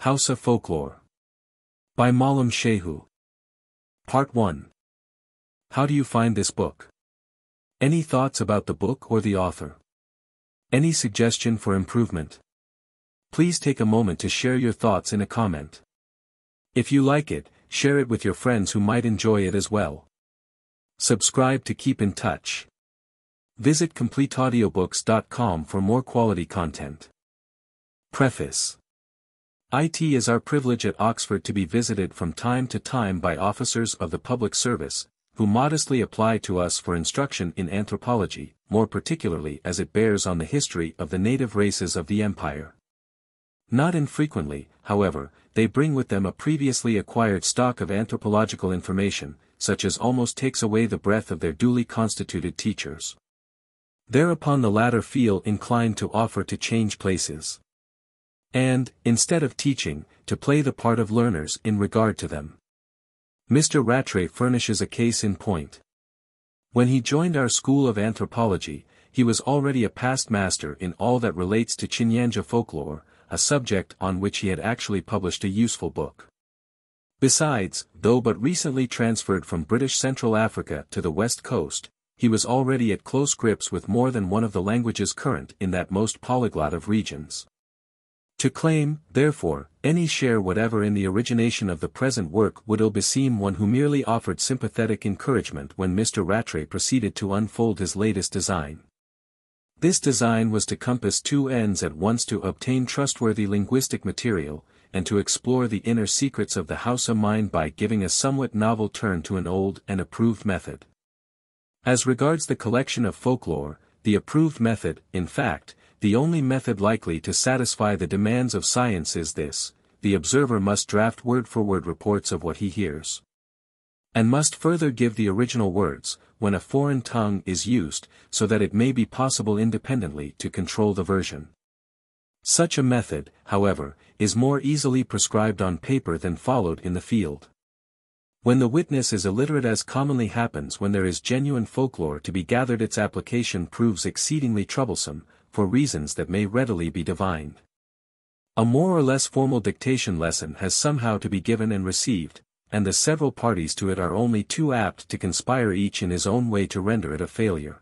Hausa Folklore. By Malam Shehu. Part 1. How do you find this book? Any thoughts about the book or the author? Any suggestion for improvement? Please take a moment to share your thoughts in a comment. If you like it, share it with your friends who might enjoy it as well. Subscribe to keep in touch. Visit CompleteAudiobooks.com for more quality content. Preface it is our privilege at Oxford to be visited from time to time by officers of the public service, who modestly apply to us for instruction in anthropology, more particularly as it bears on the history of the native races of the empire. Not infrequently, however, they bring with them a previously acquired stock of anthropological information, such as almost takes away the breath of their duly constituted teachers. Thereupon the latter feel inclined to offer to change places and, instead of teaching, to play the part of learners in regard to them. Mr. Rattray furnishes a case in point. When he joined our School of Anthropology, he was already a past master in all that relates to Chinyanja folklore, a subject on which he had actually published a useful book. Besides, though but recently transferred from British Central Africa to the West Coast, he was already at close grips with more than one of the languages current in that most polyglot of regions. To claim, therefore, any share whatever in the origination of the present work would ill beseem one who merely offered sympathetic encouragement when Mr. Rattray proceeded to unfold his latest design. This design was to compass two ends at once to obtain trustworthy linguistic material, and to explore the inner secrets of the Hausa mind by giving a somewhat novel turn to an old and approved method. As regards the collection of folklore, the approved method, in fact, the only method likely to satisfy the demands of science is this, the observer must draft word-for-word -word reports of what he hears. And must further give the original words, when a foreign tongue is used, so that it may be possible independently to control the version. Such a method, however, is more easily prescribed on paper than followed in the field. When the witness is illiterate as commonly happens when there is genuine folklore to be gathered its application proves exceedingly troublesome, for reasons that may readily be divined. A more or less formal dictation lesson has somehow to be given and received, and the several parties to it are only too apt to conspire each in his own way to render it a failure.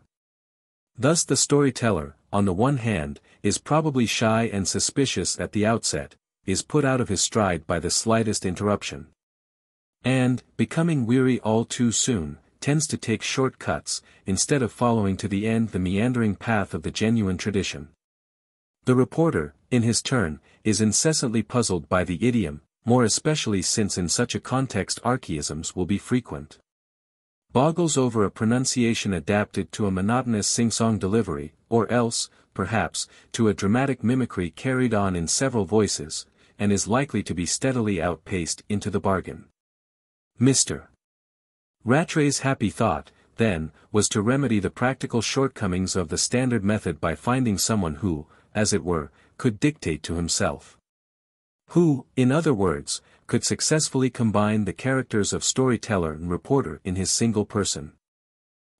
Thus the storyteller, on the one hand, is probably shy and suspicious at the outset, is put out of his stride by the slightest interruption. And, becoming weary all too soon, tends to take short cuts, instead of following to the end the meandering path of the genuine tradition. The reporter, in his turn, is incessantly puzzled by the idiom, more especially since in such a context archaisms will be frequent. Boggles over a pronunciation adapted to a monotonous sing-song delivery, or else, perhaps, to a dramatic mimicry carried on in several voices, and is likely to be steadily outpaced into the bargain. Mr. Rattray's happy thought, then, was to remedy the practical shortcomings of the standard method by finding someone who, as it were, could dictate to himself. Who, in other words, could successfully combine the characters of storyteller and reporter in his single person.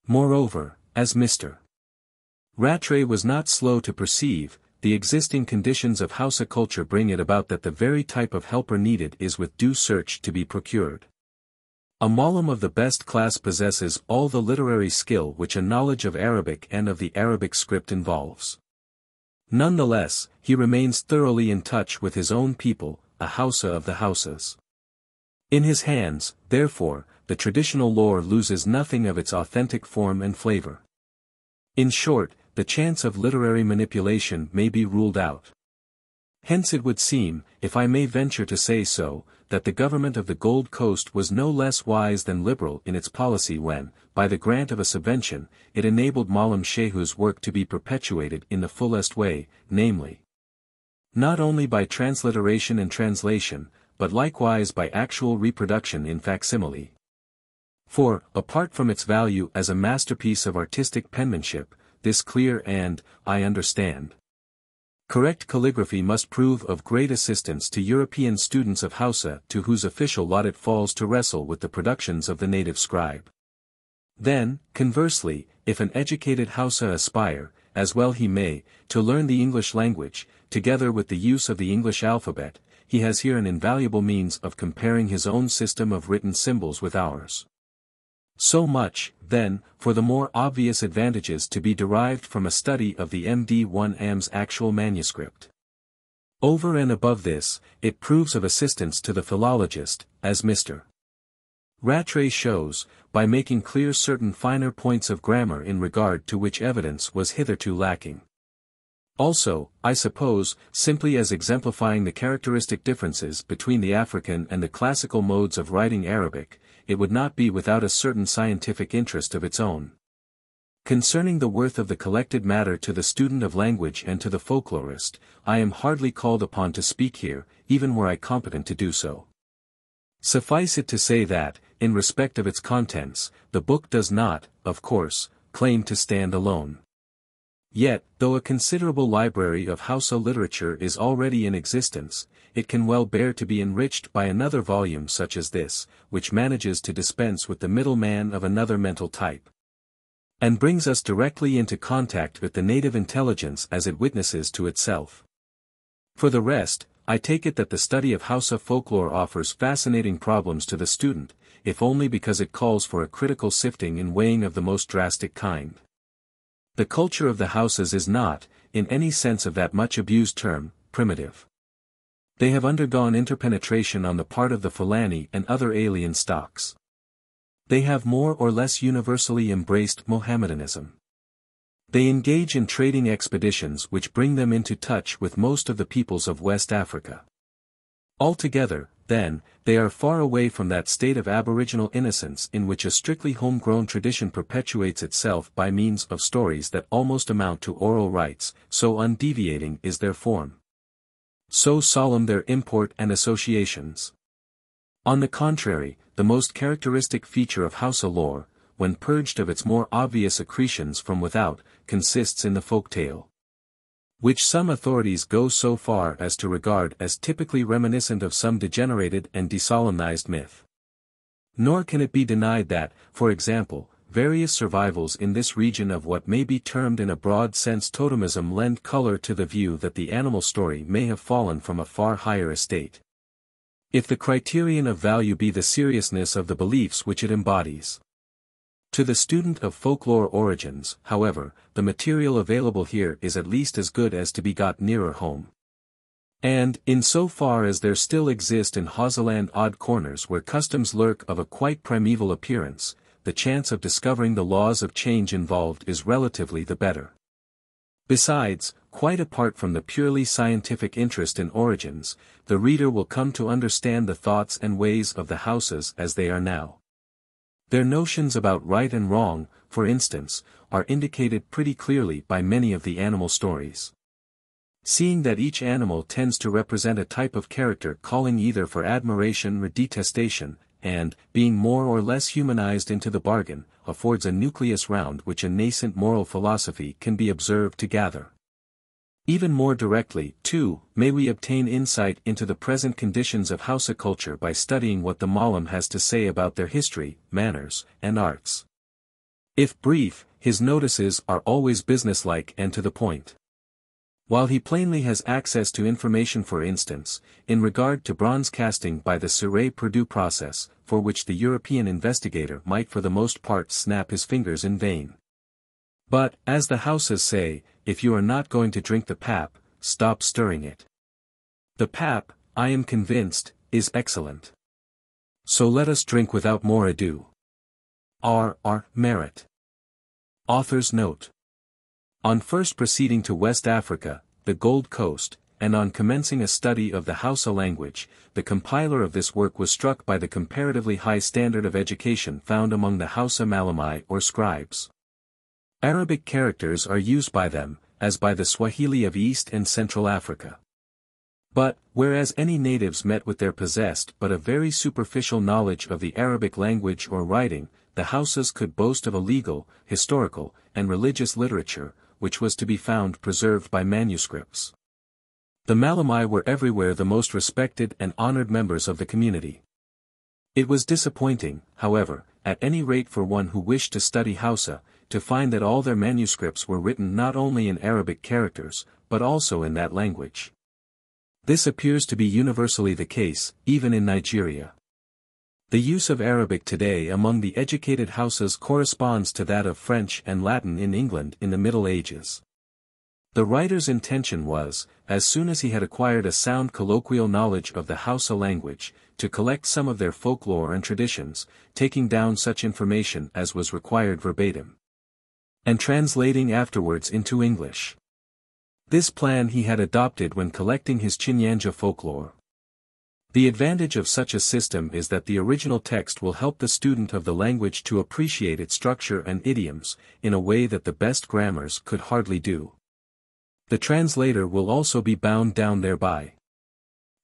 Moreover, as Mr. Rattray was not slow to perceive, the existing conditions of Hausa culture bring it about that the very type of helper needed is with due search to be procured. A Malam of the best class possesses all the literary skill which a knowledge of Arabic and of the Arabic script involves. Nonetheless, he remains thoroughly in touch with his own people, a Hausa of the Hausas. In his hands, therefore, the traditional lore loses nothing of its authentic form and flavor. In short, the chance of literary manipulation may be ruled out. Hence it would seem, if I may venture to say so, that the government of the Gold Coast was no less wise than liberal in its policy when, by the grant of a subvention, it enabled Malam Shehu's work to be perpetuated in the fullest way, namely, not only by transliteration and translation, but likewise by actual reproduction in facsimile. For, apart from its value as a masterpiece of artistic penmanship, this clear and, I understand, Correct calligraphy must prove of great assistance to European students of Hausa to whose official lot it falls to wrestle with the productions of the native scribe. Then, conversely, if an educated Hausa aspire, as well he may, to learn the English language, together with the use of the English alphabet, he has here an invaluable means of comparing his own system of written symbols with ours. So much, then, for the more obvious advantages to be derived from a study of the MD1M's actual manuscript. Over and above this, it proves of assistance to the philologist, as Mr. Rattray shows, by making clear certain finer points of grammar in regard to which evidence was hitherto lacking. Also, I suppose, simply as exemplifying the characteristic differences between the African and the classical modes of writing Arabic, it would not be without a certain scientific interest of its own. Concerning the worth of the collected matter to the student of language and to the folklorist, I am hardly called upon to speak here, even were I competent to do so. Suffice it to say that, in respect of its contents, the book does not, of course, claim to stand alone. Yet, though a considerable library of Hausa literature is already in existence, it can well bear to be enriched by another volume such as this, which manages to dispense with the middleman of another mental type. And brings us directly into contact with the native intelligence as it witnesses to itself. For the rest, I take it that the study of Hausa folklore offers fascinating problems to the student, if only because it calls for a critical sifting and weighing of the most drastic kind. The culture of the houses is not, in any sense of that much abused term, primitive they have undergone interpenetration on the part of the Fulani and other alien stocks. They have more or less universally embraced Mohammedanism. They engage in trading expeditions which bring them into touch with most of the peoples of West Africa. Altogether, then, they are far away from that state of aboriginal innocence in which a strictly homegrown tradition perpetuates itself by means of stories that almost amount to oral rites, so undeviating is their form. So solemn their import and associations. On the contrary, the most characteristic feature of House Allure, when purged of its more obvious accretions from without, consists in the folk tale, Which some authorities go so far as to regard as typically reminiscent of some degenerated and desolemnized myth. Nor can it be denied that, for example, various survivals in this region of what may be termed in a broad sense totemism lend color to the view that the animal story may have fallen from a far higher estate. If the criterion of value be the seriousness of the beliefs which it embodies. To the student of folklore origins, however, the material available here is at least as good as to be got nearer home. And, in so far as there still exist in Hazeland odd corners where customs lurk of a quite primeval appearance, the chance of discovering the laws of change involved is relatively the better. Besides, quite apart from the purely scientific interest in origins, the reader will come to understand the thoughts and ways of the houses as they are now. Their notions about right and wrong, for instance, are indicated pretty clearly by many of the animal stories. Seeing that each animal tends to represent a type of character calling either for admiration or detestation, and, being more or less humanized into the bargain, affords a nucleus round which a nascent moral philosophy can be observed to gather. Even more directly, too, may we obtain insight into the present conditions of Hausa culture by studying what the Malam has to say about their history, manners, and arts. If brief, his notices are always businesslike and to the point. While he plainly has access to information for instance, in regard to bronze casting by the Surrey-Purdue process, for which the European investigator might for the most part snap his fingers in vain. But, as the houses say, if you are not going to drink the pap, stop stirring it. The pap, I am convinced, is excellent. So let us drink without more ado. R. R. Merritt. Author's Note on first proceeding to West Africa, the Gold Coast, and on commencing a study of the Hausa language, the compiler of this work was struck by the comparatively high standard of education found among the Hausa Malamai or scribes. Arabic characters are used by them, as by the Swahili of East and Central Africa. But, whereas any natives met with their possessed but a very superficial knowledge of the Arabic language or writing, the Hausas could boast of a legal, historical, and religious literature, which was to be found preserved by manuscripts. The Malamai were everywhere the most respected and honored members of the community. It was disappointing, however, at any rate for one who wished to study Hausa, to find that all their manuscripts were written not only in Arabic characters, but also in that language. This appears to be universally the case, even in Nigeria. The use of Arabic today among the educated houses corresponds to that of French and Latin in England in the Middle Ages. The writer's intention was, as soon as he had acquired a sound colloquial knowledge of the Hausa language, to collect some of their folklore and traditions, taking down such information as was required verbatim. And translating afterwards into English. This plan he had adopted when collecting his Chinyanja folklore, the advantage of such a system is that the original text will help the student of the language to appreciate its structure and idioms, in a way that the best grammars could hardly do. The translator will also be bound down thereby.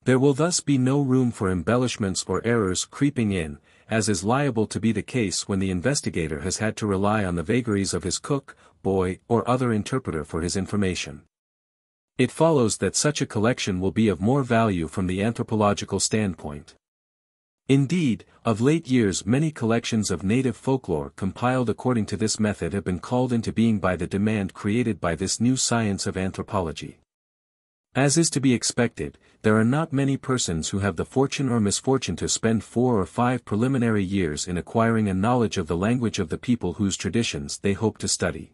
There will thus be no room for embellishments or errors creeping in, as is liable to be the case when the investigator has had to rely on the vagaries of his cook, boy or other interpreter for his information. It follows that such a collection will be of more value from the anthropological standpoint. Indeed, of late years many collections of native folklore compiled according to this method have been called into being by the demand created by this new science of anthropology. As is to be expected, there are not many persons who have the fortune or misfortune to spend four or five preliminary years in acquiring a knowledge of the language of the people whose traditions they hope to study.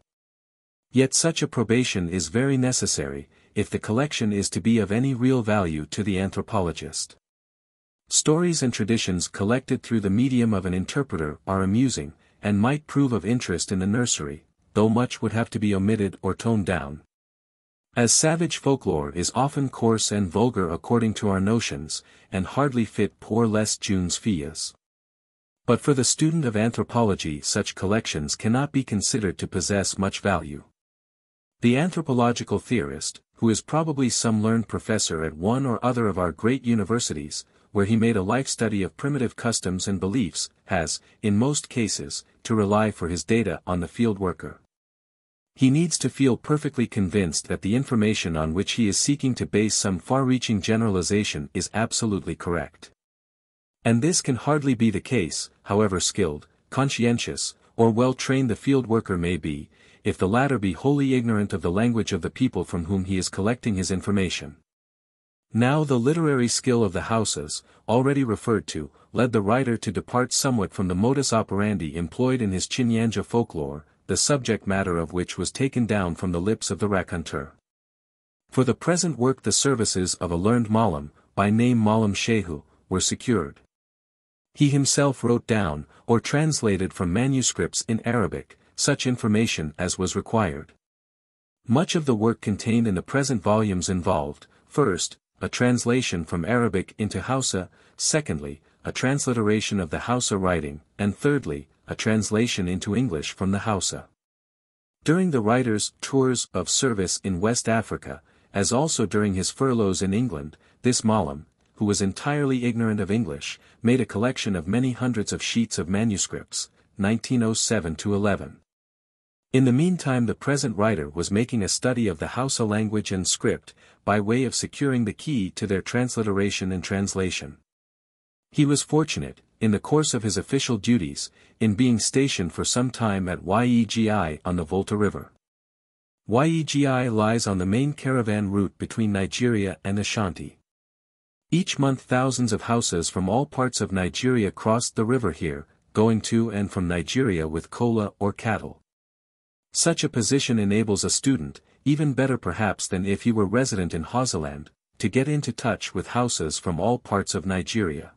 Yet such a probation is very necessary, if the collection is to be of any real value to the anthropologist. Stories and traditions collected through the medium of an interpreter are amusing, and might prove of interest in the nursery, though much would have to be omitted or toned down. As savage folklore is often coarse and vulgar according to our notions, and hardly fit poor Les Junes filles. But for the student of anthropology such collections cannot be considered to possess much value. The anthropological theorist, who is probably some learned professor at one or other of our great universities, where he made a life study of primitive customs and beliefs, has, in most cases, to rely for his data on the field worker. He needs to feel perfectly convinced that the information on which he is seeking to base some far-reaching generalization is absolutely correct. And this can hardly be the case, however skilled, conscientious, or well-trained the field worker may be, if the latter be wholly ignorant of the language of the people from whom he is collecting his information. Now the literary skill of the houses, already referred to, led the writer to depart somewhat from the modus operandi employed in his Chinyanja folklore, the subject matter of which was taken down from the lips of the raconteur. For the present work the services of a learned Malam, by name Malam Shehu, were secured. He himself wrote down, or translated from manuscripts in Arabic, such information as was required. Much of the work contained in the present volumes involved, first, a translation from Arabic into Hausa, secondly, a transliteration of the Hausa writing, and thirdly, a translation into English from the Hausa. During the writer's tours of service in West Africa, as also during his furloughs in England, this Malam, who was entirely ignorant of English, made a collection of many hundreds of sheets of manuscripts, 1907-11. In the meantime the present writer was making a study of the Hausa language and script, by way of securing the key to their transliteration and translation. He was fortunate, in the course of his official duties, in being stationed for some time at YEGI on the Volta River. YEGI lies on the main caravan route between Nigeria and Ashanti. Each month thousands of Hausas from all parts of Nigeria crossed the river here, going to and from Nigeria with kola or cattle. Such a position enables a student, even better perhaps than if he were resident in Hausaland, to get into touch with houses from all parts of Nigeria.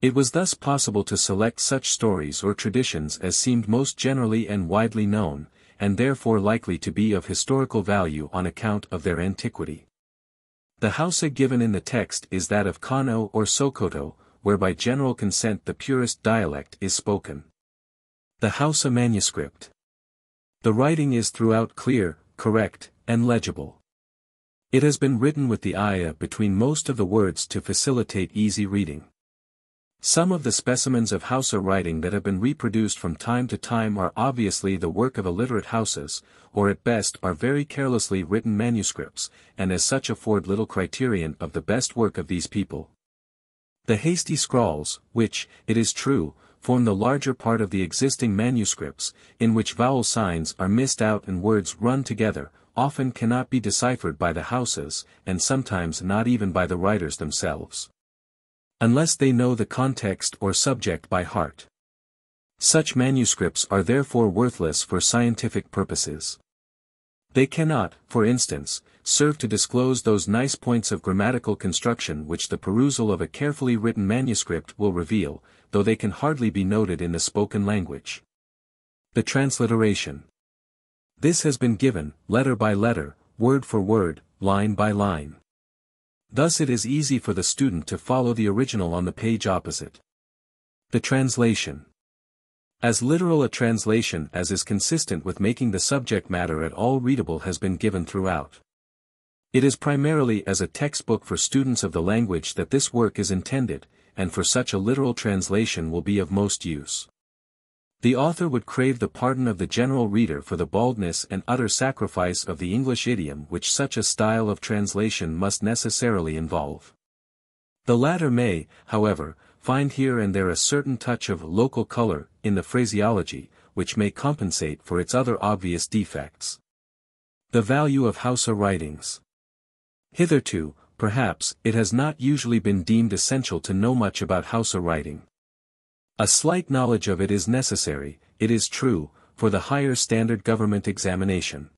It was thus possible to select such stories or traditions as seemed most generally and widely known, and therefore likely to be of historical value on account of their antiquity. The Hausa given in the text is that of Kano or Sokoto, where by general consent the purest dialect is spoken. The Hausa manuscript the writing is throughout clear, correct, and legible. It has been written with the ayah between most of the words to facilitate easy reading. Some of the specimens of Hausa writing that have been reproduced from time to time are obviously the work of illiterate Hausas, or at best are very carelessly written manuscripts, and as such afford little criterion of the best work of these people. The hasty scrawls, which, it is true, form the larger part of the existing manuscripts, in which vowel signs are missed out and words run together, often cannot be deciphered by the houses, and sometimes not even by the writers themselves. Unless they know the context or subject by heart. Such manuscripts are therefore worthless for scientific purposes. They cannot, for instance, serve to disclose those nice points of grammatical construction which the perusal of a carefully written manuscript will reveal, though they can hardly be noted in the spoken language. The transliteration. This has been given, letter by letter, word for word, line by line. Thus it is easy for the student to follow the original on the page opposite. The translation. As literal a translation as is consistent with making the subject matter at all readable has been given throughout. It is primarily as a textbook for students of the language that this work is intended, and for such a literal translation will be of most use. The author would crave the pardon of the general reader for the baldness and utter sacrifice of the English idiom which such a style of translation must necessarily involve. The latter may, however, find here and there a certain touch of local color in the phraseology, which may compensate for its other obvious defects. The value of Hausa writings. Hitherto, perhaps, it has not usually been deemed essential to know much about Hausa writing. A slight knowledge of it is necessary, it is true, for the higher standard government examination.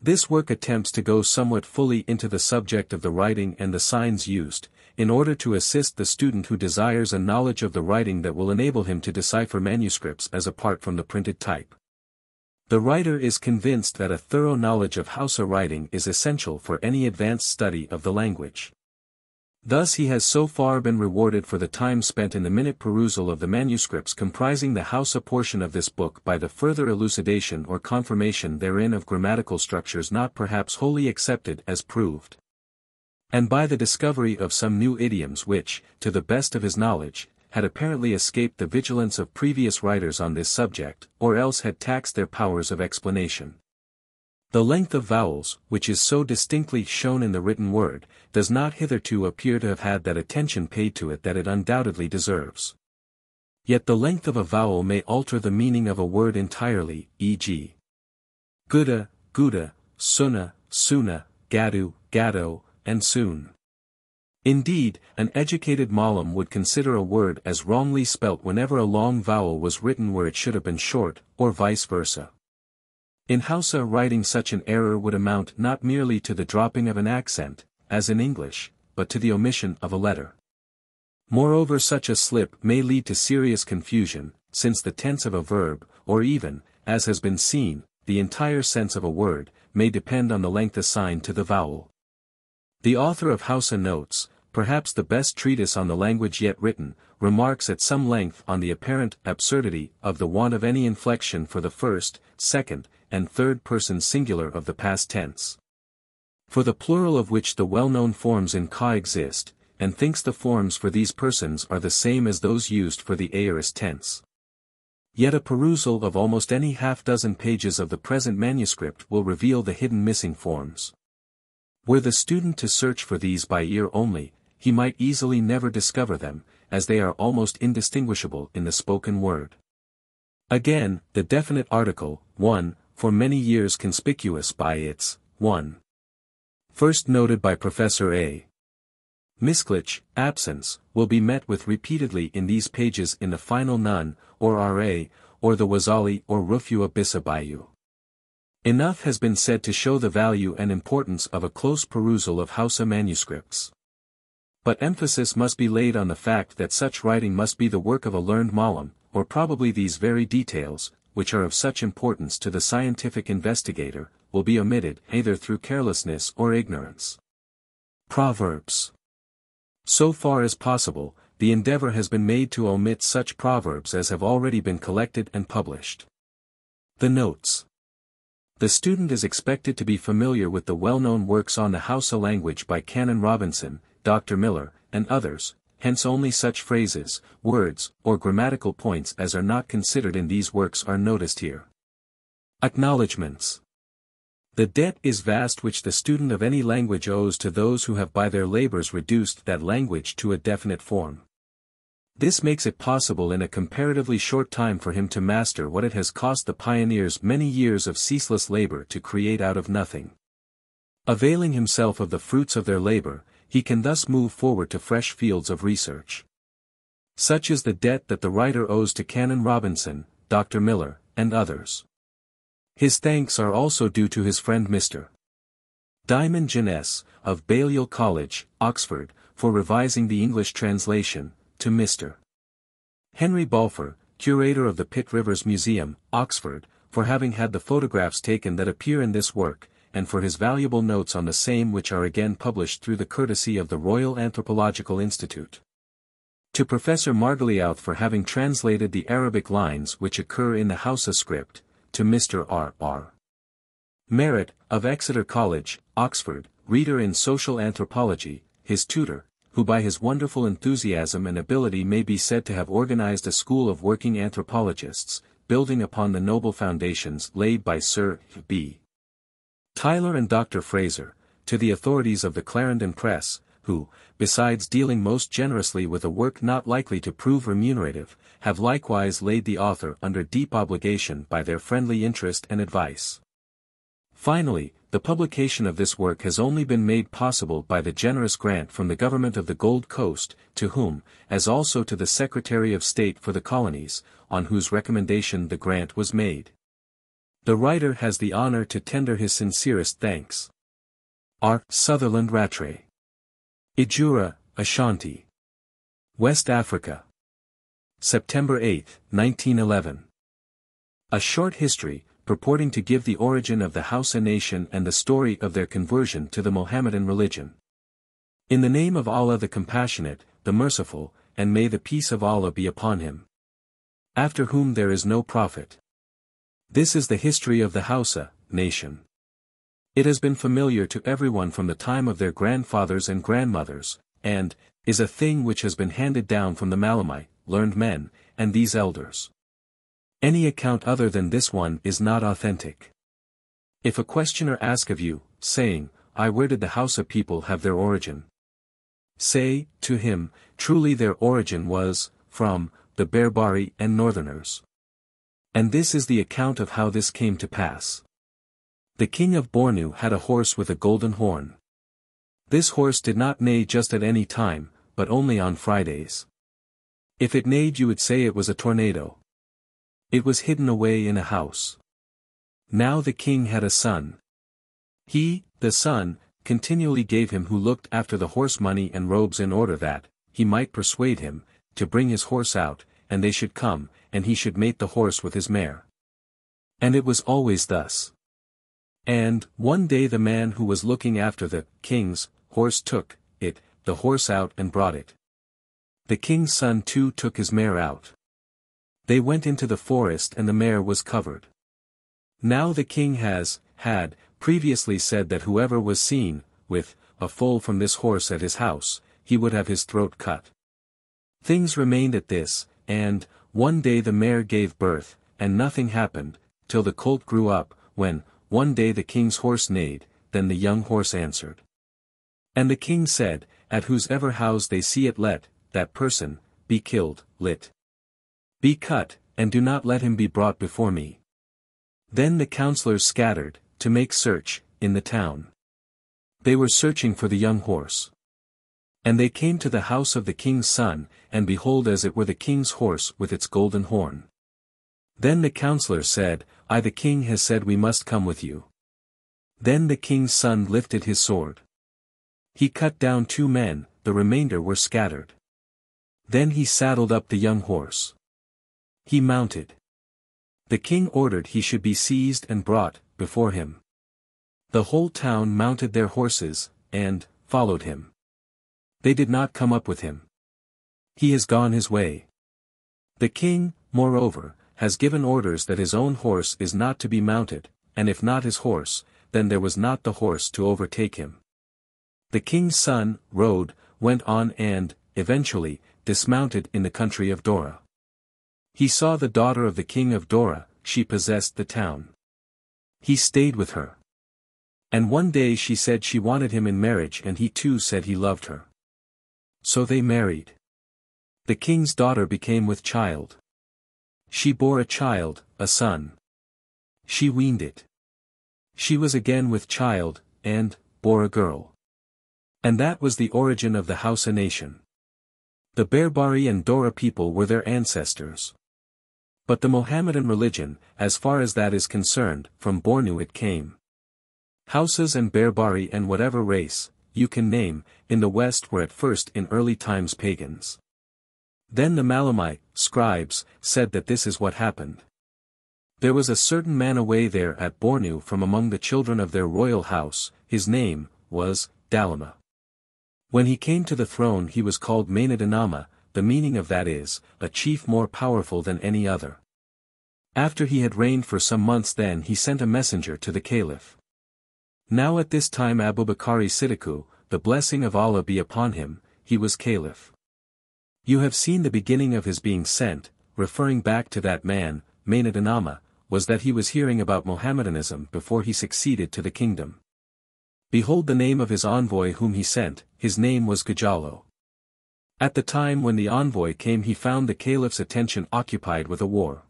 This work attempts to go somewhat fully into the subject of the writing and the signs used, in order to assist the student who desires a knowledge of the writing that will enable him to decipher manuscripts as apart from the printed type. The writer is convinced that a thorough knowledge of Hausa writing is essential for any advanced study of the language. Thus he has so far been rewarded for the time spent in the minute perusal of the manuscripts comprising the Hausa portion of this book by the further elucidation or confirmation therein of grammatical structures not perhaps wholly accepted as proved. And by the discovery of some new idioms which, to the best of his knowledge, had apparently escaped the vigilance of previous writers on this subject, or else had taxed their powers of explanation. The length of vowels, which is so distinctly shown in the written word, does not hitherto appear to have had that attention paid to it that it undoubtedly deserves. Yet the length of a vowel may alter the meaning of a word entirely, e.g. guda, guda, Suna, Suna, Gadu, Gado, and Soon. Indeed, an educated Malam would consider a word as wrongly spelt whenever a long vowel was written where it should have been short, or vice versa. In Hausa writing such an error would amount not merely to the dropping of an accent, as in English, but to the omission of a letter. Moreover such a slip may lead to serious confusion, since the tense of a verb, or even, as has been seen, the entire sense of a word, may depend on the length assigned to the vowel. The author of Hausa Notes, perhaps the best treatise on the language yet written, remarks at some length on the apparent absurdity of the want of any inflection for the first, second, and third person singular of the past tense. For the plural of which the well-known forms in ka exist, and thinks the forms for these persons are the same as those used for the aorist tense. Yet a perusal of almost any half-dozen pages of the present manuscript will reveal the hidden missing forms. Were the student to search for these by ear only, he might easily never discover them, as they are almost indistinguishable in the spoken word. Again, the definite article, 1, for many years conspicuous by its, 1. First noted by Professor A. Misclitch, absence, will be met with repeatedly in these pages in the final Nun, or RA, or the Wazali or Rufua Bisabayu. Enough has been said to show the value and importance of a close perusal of Hausa manuscripts. But emphasis must be laid on the fact that such writing must be the work of a learned malam, or probably these very details, which are of such importance to the scientific investigator, will be omitted either through carelessness or ignorance. Proverbs So far as possible, the endeavor has been made to omit such proverbs as have already been collected and published. The Notes the student is expected to be familiar with the well-known works on the Hausa language by Canon Robinson, Dr. Miller, and others, hence only such phrases, words, or grammatical points as are not considered in these works are noticed here. Acknowledgements The debt is vast which the student of any language owes to those who have by their labors reduced that language to a definite form. This makes it possible in a comparatively short time for him to master what it has cost the pioneers many years of ceaseless labor to create out of nothing. Availing himself of the fruits of their labor, he can thus move forward to fresh fields of research. Such is the debt that the writer owes to Canon Robinson, Dr. Miller, and others. His thanks are also due to his friend Mr. Diamond Jeunesse, of Balliol College, Oxford, for revising the English translation, to Mr. Henry Balfour, curator of the Pitt Rivers Museum, Oxford, for having had the photographs taken that appear in this work, and for his valuable notes on the same which are again published through the courtesy of the Royal Anthropological Institute. To Professor Margoliouth for having translated the Arabic lines which occur in the Hausa script, to Mr. R. R. Merritt, of Exeter College, Oxford, reader in social anthropology, his tutor, who by his wonderful enthusiasm and ability may be said to have organized a school of working anthropologists, building upon the noble foundations laid by Sir B. Tyler and Dr. Fraser, to the authorities of the Clarendon Press, who, besides dealing most generously with a work not likely to prove remunerative, have likewise laid the author under deep obligation by their friendly interest and advice. Finally, the publication of this work has only been made possible by the generous grant from the Government of the Gold Coast, to whom, as also to the Secretary of State for the Colonies, on whose recommendation the grant was made. The writer has the honor to tender his sincerest thanks. R. Sutherland Rattray. Ijura, Ashanti. West Africa. September 8, 1911. A Short History, purporting to give the origin of the Hausa nation and the story of their conversion to the Mohammedan religion. In the name of Allah the Compassionate, the Merciful, and may the peace of Allah be upon him. After whom there is no prophet. This is the history of the Hausa, nation. It has been familiar to everyone from the time of their grandfathers and grandmothers, and, is a thing which has been handed down from the Malamite, learned men, and these elders. Any account other than this one is not authentic. If a questioner ask of you, saying, I where did the Hausa people have their origin? Say, to him, truly their origin was, from, the Berbari and northerners. And this is the account of how this came to pass. The king of Bornu had a horse with a golden horn. This horse did not neigh just at any time, but only on Fridays. If it neighed you would say it was a tornado, it was hidden away in a house. Now the king had a son. He, the son, continually gave him who looked after the horse money and robes in order that, he might persuade him, to bring his horse out, and they should come, and he should mate the horse with his mare. And it was always thus. And, one day the man who was looking after the king's horse took it, the horse out and brought it. The king's son too took his mare out. They went into the forest and the mare was covered. Now the king has, had, previously said that whoever was seen, with, a foal from this horse at his house, he would have his throat cut. Things remained at this, and, one day the mare gave birth, and nothing happened, till the colt grew up, when, one day the king's horse neighed, then the young horse answered. And the king said, At whose ever house they see it let, that person, be killed, lit. Be cut, and do not let him be brought before me. Then the counselors scattered, to make search, in the town. They were searching for the young horse. And they came to the house of the king's son, and behold as it were the king's horse with its golden horn. Then the counselor said, I the king has said we must come with you. Then the king's son lifted his sword. He cut down two men, the remainder were scattered. Then he saddled up the young horse. He mounted. The king ordered he should be seized and brought, before him. The whole town mounted their horses, and, followed him. They did not come up with him. He has gone his way. The king, moreover, has given orders that his own horse is not to be mounted, and if not his horse, then there was not the horse to overtake him. The king's son, rode, went on and, eventually, dismounted in the country of Dora. He saw the daughter of the king of Dora, she possessed the town. He stayed with her. And one day she said she wanted him in marriage and he too said he loved her. So they married. The king's daughter became with child. She bore a child, a son. She weaned it. She was again with child, and, bore a girl. And that was the origin of the Hausa nation. The Berbari and Dora people were their ancestors. But the Mohammedan religion, as far as that is concerned, from Bornu it came. Houses and Berbari and whatever race, you can name, in the West were at first in early times pagans. Then the Malamite, scribes, said that this is what happened. There was a certain man away there at Bornu from among the children of their royal house, his name, was, Dalama. When he came to the throne he was called Mainadanama, the meaning of that is, a chief more powerful than any other. After he had reigned for some months then he sent a messenger to the caliph. Now at this time Abu Bakr Siddiqu, the blessing of Allah be upon him, he was caliph. You have seen the beginning of his being sent, referring back to that man, Mainadanama, was that he was hearing about Mohammedanism before he succeeded to the kingdom. Behold the name of his envoy whom he sent, his name was Gajalo. At the time when the envoy came he found the caliph's attention occupied with a war.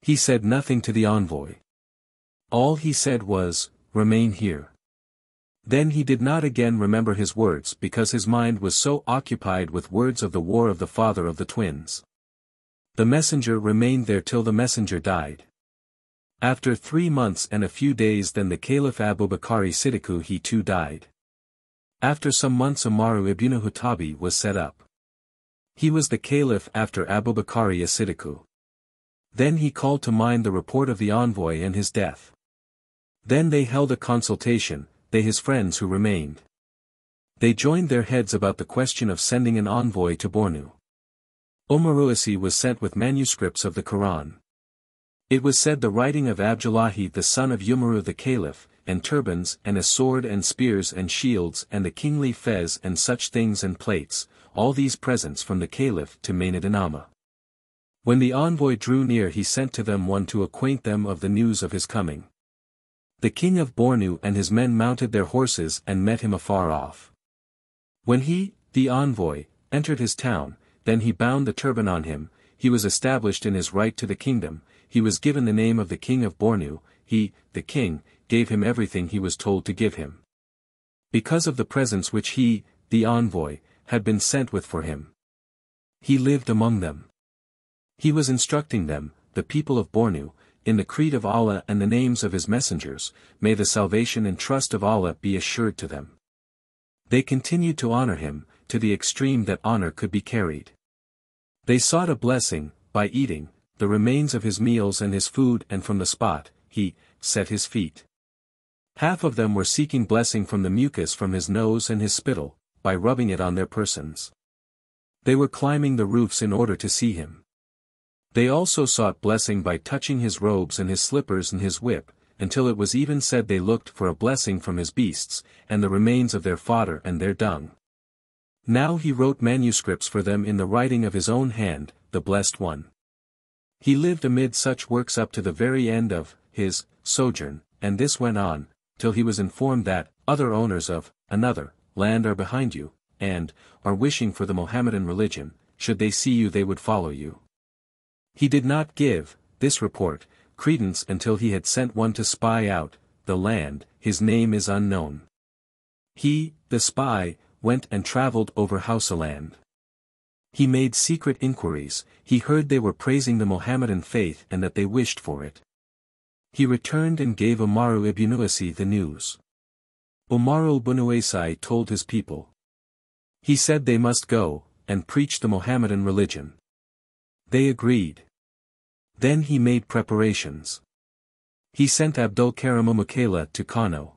He said nothing to the envoy. All he said was, remain here. Then he did not again remember his words because his mind was so occupied with words of the war of the father of the twins. The messenger remained there till the messenger died. After three months and a few days then the Caliph Abu Bakr Siddiq, he too died. After some months Umaru ibn Hutabi was set up. He was the caliph after Abubakari Asidiku. Then he called to mind the report of the envoy and his death. Then they held a consultation, they his friends who remained. They joined their heads about the question of sending an envoy to Bornu. Omaruasi was sent with manuscripts of the Quran. It was said the writing of Abdullahi the son of Umaru the caliph, and turbans and a sword and spears and shields and the kingly fez and such things and plates, all these presents from the caliph to Amma. When the envoy drew near he sent to them one to acquaint them of the news of his coming. The king of Bornu and his men mounted their horses and met him afar off. When he, the envoy, entered his town, then he bound the turban on him, he was established in his right to the kingdom, he was given the name of the king of Bornu, he, the king, gave him everything he was told to give him. Because of the presents which he, the envoy, had been sent with for him. He lived among them. He was instructing them, the people of Bornu, in the creed of Allah and the names of his messengers, may the salvation and trust of Allah be assured to them. They continued to honor him, to the extreme that honor could be carried. They sought a blessing, by eating, the remains of his meals and his food and from the spot, he, set his feet. Half of them were seeking blessing from the mucus from his nose and his spittle, by rubbing it on their persons. They were climbing the roofs in order to see him. They also sought blessing by touching his robes and his slippers and his whip, until it was even said they looked for a blessing from his beasts, and the remains of their fodder and their dung. Now he wrote manuscripts for them in the writing of his own hand, the Blessed One. He lived amid such works up to the very end of his sojourn, and this went on, till he was informed that, other owners of, another, land are behind you, and, are wishing for the Mohammedan religion, should they see you they would follow you. He did not give, this report, credence until he had sent one to spy out, the land, his name is unknown. He, the spy, went and travelled over Hausaland. He made secret inquiries, he heard they were praising the Mohammedan faith and that they wished for it. He returned and gave Omar ibn Uasi the news. Omar ibn Uasi told his people. He said they must go, and preach the Mohammedan religion. They agreed. Then he made preparations. He sent Abdul Karim Mukaila to Kano.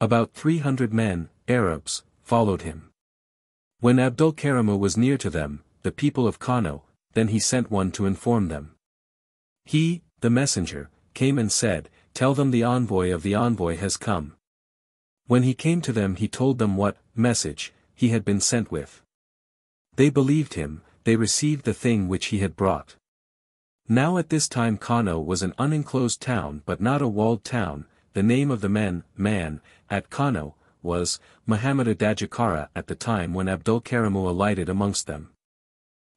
About 300 men, Arabs, followed him. When Abdul Karim was near to them, the people of Kano, then he sent one to inform them. He, the messenger, came and said, Tell them the envoy of the envoy has come. When he came to them he told them what, message, he had been sent with. They believed him, they received the thing which he had brought. Now at this time Kano was an unenclosed town but not a walled town, the name of the men, man, at Kano, was, Muhammad Adajikara at the time when Abdul-Karimu alighted amongst them.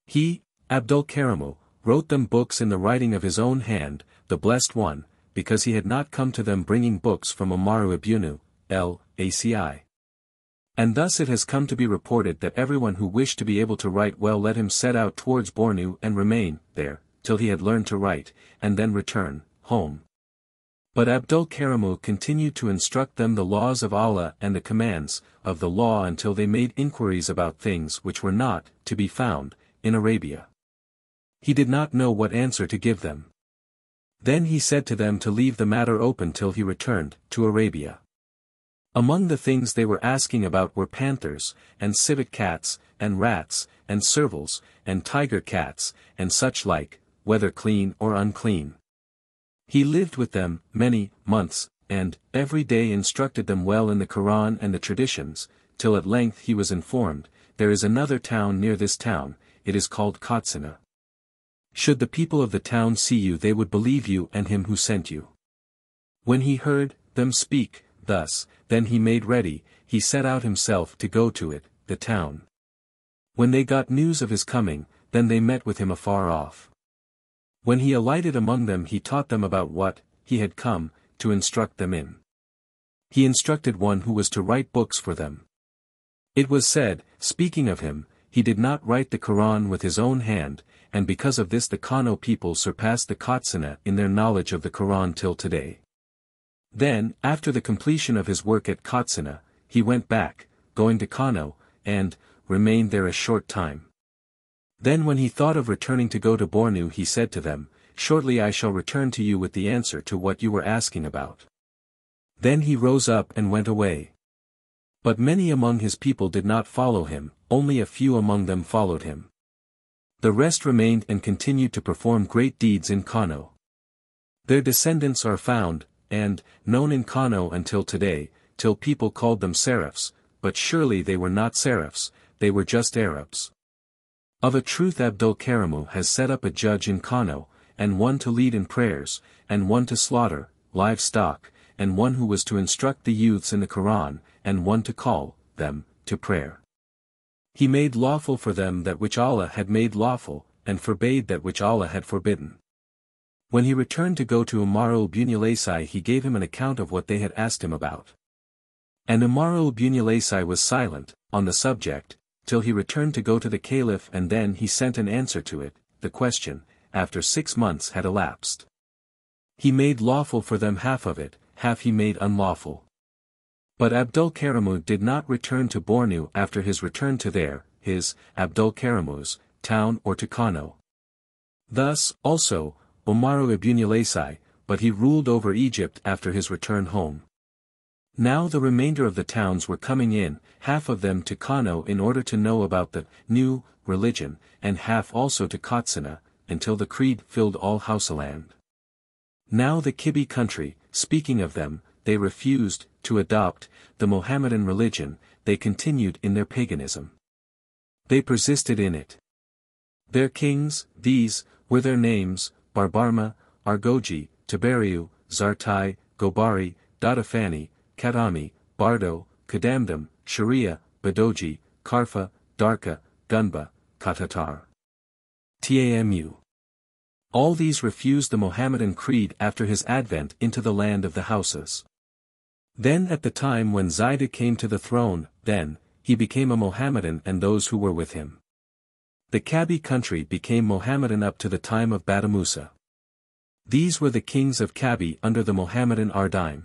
He, Abdul-Karimu, wrote them books in the writing of his own hand, the Blessed One, because he had not come to them bringing books from Amaru Ibunu, L. ACI. And thus it has come to be reported that everyone who wished to be able to write well let him set out towards Bornu and remain, there, till he had learned to write, and then return, home. But Abdul Karimu continued to instruct them the laws of Allah and the commands, of the law until they made inquiries about things which were not, to be found, in Arabia. He did not know what answer to give them. Then he said to them to leave the matter open till he returned, to Arabia. Among the things they were asking about were panthers, and civet cats, and rats, and servals, and tiger cats, and such like, whether clean or unclean. He lived with them, many, months, and, every day instructed them well in the Koran and the traditions, till at length he was informed, there is another town near this town, it is called Kotsina. Should the people of the town see you they would believe you and him who sent you. When he heard, them speak, thus, then he made ready, he set out himself to go to it, the town. When they got news of his coming, then they met with him afar off. When he alighted among them he taught them about what, he had come, to instruct them in. He instructed one who was to write books for them. It was said, speaking of him, he did not write the Quran with his own hand, and because of this the Kano people surpassed the Katsina in their knowledge of the Quran till today. Then, after the completion of his work at Katsina, he went back, going to Kano, and, remained there a short time. Then when he thought of returning to go to Bornu he said to them, Shortly I shall return to you with the answer to what you were asking about. Then he rose up and went away. But many among his people did not follow him, only a few among them followed him. The rest remained and continued to perform great deeds in Kano. Their descendants are found, and, known in Kano until today, till people called them serifs, but surely they were not serifs, they were just Arabs. Of a truth Abdul Karimu has set up a judge in Kano, and one to lead in prayers, and one to slaughter, livestock, and one who was to instruct the youths in the Quran, and one to call, them, to prayer. He made lawful for them that which Allah had made lawful, and forbade that which Allah had forbidden. When he returned to go to Umar al-Bunyalaysai he gave him an account of what they had asked him about. And Umar al-Bunyalaysai was silent, on the subject, till he returned to go to the caliph and then he sent an answer to it, the question, after six months had elapsed. He made lawful for them half of it, half he made unlawful. But Abdul Karamud did not return to Bornu after his return to their, his, Abdul Karamuz, town or to Kano. Thus, also, Umaru ibn Ulasai, but he ruled over Egypt after his return home. Now the remainder of the towns were coming in, half of them to Kano in order to know about the new religion, and half also to Katsina, until the creed filled all Hausaland. Now the Kibi country, speaking of them, they refused to adopt the Mohammedan religion, they continued in their paganism. They persisted in it. Their kings, these, were their names, Barbarma, Argoji, Tiberiu, Zartai, Gobari, Dadafani, Kadami, Bardo, Kadamdam, Sharia, Badoji, Karfa, Darka, Gunba, Katatar. TAMU. All these refused the Mohammedan creed after his advent into the land of the houses. Then at the time when Zaida came to the throne, then, he became a Mohammedan and those who were with him. The Kabi country became Mohammedan up to the time of Batamusa. These were the kings of Kabi under the Mohammedan Ardaim.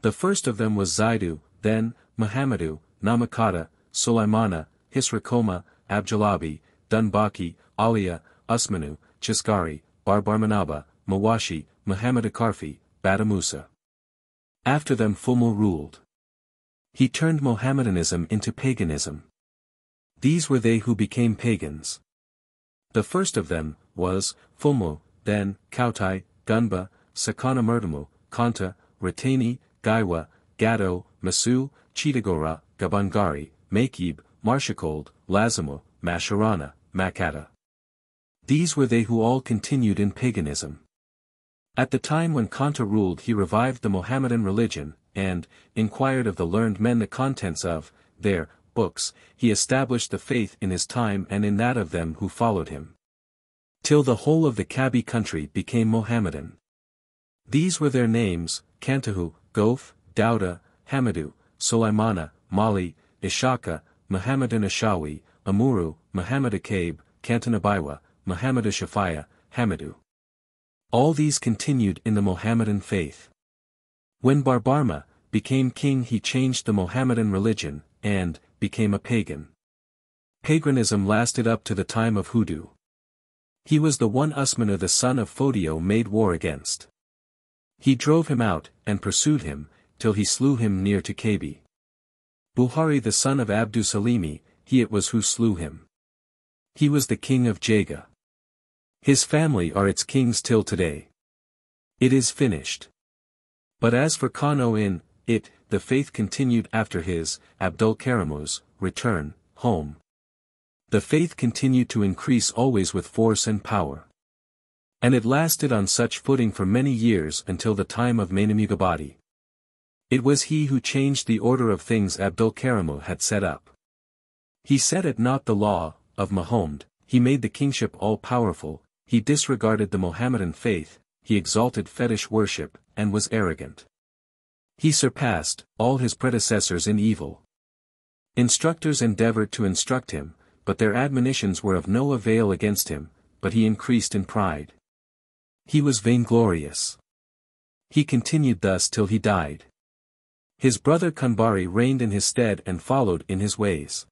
The first of them was Zaidu, then, Muhammadu, Namakata, Sulaimana, Hisrakoma, Abjalabi, Dunbaki, Aliya, Usmanu, Chiskari, Barbarmanaba, Mawashi, Muhammad Akarfi, Batamusa. After them Fumo ruled. He turned Mohammedanism into paganism. These were they who became pagans. The first of them, was, Fumo, then, Kautai, Gunba, Sakana Murtamu, Kanta, Ratani, Gaiwa, Gado, Masu, Chitagora, Gabangari, Makib, Marshakold, Lazamu, Masharana, Makata. These were they who all continued in paganism. At the time when Kanta ruled he revived the Mohammedan religion, and, inquired of the learned men the contents of, their, books, he established the faith in his time and in that of them who followed him. Till the whole of the Kabi country became Mohammedan. These were their names, Kantahu, Gof, Dauda, Hamidu, Sulaimana, Mali, Ishaka, Mohammedan Ashawi, Amuru, Mohammed Akabe, Kantanabiwa, Muhammad Ashafaya, Hamidu. All these continued in the Mohammedan faith. When Barbarma became king he changed the Mohammedan religion, and, became a pagan. Paganism lasted up to the time of Hudu. He was the one Usmana the son of Fodio made war against. He drove him out, and pursued him, till he slew him near to Kabi. Buhari the son of Abdusalimi he it was who slew him. He was the king of Jaga. His family are its kings till today. It is finished. But as for in it, the faith continued after his, Abdul Karamu's, return, home. The faith continued to increase always with force and power. And it lasted on such footing for many years until the time of Mainamugabadi. It was he who changed the order of things Abdul Karamu had set up. He set it not the law, of Mahomed, he made the kingship all-powerful, he disregarded the Mohammedan faith, he exalted fetish worship, and was arrogant. He surpassed all his predecessors in evil. Instructors endeavored to instruct him, but their admonitions were of no avail against him, but he increased in pride. He was vainglorious. He continued thus till he died. His brother Kanbari reigned in his stead and followed in his ways.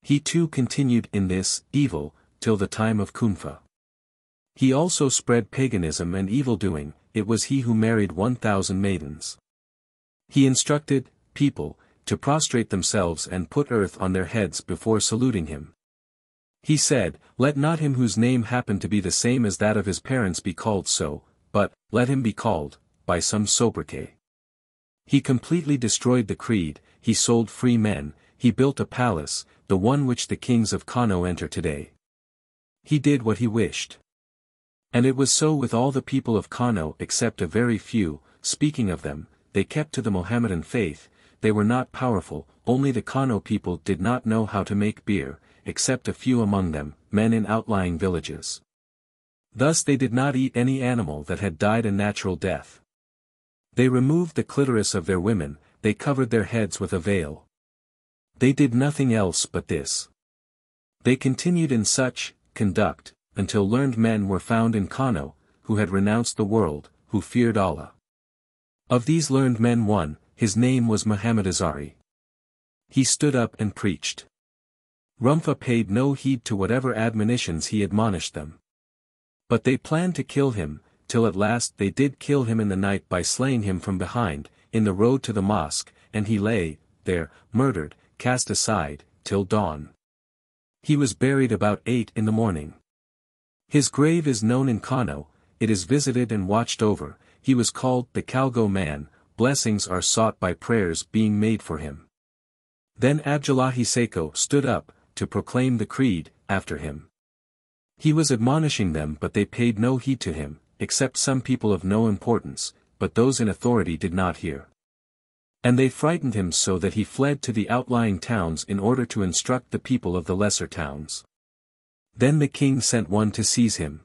He too continued in this evil, till the time of Kunfa. He also spread paganism and evil doing. it was he who married 1,000 maidens. He instructed, people, to prostrate themselves and put earth on their heads before saluting him. He said, Let not him whose name happened to be the same as that of his parents be called so, but, let him be called, by some sobriquet. He completely destroyed the creed, he sold free men, he built a palace, the one which the kings of Kano enter today. He did what he wished. And it was so with all the people of Kano except a very few, speaking of them, they kept to the Mohammedan faith, they were not powerful, only the Kano people did not know how to make beer, except a few among them, men in outlying villages. Thus they did not eat any animal that had died a natural death. They removed the clitoris of their women, they covered their heads with a veil. They did nothing else but this. They continued in such, conduct, until learned men were found in Kano, who had renounced the world, who feared Allah. Of these learned men one, his name was Muhammad Azari. He stood up and preached. Rumfa paid no heed to whatever admonitions he admonished them. But they planned to kill him, till at last they did kill him in the night by slaying him from behind, in the road to the mosque, and he lay, there, murdered, cast aside, till dawn. He was buried about eight in the morning. His grave is known in Kano, it is visited and watched over, he was called the Calgo man, blessings are sought by prayers being made for him. Then Abdullahi Seiko stood up, to proclaim the creed, after him. He was admonishing them but they paid no heed to him, except some people of no importance, but those in authority did not hear. And they frightened him so that he fled to the outlying towns in order to instruct the people of the lesser towns. Then the king sent one to seize him.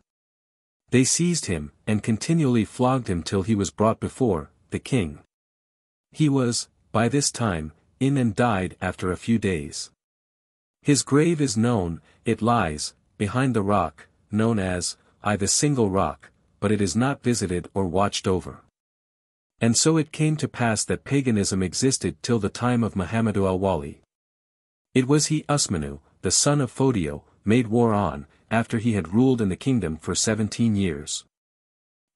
They seized him, and continually flogged him till he was brought before, the king. He was, by this time, in and died after a few days. His grave is known, it lies, behind the rock, known as, I the single rock, but it is not visited or watched over. And so it came to pass that paganism existed till the time of Muhammadu al-Wali. It was he Usmanu, the son of Fodio, made war on, after he had ruled in the kingdom for seventeen years.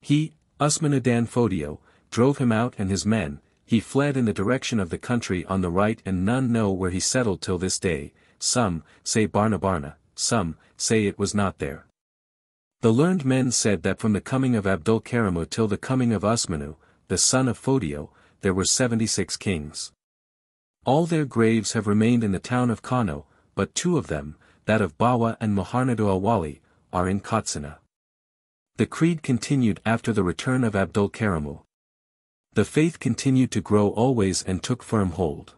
He, Usmanadan Fodio, drove him out and his men, he fled in the direction of the country on the right and none know where he settled till this day, some, say Barnabarna, some, say it was not there. The learned men said that from the coming of Abdul-Karamu till the coming of Usmanu, the son of Fodio, there were seventy-six kings. All their graves have remained in the town of Kano, but two of them, that of Bawa and Muhammadu Awali, are in Katsina. The creed continued after the return of Abdul Karimu. The faith continued to grow always and took firm hold.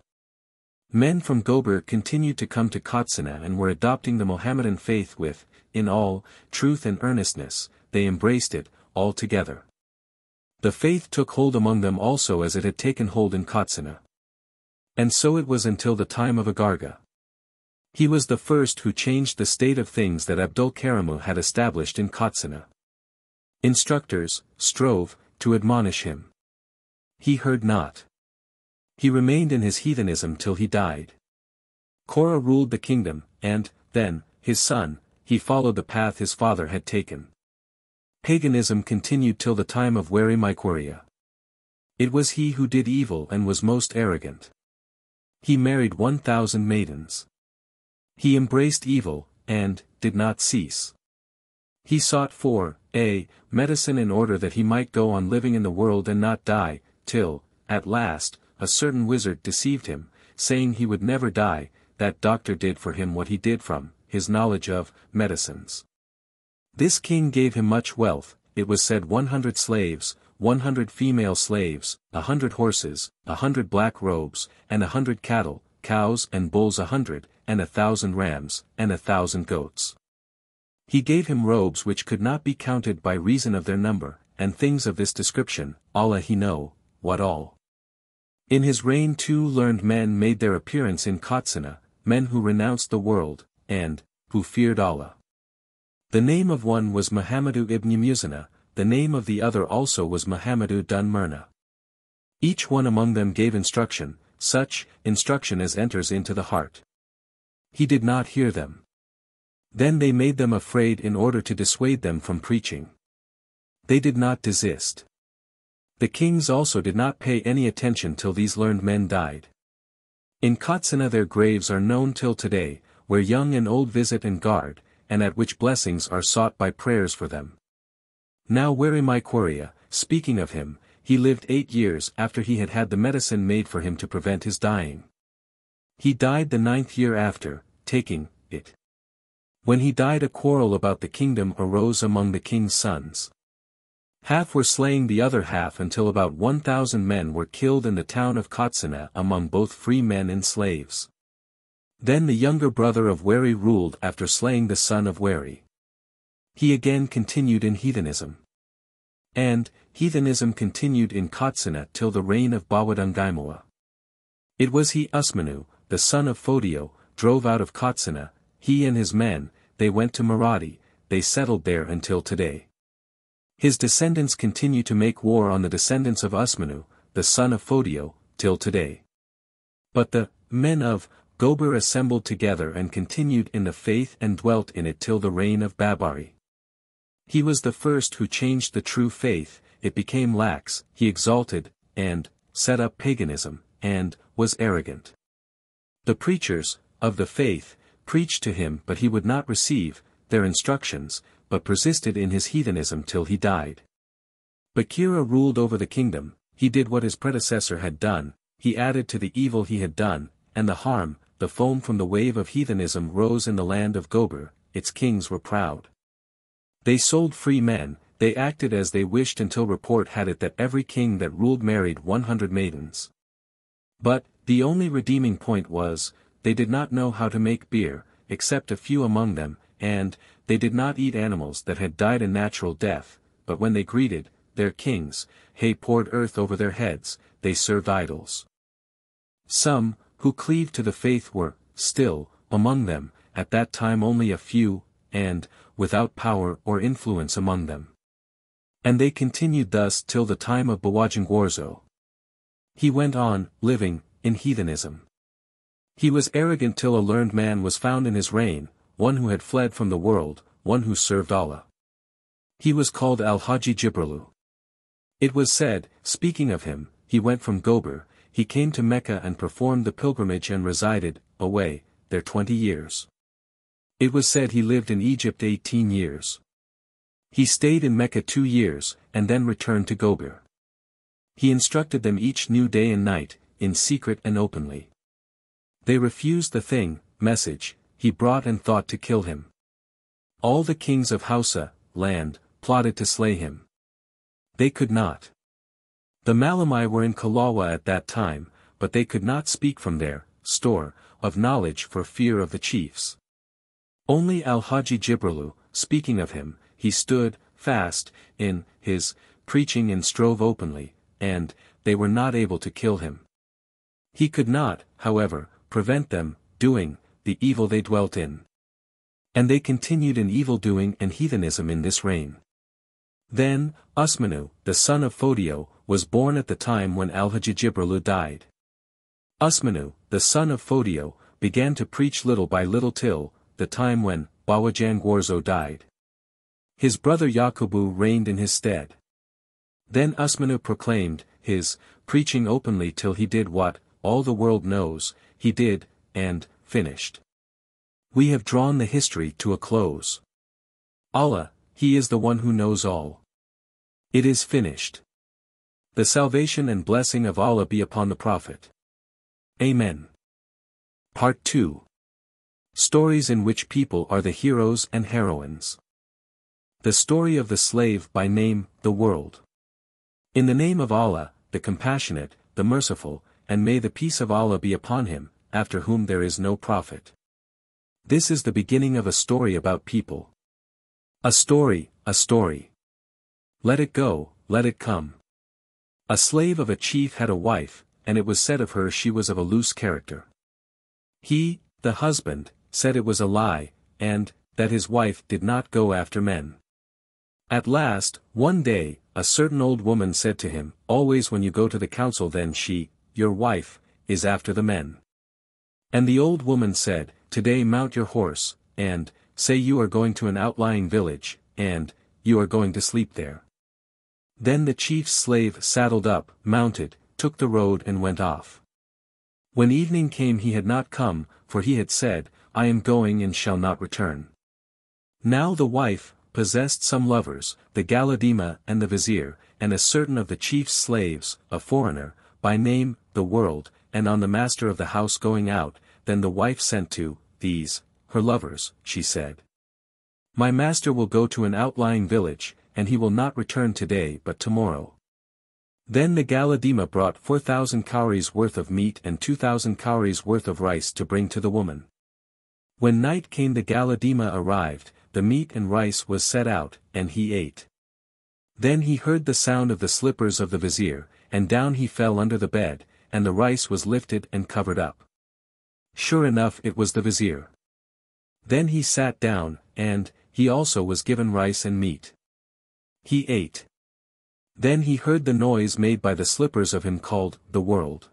Men from Gober continued to come to Katsina and were adopting the Mohammedan faith with, in all, truth and earnestness, they embraced it, all together. The faith took hold among them also as it had taken hold in Katsina. And so it was until the time of Agarga. He was the first who changed the state of things that Abdul Karimu had established in Katsina. Instructors, strove, to admonish him. He heard not. He remained in his heathenism till he died. Korah ruled the kingdom, and, then, his son, he followed the path his father had taken. Paganism continued till the time of Wari Mykwaria. It was he who did evil and was most arrogant. He married one thousand maidens. He embraced evil, and, did not cease. He sought for, a, medicine in order that he might go on living in the world and not die, till, at last, a certain wizard deceived him, saying he would never die, that doctor did for him what he did from, his knowledge of, medicines. This king gave him much wealth, it was said 100 slaves, 100 female slaves, a 100 horses, a 100 black robes, and a 100 cattle, cows and bulls a 100, and a thousand rams, and a thousand goats. He gave him robes which could not be counted by reason of their number, and things of this description, Allah he know, what all. In his reign two learned men made their appearance in Katsina, men who renounced the world, and, who feared Allah. The name of one was Muhammadu ibn Muzana, the name of the other also was Muhammadu dun Each one among them gave instruction, such instruction as enters into the heart. He did not hear them. Then they made them afraid in order to dissuade them from preaching. They did not desist. The kings also did not pay any attention till these learned men died. In Katsina their graves are known till today, where young and old visit and guard, and at which blessings are sought by prayers for them. Now Werimaikoria, speaking of him, he lived eight years after he had had the medicine made for him to prevent his dying. He died the ninth year after, taking it. When he died a quarrel about the kingdom arose among the king's sons. Half were slaying the other half until about 1,000 men were killed in the town of Kotsina among both free men and slaves. Then the younger brother of Wari ruled after slaying the son of Wari. He again continued in heathenism. And, heathenism continued in Kotsina till the reign of Bawadungaimawa. It was he Usmanu, the son of Fodio, drove out of Kotsina, he and his men, they went to Maradi, they settled there until today. His descendants continue to make war on the descendants of Usmanu, the son of Fodio, till today. But the men of Gober assembled together and continued in the faith and dwelt in it till the reign of Babari. He was the first who changed the true faith, it became lax, he exalted, and, set up paganism, and, was arrogant. The preachers, of the faith, preached to him but he would not receive, their instructions, but persisted in his heathenism till he died. Bakira ruled over the kingdom, he did what his predecessor had done, he added to the evil he had done, and the harm, the foam from the wave of heathenism rose in the land of Gober, its kings were proud. They sold free men, they acted as they wished until report had it that every king that ruled married 100 maidens. But, the only redeeming point was, they did not know how to make beer, except a few among them, and, they did not eat animals that had died a natural death, but when they greeted, their kings, hay poured earth over their heads, they served idols. Some, who cleaved to the faith were, still, among them, at that time only a few, and, without power or influence among them. And they continued thus till the time of Bawajangwarzo. He went on, living, in heathenism. He was arrogant till a learned man was found in his reign, one who had fled from the world, one who served Allah. He was called Al-Haji Jibrilu. It was said, speaking of him, he went from Gober, he came to Mecca and performed the pilgrimage and resided, away, there twenty years. It was said he lived in Egypt eighteen years. He stayed in Mecca two years, and then returned to Gober. He instructed them each new day and night, in secret and openly. They refused the thing, message, he brought and thought to kill him. All the kings of Hausa, land, plotted to slay him. They could not. The Malamai were in Kalawa at that time, but they could not speak from there, store, of knowledge for fear of the chiefs. Only Al-Haji Jibrilu, speaking of him, he stood, fast, in, his, preaching and strove openly, and, they were not able to kill him. He could not, however, prevent them, doing, the evil they dwelt in. And they continued in evil-doing and heathenism in this reign. Then, Usmanu, the son of Fodio, was born at the time when Alhajijibrulu died. Usmanu, the son of Fodio, began to preach little by little till, the time when, Bawajan died. His brother Yakubu reigned in his stead. Then Usmanu proclaimed, his, preaching openly till he did what, all the world knows, he did, and, finished. We have drawn the history to a close. Allah, He is the one who knows all. It is finished. The salvation and blessing of Allah be upon the Prophet. Amen. Part 2 Stories in which people are the heroes and heroines. The story of the slave by name, the world. In the name of Allah, the compassionate, the merciful, and may the peace of Allah be upon him, after whom there is no prophet. This is the beginning of a story about people. A story, a story. Let it go, let it come. A slave of a chief had a wife, and it was said of her she was of a loose character. He, the husband, said it was a lie, and, that his wife did not go after men. At last, one day, a certain old woman said to him, Always when you go to the council then she, your wife, is after the men. And the old woman said, Today mount your horse, and, say you are going to an outlying village, and, you are going to sleep there. Then the chief's slave saddled up, mounted, took the road and went off. When evening came he had not come, for he had said, I am going and shall not return. Now the wife, possessed some lovers, the Galadima and the vizier, and a certain of the chief's slaves, a foreigner, by name, the world, and on the master of the house going out, then the wife sent to, these, her lovers, she said. My master will go to an outlying village, and he will not return today but tomorrow. Then the Galadima brought four thousand kauris worth of meat and two thousand kauris worth of rice to bring to the woman. When night came the Galadima arrived, the meat and rice was set out, and he ate. Then he heard the sound of the slippers of the vizier, and down he fell under the bed, and the rice was lifted and covered up. Sure enough it was the vizier. Then he sat down, and, he also was given rice and meat. He ate. Then he heard the noise made by the slippers of him called, the world.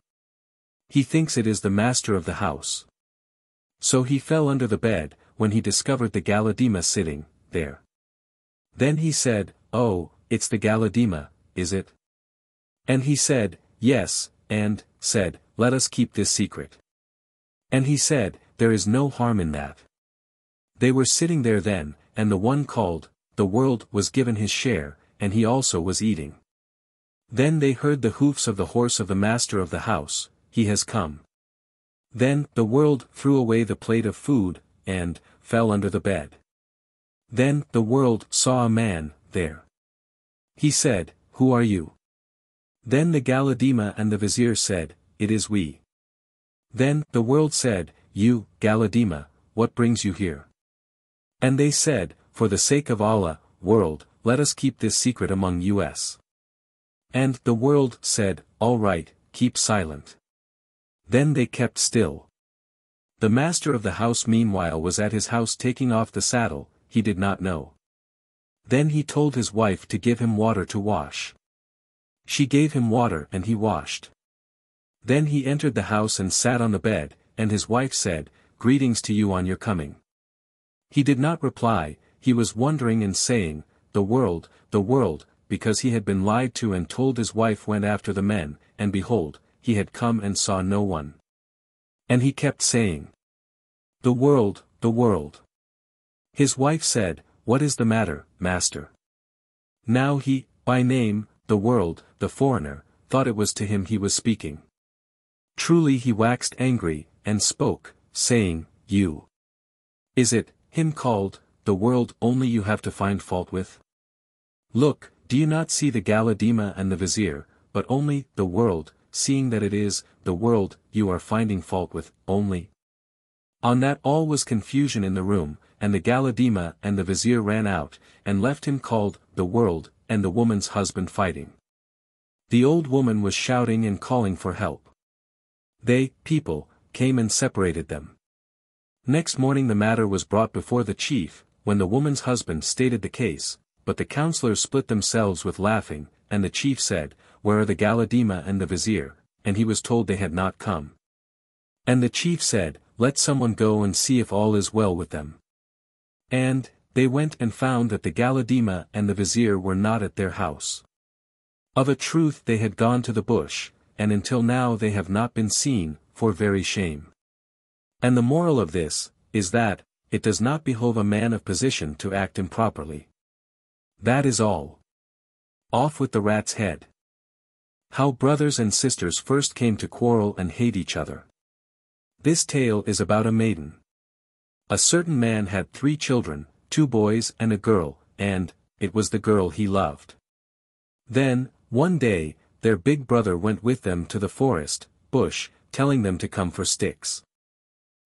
He thinks it is the master of the house. So he fell under the bed, when he discovered the Galadima sitting, there. Then he said, Oh, it's the Galadima, is it? And he said, Yes, and, said, Let us keep this secret. And he said, There is no harm in that. They were sitting there then, and the one called, The world was given his share, and he also was eating. Then they heard the hoofs of the horse of the master of the house, He has come. Then, the world threw away the plate of food, and, fell under the bed. Then, the world saw a man, there. He said, Who are you? Then the Galadima and the vizier said, It is we. Then, the world said, You, Galadima, what brings you here? And they said, For the sake of Allah, world, let us keep this secret among us. And, the world said, All right, keep silent. Then they kept still. The master of the house meanwhile was at his house taking off the saddle, he did not know. Then he told his wife to give him water to wash. She gave him water and he washed. Then he entered the house and sat on the bed, and his wife said, Greetings to you on your coming. He did not reply, he was wondering and saying, The world, the world, because he had been lied to and told his wife went after the men, and behold, he had come and saw no one. And he kept saying, The world, the world. His wife said, What is the matter, master? Now he, by name, the world, the foreigner, thought it was to him he was speaking. Truly he waxed angry, and spoke, saying, You. Is it, him called, the world only you have to find fault with? Look, do you not see the Galadima and the vizier, but only, the world, seeing that it is, the world, you are finding fault with, only? On that all was confusion in the room, and the Galadima and the vizier ran out, and left him called, the world, and the woman's husband fighting. The old woman was shouting and calling for help. They, people, came and separated them. Next morning the matter was brought before the chief, when the woman's husband stated the case, but the councillors split themselves with laughing, and the chief said, Where are the Galadima and the vizier? And he was told they had not come. And the chief said, Let someone go and see if all is well with them. And, they went and found that the Galadima and the vizier were not at their house. Of a truth they had gone to the bush, and until now they have not been seen, for very shame. And the moral of this, is that, it does not behove a man of position to act improperly. That is all. Off with the rat's head. How brothers and sisters first came to quarrel and hate each other. This tale is about a maiden. A certain man had three children, two boys and a girl, and, it was the girl he loved. Then, one day, their big brother went with them to the forest, bush, telling them to come for sticks.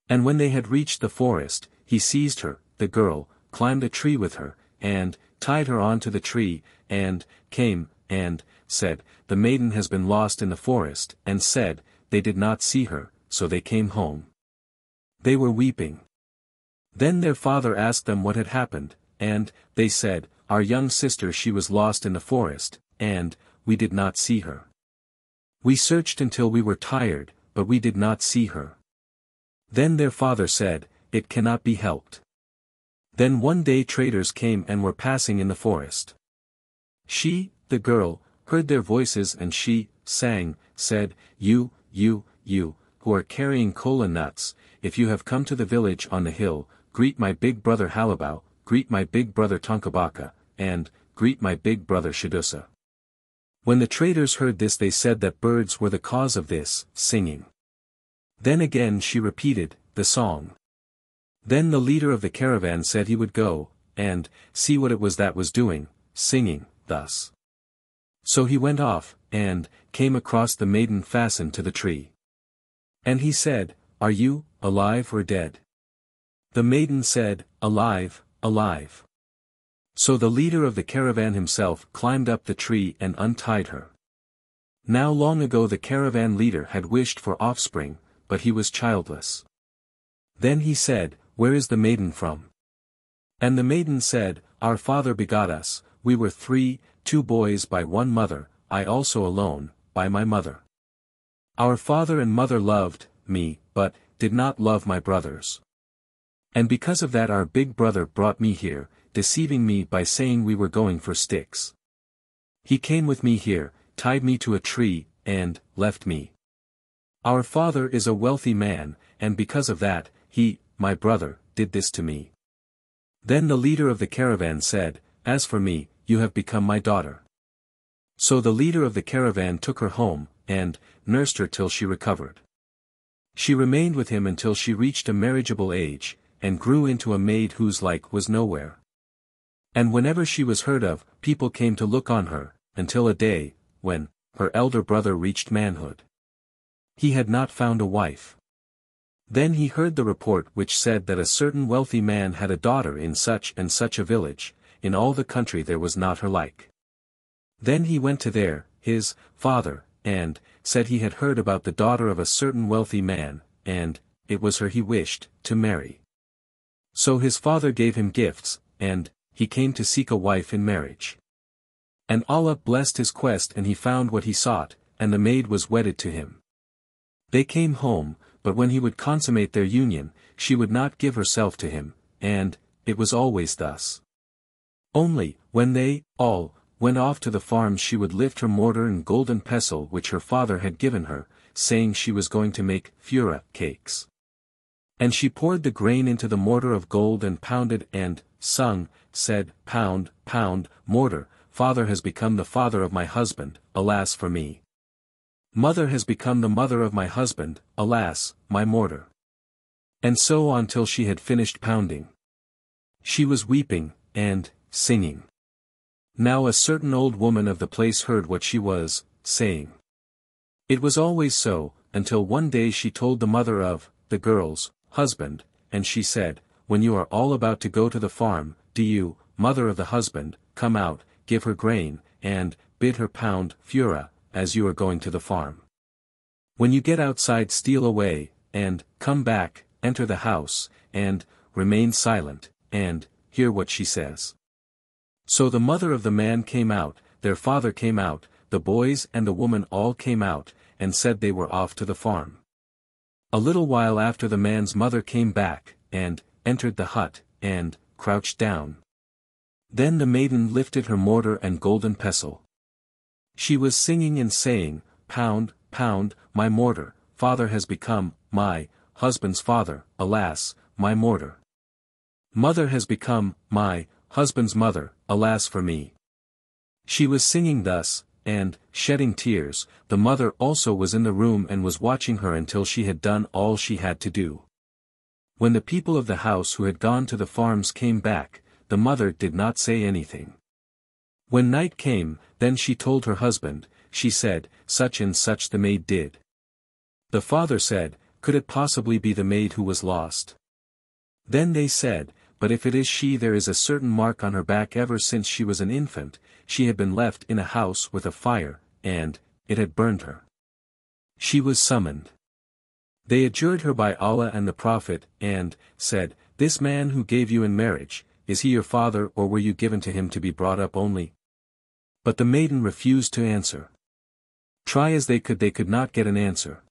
And when they had reached the forest, he seized her, the girl, climbed a tree with her, and, tied her onto the tree, and, came, and, said, The maiden has been lost in the forest, and said, They did not see her, so they came home. They were weeping. Then their father asked them what had happened, and, they said, Our young sister she was lost in the forest, and, we did not see her. We searched until we were tired, but we did not see her. Then their father said, It cannot be helped. Then one day traders came and were passing in the forest. She, the girl, heard their voices and she, sang, said, You, you, you, who are carrying kola nuts, if you have come to the village on the hill, greet my big brother Halabau, greet my big brother Tonkabaka, and, greet my big brother Shadusa. When the traders heard this they said that birds were the cause of this, singing. Then again she repeated, the song. Then the leader of the caravan said he would go, and, see what it was that was doing, singing, thus. So he went off, and, came across the maiden fastened to the tree. And he said, Are you, alive or dead? The maiden said, Alive, alive. So the leader of the caravan himself climbed up the tree and untied her. Now long ago the caravan leader had wished for offspring, but he was childless. Then he said, Where is the maiden from? And the maiden said, Our father begot us, we were three, two boys by one mother, I also alone, by my mother. Our father and mother loved, me, but, did not love my brothers. And because of that our big brother brought me here, deceiving me by saying we were going for sticks. He came with me here, tied me to a tree, and, left me. Our father is a wealthy man, and because of that, he, my brother, did this to me. Then the leader of the caravan said, As for me, you have become my daughter. So the leader of the caravan took her home, and, nursed her till she recovered. She remained with him until she reached a marriageable age, and grew into a maid whose like was nowhere. And whenever she was heard of, people came to look on her, until a day, when, her elder brother reached manhood. He had not found a wife. Then he heard the report which said that a certain wealthy man had a daughter in such and such a village, in all the country there was not her like. Then he went to there, his, father, and, said he had heard about the daughter of a certain wealthy man, and, it was her he wished, to marry. So his father gave him gifts, and, he came to seek a wife in marriage. And Allah blessed his quest and he found what he sought, and the maid was wedded to him. They came home, but when he would consummate their union, she would not give herself to him, and, it was always thus. Only, when they, all, went off to the farm she would lift her mortar and golden pestle which her father had given her, saying she was going to make fura cakes. And she poured the grain into the mortar of gold and pounded and, sung, said, Pound, pound, mortar, father has become the father of my husband, alas for me. Mother has become the mother of my husband, alas, my mortar. And so on till she had finished pounding. She was weeping, and, singing. Now a certain old woman of the place heard what she was, saying. It was always so, until one day she told the mother of, the girls, Husband, and she said, When you are all about to go to the farm, do you, mother of the husband, come out, give her grain, and, bid her pound, fura, as you are going to the farm. When you get outside steal away, and, come back, enter the house, and, remain silent, and, hear what she says. So the mother of the man came out, their father came out, the boys and the woman all came out, and said they were off to the farm. A little while after the man's mother came back, and, entered the hut, and, crouched down. Then the maiden lifted her mortar and golden pestle. She was singing and saying, Pound, pound, my mortar, father has become, my, husband's father, alas, my mortar. Mother has become, my, husband's mother, alas for me. She was singing thus, and, shedding tears, the mother also was in the room and was watching her until she had done all she had to do. When the people of the house who had gone to the farms came back, the mother did not say anything. When night came, then she told her husband, she said, such and such the maid did. The father said, could it possibly be the maid who was lost? Then they said, but if it is she there is a certain mark on her back ever since she was an infant, she had been left in a house with a fire, and, it had burned her. She was summoned. They adjured her by Allah and the Prophet, and, said, This man who gave you in marriage, is he your father or were you given to him to be brought up only? But the maiden refused to answer. Try as they could they could not get an answer.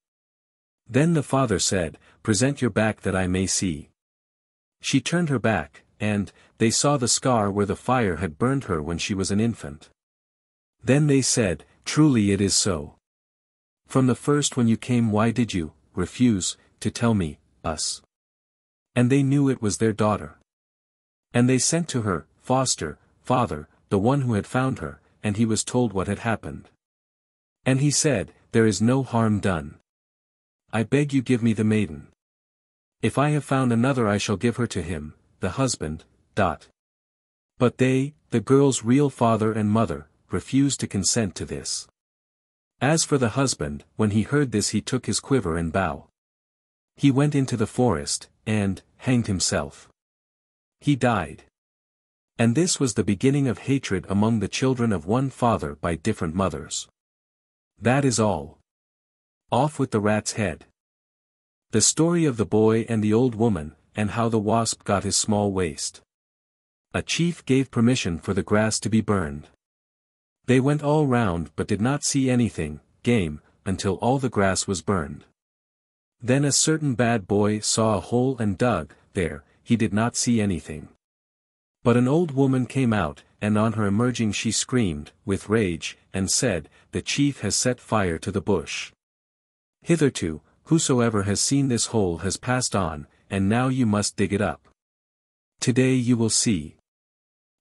Then the father said, Present your back that I may see. She turned her back, and, they saw the scar where the fire had burned her when she was an infant. Then they said, Truly it is so. From the first when you came why did you, refuse, to tell me, us? And they knew it was their daughter. And they sent to her, Foster, father, the one who had found her, and he was told what had happened. And he said, There is no harm done. I beg you give me the maiden. If I have found another I shall give her to him, the husband, dot. But they, the girl's real father and mother, refused to consent to this. As for the husband, when he heard this he took his quiver and bow. He went into the forest, and, hanged himself. He died. And this was the beginning of hatred among the children of one father by different mothers. That is all. Off with the rat's head. The story of the boy and the old woman, and how the wasp got his small waist. A chief gave permission for the grass to be burned. They went all round but did not see anything, game, until all the grass was burned. Then a certain bad boy saw a hole and dug, there, he did not see anything. But an old woman came out, and on her emerging she screamed, with rage, and said, The chief has set fire to the bush. Hitherto, Whosoever has seen this hole has passed on, and now you must dig it up. Today you will see.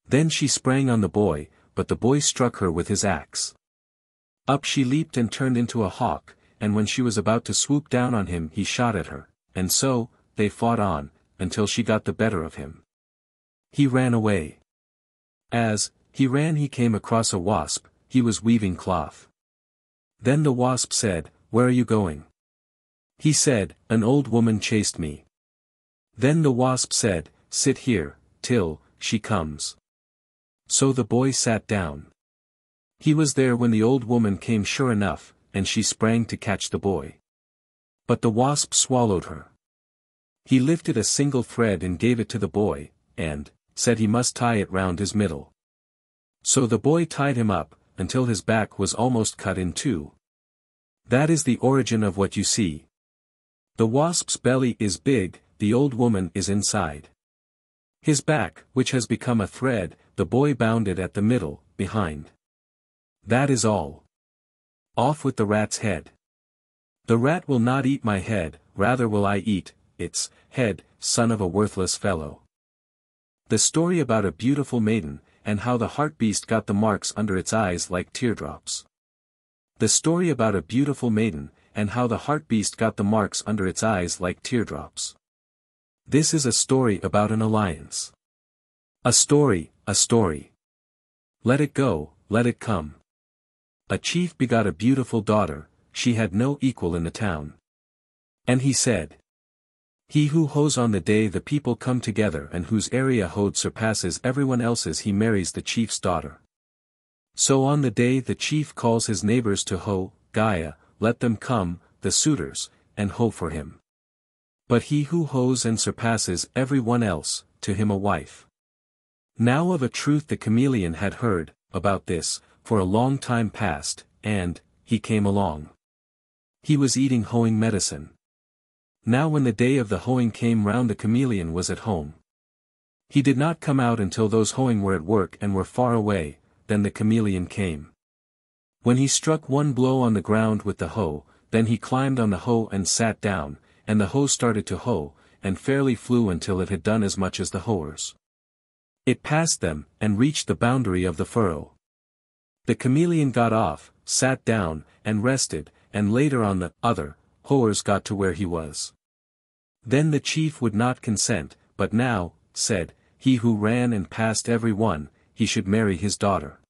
Then she sprang on the boy, but the boy struck her with his axe. Up she leaped and turned into a hawk, and when she was about to swoop down on him he shot at her, and so, they fought on, until she got the better of him. He ran away. As, he ran he came across a wasp, he was weaving cloth. Then the wasp said, Where are you going? He said, An old woman chased me. Then the wasp said, Sit here, till, she comes. So the boy sat down. He was there when the old woman came sure enough, and she sprang to catch the boy. But the wasp swallowed her. He lifted a single thread and gave it to the boy, and, said he must tie it round his middle. So the boy tied him up, until his back was almost cut in two. That is the origin of what you see, the wasp's belly is big, the old woman is inside. His back, which has become a thread, the boy bound it at the middle, behind. That is all. Off with the rat's head. The rat will not eat my head, rather will I eat, its, head, son of a worthless fellow. The story about a beautiful maiden, and how the heart beast got the marks under its eyes like teardrops. The story about a beautiful maiden, and how the heart beast got the marks under its eyes like teardrops. This is a story about an alliance. A story, a story. Let it go, let it come. A chief begot a beautiful daughter, she had no equal in the town. And he said, He who hoes on the day the people come together and whose area hoed surpasses everyone else's he marries the chief's daughter. So on the day the chief calls his neighbors to hoe, Gaia, let them come, the suitors, and hoe for him. But he who hoes and surpasses every one else, to him a wife. Now of a truth the chameleon had heard, about this, for a long time past, and, he came along. He was eating hoeing medicine. Now when the day of the hoeing came round the chameleon was at home. He did not come out until those hoeing were at work and were far away, then the chameleon came. When he struck one blow on the ground with the hoe, then he climbed on the hoe and sat down, and the hoe started to hoe, and fairly flew until it had done as much as the hoers. It passed them, and reached the boundary of the furrow. The chameleon got off, sat down, and rested, and later on the other hoers got to where he was. Then the chief would not consent, but now, said, he who ran and passed every one, he should marry his daughter.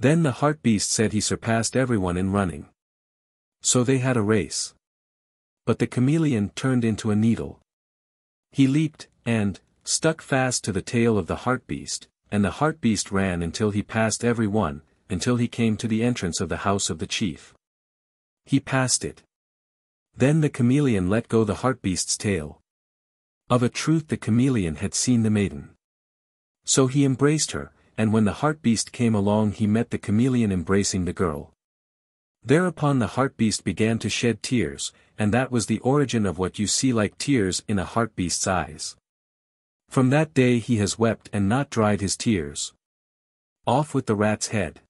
Then the heart beast said he surpassed everyone in running. So they had a race. But the chameleon turned into a needle. He leaped, and, stuck fast to the tail of the heart beast, and the heart beast ran until he passed every one, until he came to the entrance of the house of the chief. He passed it. Then the chameleon let go the heart beast's tail. Of a truth the chameleon had seen the maiden. So he embraced her, and when the heart beast came along he met the chameleon embracing the girl. Thereupon the heart beast began to shed tears, and that was the origin of what you see like tears in a heart beast's eyes. From that day he has wept and not dried his tears. Off with the rat's head.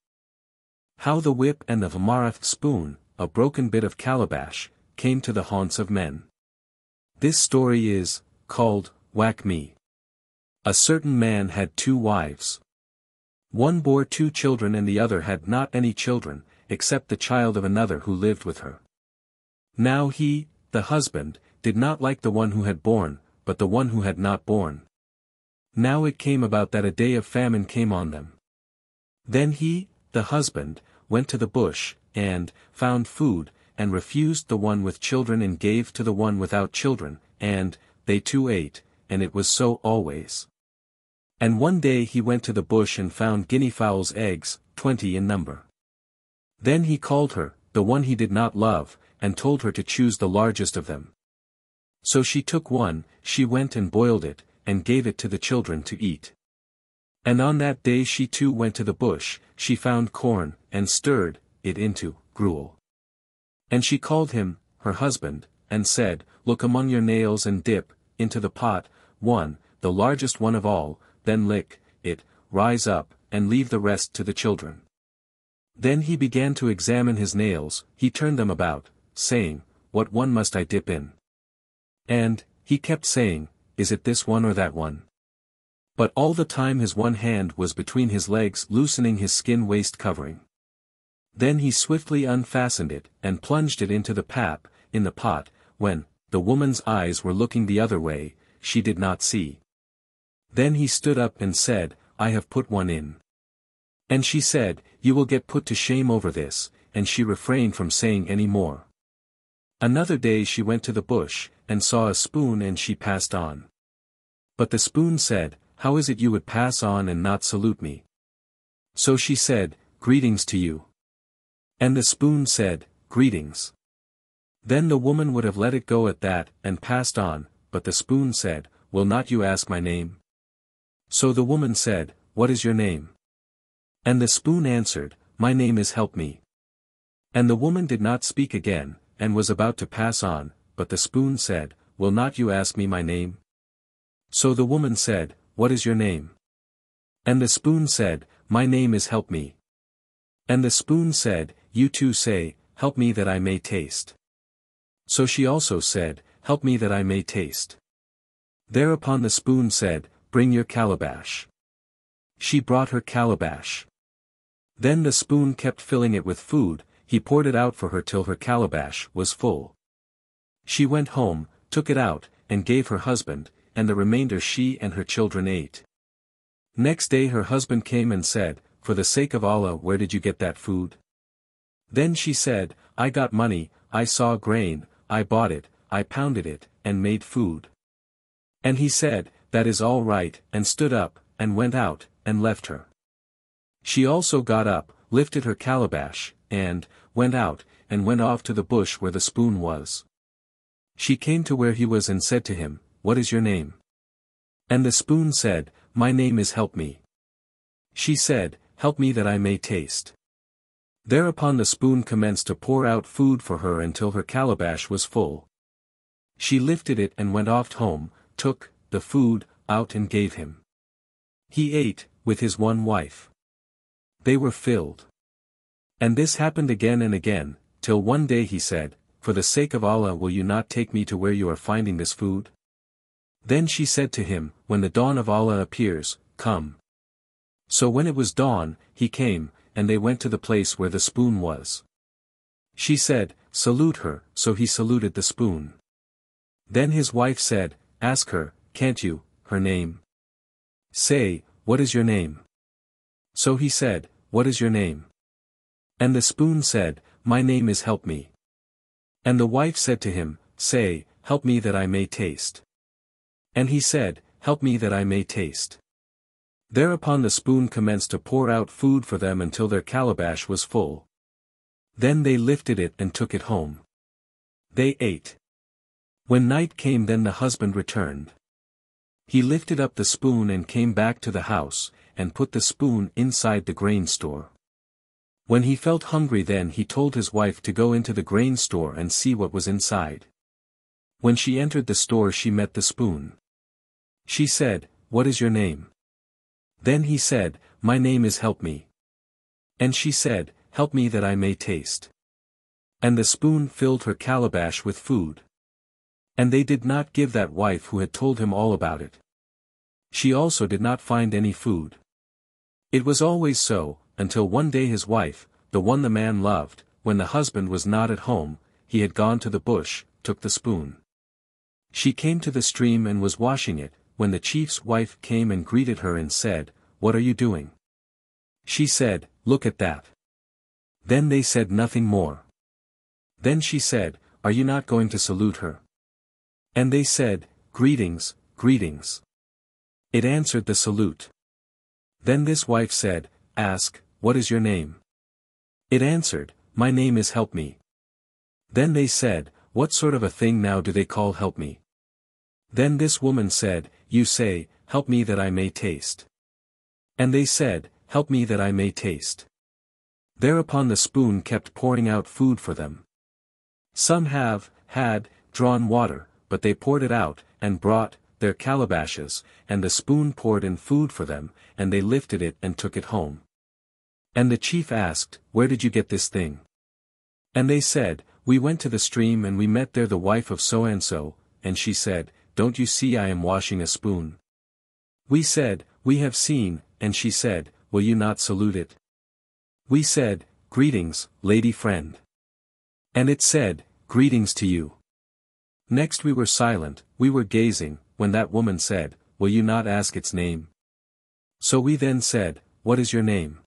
How the whip and the Vamarath spoon, a broken bit of calabash, came to the haunts of men. This story is, called, Whack Me. A certain man had two wives. One bore two children and the other had not any children, except the child of another who lived with her. Now he, the husband, did not like the one who had borne, but the one who had not borne. Now it came about that a day of famine came on them. Then he, the husband, went to the bush, and, found food, and refused the one with children and gave to the one without children, and, they two ate, and it was so always. And one day he went to the bush and found guinea fowl's eggs, twenty in number. Then he called her, the one he did not love, and told her to choose the largest of them. So she took one, she went and boiled it, and gave it to the children to eat. And on that day she too went to the bush, she found corn, and stirred it into gruel. And she called him, her husband, and said, Look among your nails and dip, into the pot, one, the largest one of all, then lick it, rise up, and leave the rest to the children. Then he began to examine his nails, he turned them about, saying, What one must I dip in? And, he kept saying, Is it this one or that one? But all the time his one hand was between his legs loosening his skin waist covering. Then he swiftly unfastened it, and plunged it into the pap, in the pot, when, the woman's eyes were looking the other way, she did not see. Then he stood up and said, I have put one in. And she said, You will get put to shame over this, and she refrained from saying any more. Another day she went to the bush, and saw a spoon and she passed on. But the spoon said, How is it you would pass on and not salute me? So she said, Greetings to you. And the spoon said, Greetings. Then the woman would have let it go at that, and passed on, but the spoon said, Will not you ask my name? So the woman said, What is your name? And the spoon answered, My name is Help Me. And the woman did not speak again, and was about to pass on, but the spoon said, Will not you ask me my name? So the woman said, What is your name? And the spoon said, My name is Help Me. And the spoon said, You too say, Help me that I may taste. So she also said, Help me that I may taste. Thereupon the spoon said, bring your calabash. She brought her calabash. Then the spoon kept filling it with food, he poured it out for her till her calabash was full. She went home, took it out, and gave her husband, and the remainder she and her children ate. Next day her husband came and said, For the sake of Allah where did you get that food? Then she said, I got money, I saw grain, I bought it, I pounded it, and made food. And he said, that is all right, and stood up, and went out, and left her. She also got up, lifted her calabash, and, went out, and went off to the bush where the spoon was. She came to where he was and said to him, What is your name? And the spoon said, My name is Help Me. She said, Help me that I may taste. Thereupon the spoon commenced to pour out food for her until her calabash was full. She lifted it and went off home, took, the food, out and gave him. He ate, with his one wife. They were filled. And this happened again and again, till one day he said, For the sake of Allah will you not take me to where you are finding this food? Then she said to him, When the dawn of Allah appears, come. So when it was dawn, he came, and they went to the place where the spoon was. She said, Salute her, so he saluted the spoon. Then his wife said, Ask her, can't you, her name? Say, what is your name? So he said, what is your name? And the spoon said, my name is help me. And the wife said to him, say, help me that I may taste. And he said, help me that I may taste. Thereupon the spoon commenced to pour out food for them until their calabash was full. Then they lifted it and took it home. They ate. When night came then the husband returned. He lifted up the spoon and came back to the house, and put the spoon inside the grain store. When he felt hungry then he told his wife to go into the grain store and see what was inside. When she entered the store she met the spoon. She said, What is your name? Then he said, My name is Help Me. And she said, Help me that I may taste. And the spoon filled her calabash with food. And they did not give that wife who had told him all about it. She also did not find any food. It was always so, until one day his wife, the one the man loved, when the husband was not at home, he had gone to the bush, took the spoon. She came to the stream and was washing it, when the chief's wife came and greeted her and said, What are you doing? She said, Look at that. Then they said nothing more. Then she said, Are you not going to salute her? And they said, Greetings, greetings. It answered the salute. Then this wife said, Ask, what is your name? It answered, My name is Help Me. Then they said, What sort of a thing now do they call Help Me? Then this woman said, You say, Help me that I may taste. And they said, Help me that I may taste. Thereupon the spoon kept pouring out food for them. Some have, had, drawn water, but they poured it out, and brought, their calabashes, and the spoon poured in food for them, and they lifted it and took it home. And the chief asked, Where did you get this thing? And they said, We went to the stream and we met there the wife of so-and-so, and she said, Don't you see I am washing a spoon? We said, We have seen, and she said, Will you not salute it? We said, Greetings, lady friend. And it said, Greetings to you. Next we were silent, we were gazing, when that woman said, Will you not ask its name? So we then said, What is your name?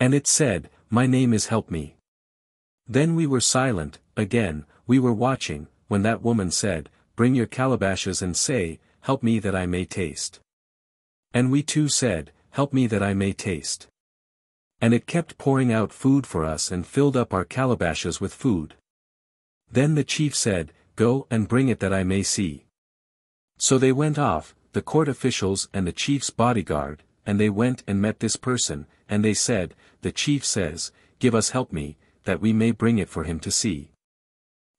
And it said, My name is Help Me. Then we were silent, again, we were watching, when that woman said, Bring your calabashes and say, Help me that I may taste. And we too said, Help me that I may taste. And it kept pouring out food for us and filled up our calabashes with food. Then the chief said, Go and bring it that I may see. So they went off, the court officials and the chief's bodyguard, and they went and met this person, and they said, The chief says, Give us help me, that we may bring it for him to see.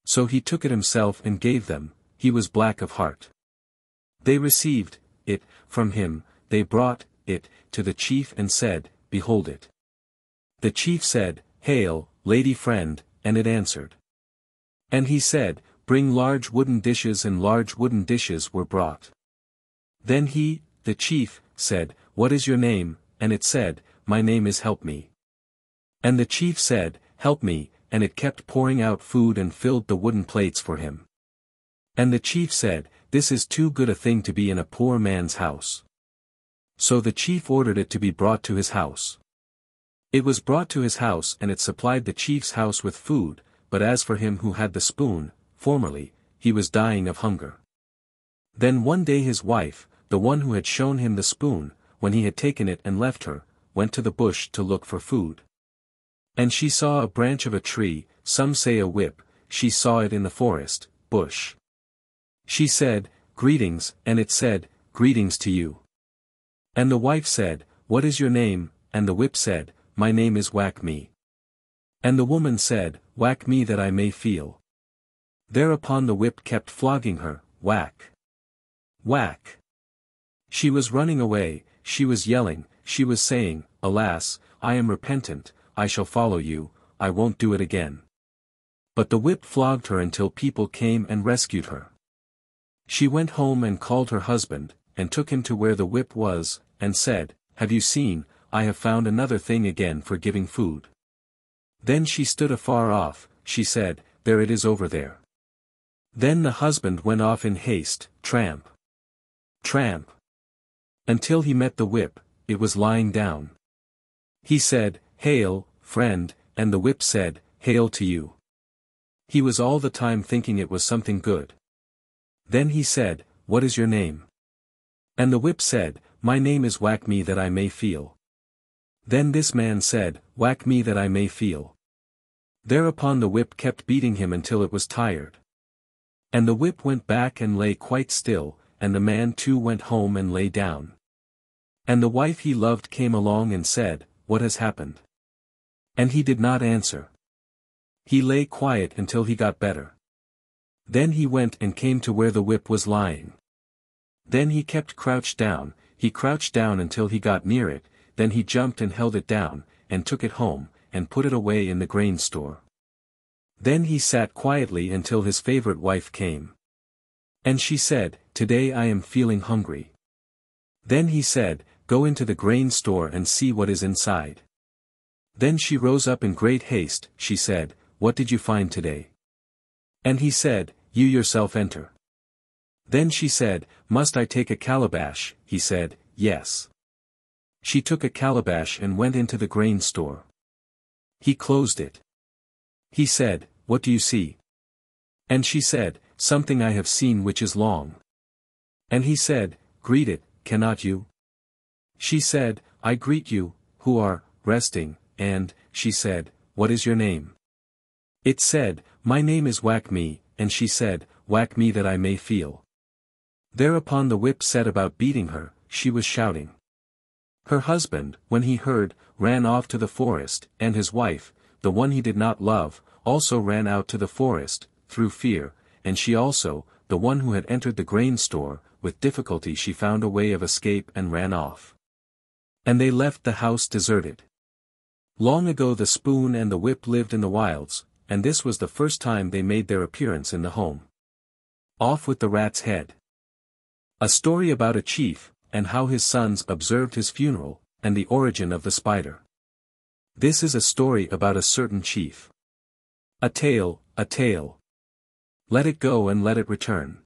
So he took it himself and gave them, he was black of heart. They received, it, from him, they brought, it, to the chief and said, Behold it. The chief said, Hail, lady friend, and it answered. And he said, Bring large wooden dishes and large wooden dishes were brought. Then he, the chief, said, What is your name? And it said, My name is Help Me. And the chief said, Help me, and it kept pouring out food and filled the wooden plates for him. And the chief said, This is too good a thing to be in a poor man's house. So the chief ordered it to be brought to his house. It was brought to his house and it supplied the chief's house with food, but as for him who had the spoon, formerly, he was dying of hunger. Then one day his wife, the one who had shown him the spoon, when he had taken it and left her, went to the bush to look for food. And she saw a branch of a tree, some say a whip, she saw it in the forest, bush. She said, Greetings, and it said, Greetings to you. And the wife said, What is your name? And the whip said, My name is Whack Me. And the woman said, Whack me that I may feel, Thereupon the whip kept flogging her, whack. Whack. She was running away, she was yelling, she was saying, Alas, I am repentant, I shall follow you, I won't do it again. But the whip flogged her until people came and rescued her. She went home and called her husband, and took him to where the whip was, and said, Have you seen, I have found another thing again for giving food. Then she stood afar off, she said, There it is over there. Then the husband went off in haste, tramp. Tramp. Until he met the whip, it was lying down. He said, Hail, friend, and the whip said, Hail to you. He was all the time thinking it was something good. Then he said, What is your name? And the whip said, My name is Whack Me that I may feel. Then this man said, Whack me that I may feel. Thereupon the whip kept beating him until it was tired. And the whip went back and lay quite still, and the man too went home and lay down. And the wife he loved came along and said, What has happened? And he did not answer. He lay quiet until he got better. Then he went and came to where the whip was lying. Then he kept crouched down, he crouched down until he got near it, then he jumped and held it down, and took it home, and put it away in the grain store. Then he sat quietly until his favorite wife came. And she said, Today I am feeling hungry. Then he said, Go into the grain store and see what is inside. Then she rose up in great haste, she said, What did you find today? And he said, You yourself enter. Then she said, Must I take a calabash? He said, Yes. She took a calabash and went into the grain store. He closed it. He said, what do you see? And she said, Something I have seen which is long. And he said, Greet it, cannot you? She said, I greet you, who are, resting, and, she said, What is your name? It said, My name is Whack Me, and she said, Whack me that I may feel. Thereupon the whip set about beating her, she was shouting. Her husband, when he heard, ran off to the forest, and his wife, the one he did not love, also ran out to the forest, through fear, and she also, the one who had entered the grain store, with difficulty she found a way of escape and ran off. And they left the house deserted. Long ago the spoon and the whip lived in the wilds, and this was the first time they made their appearance in the home. Off with the rat's head. A story about a chief, and how his sons observed his funeral, and the origin of the spider. This is a story about a certain chief. A tale, a tale. Let it go and let it return.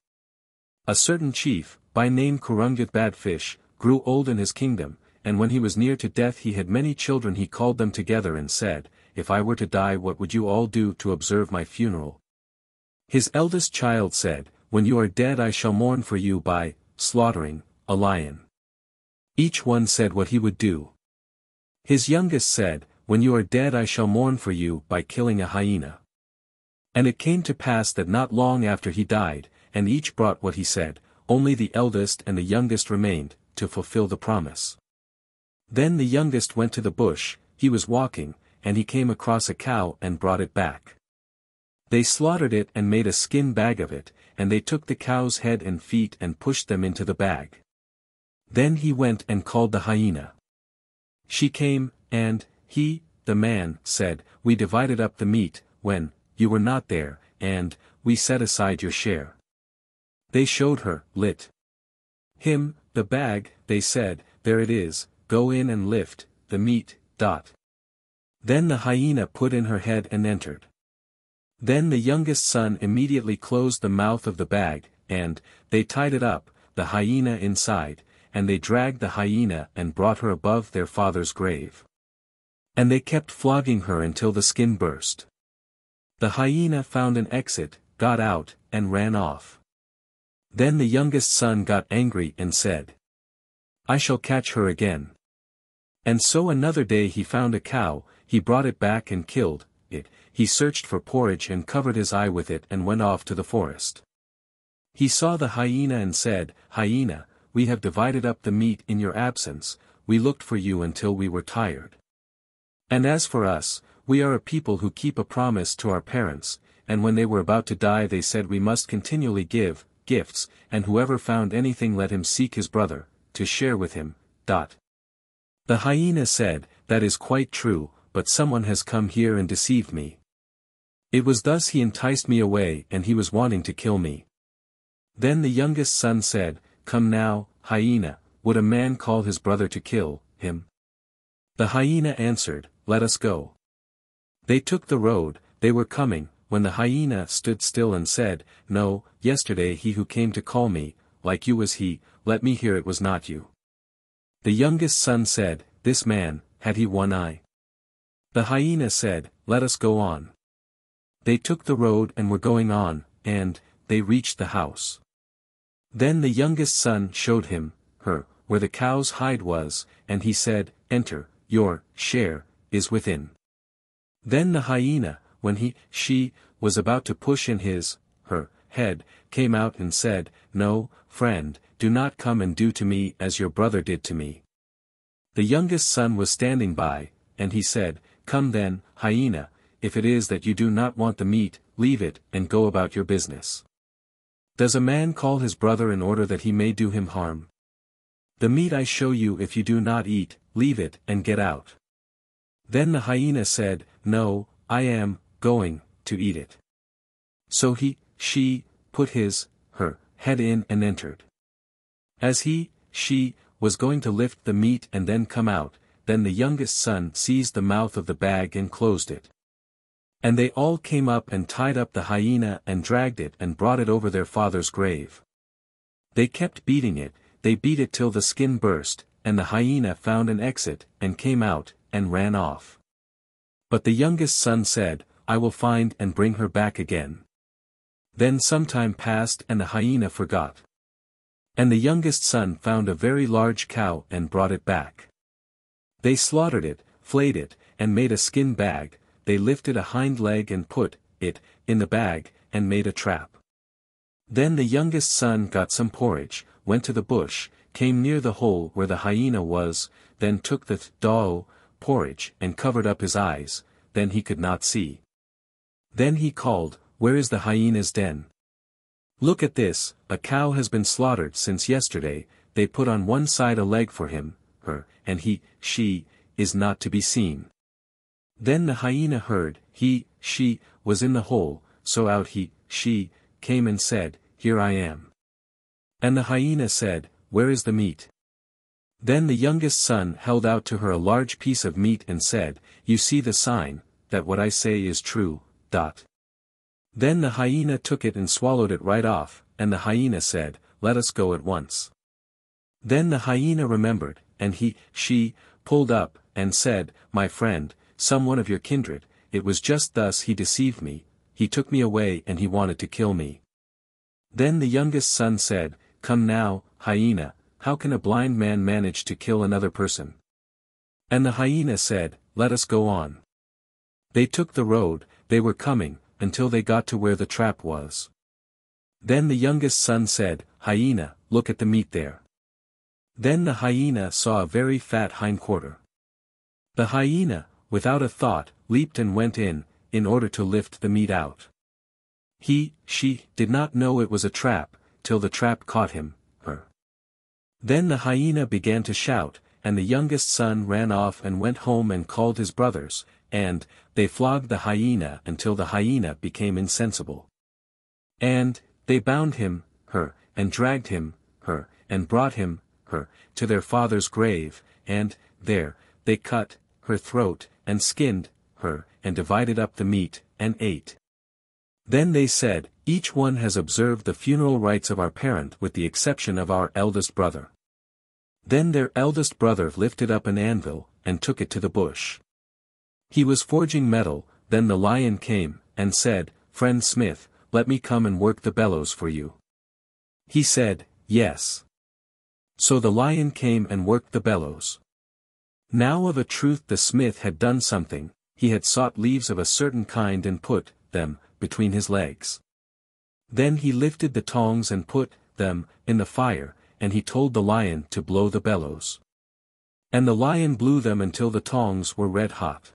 A certain chief, by name Kurungut Badfish, grew old in his kingdom, and when he was near to death he had many children he called them together and said, If I were to die what would you all do to observe my funeral? His eldest child said, When you are dead I shall mourn for you by, slaughtering, a lion. Each one said what he would do. His youngest said, When you are dead I shall mourn for you by killing a hyena. And it came to pass that not long after he died, and each brought what he said, only the eldest and the youngest remained, to fulfill the promise. Then the youngest went to the bush, he was walking, and he came across a cow and brought it back. They slaughtered it and made a skin bag of it, and they took the cow's head and feet and pushed them into the bag. Then he went and called the hyena. She came, and, he, the man, said, We divided up the meat, when, you were not there, and, we set aside your share. They showed her, lit. Him, the bag, they said, there it is, go in and lift, the meat, dot. Then the hyena put in her head and entered. Then the youngest son immediately closed the mouth of the bag, and, they tied it up, the hyena inside, and they dragged the hyena and brought her above their father's grave. And they kept flogging her until the skin burst. The hyena found an exit, got out, and ran off. Then the youngest son got angry and said, I shall catch her again. And so another day he found a cow, he brought it back and killed it, he searched for porridge and covered his eye with it and went off to the forest. He saw the hyena and said, Hyena, we have divided up the meat in your absence, we looked for you until we were tired. And as for us, we are a people who keep a promise to our parents, and when they were about to die they said we must continually give, gifts, and whoever found anything let him seek his brother, to share with him, dot. The hyena said, that is quite true, but someone has come here and deceived me. It was thus he enticed me away and he was wanting to kill me. Then the youngest son said, Come now, hyena, would a man call his brother to kill him? The hyena answered, Let us go. They took the road, they were coming, when the hyena stood still and said, No, yesterday he who came to call me, like you was he, let me hear it was not you. The youngest son said, This man, had he one eye? The hyena said, Let us go on. They took the road and were going on, and, they reached the house. Then the youngest son showed him, her, where the cow's hide was, and he said, Enter, your, share, is within. Then the hyena, when he, she, was about to push in his, her, head, came out and said, No, friend, do not come and do to me as your brother did to me. The youngest son was standing by, and he said, Come then, hyena, if it is that you do not want the meat, leave it, and go about your business. Does a man call his brother in order that he may do him harm? The meat I show you if you do not eat, leave it, and get out. Then the hyena said, No, I am, going, to eat it. So he, she, put his, her, head in and entered. As he, she, was going to lift the meat and then come out, then the youngest son seized the mouth of the bag and closed it. And they all came up and tied up the hyena and dragged it and brought it over their father's grave. They kept beating it, they beat it till the skin burst, and the hyena found an exit, and came out, and ran off. But the youngest son said, I will find and bring her back again. Then some time passed and the hyena forgot. And the youngest son found a very large cow and brought it back. They slaughtered it, flayed it, and made a skin bag, they lifted a hind leg and put it in the bag, and made a trap. Then the youngest son got some porridge, went to the bush, came near the hole where the hyena was, then took the th dao, porridge and covered up his eyes, then he could not see. Then he called, Where is the hyena's den? Look at this, a cow has been slaughtered since yesterday, they put on one side a leg for him, her, and he, she, is not to be seen. Then the hyena heard, he, she, was in the hole, so out he, she, came and said, Here I am. And the hyena said, Where is the meat? Then the youngest son held out to her a large piece of meat and said, You see the sign, that what I say is true, dot. Then the hyena took it and swallowed it right off, and the hyena said, Let us go at once. Then the hyena remembered, and he, she, pulled up, and said, My friend, some one of your kindred, it was just thus he deceived me, he took me away and he wanted to kill me. Then the youngest son said, Come now, hyena, how can a blind man manage to kill another person? And the hyena said, Let us go on. They took the road, they were coming, until they got to where the trap was. Then the youngest son said, Hyena, look at the meat there. Then the hyena saw a very fat hindquarter. The hyena, without a thought, leaped and went in, in order to lift the meat out. He, she, did not know it was a trap, till the trap caught him, then the hyena began to shout, and the youngest son ran off and went home and called his brothers, and, they flogged the hyena until the hyena became insensible. And, they bound him, her, and dragged him, her, and brought him, her, to their father's grave, and, there, they cut, her throat, and skinned, her, and divided up the meat, and ate. Then they said, each one has observed the funeral rites of our parent with the exception of our eldest brother. Then their eldest brother lifted up an anvil, and took it to the bush. He was forging metal, then the lion came, and said, Friend Smith, let me come and work the bellows for you. He said, Yes. So the lion came and worked the bellows. Now of a truth the smith had done something, he had sought leaves of a certain kind and put, them, between his legs. Then he lifted the tongs and put them in the fire, and he told the lion to blow the bellows. And the lion blew them until the tongs were red hot.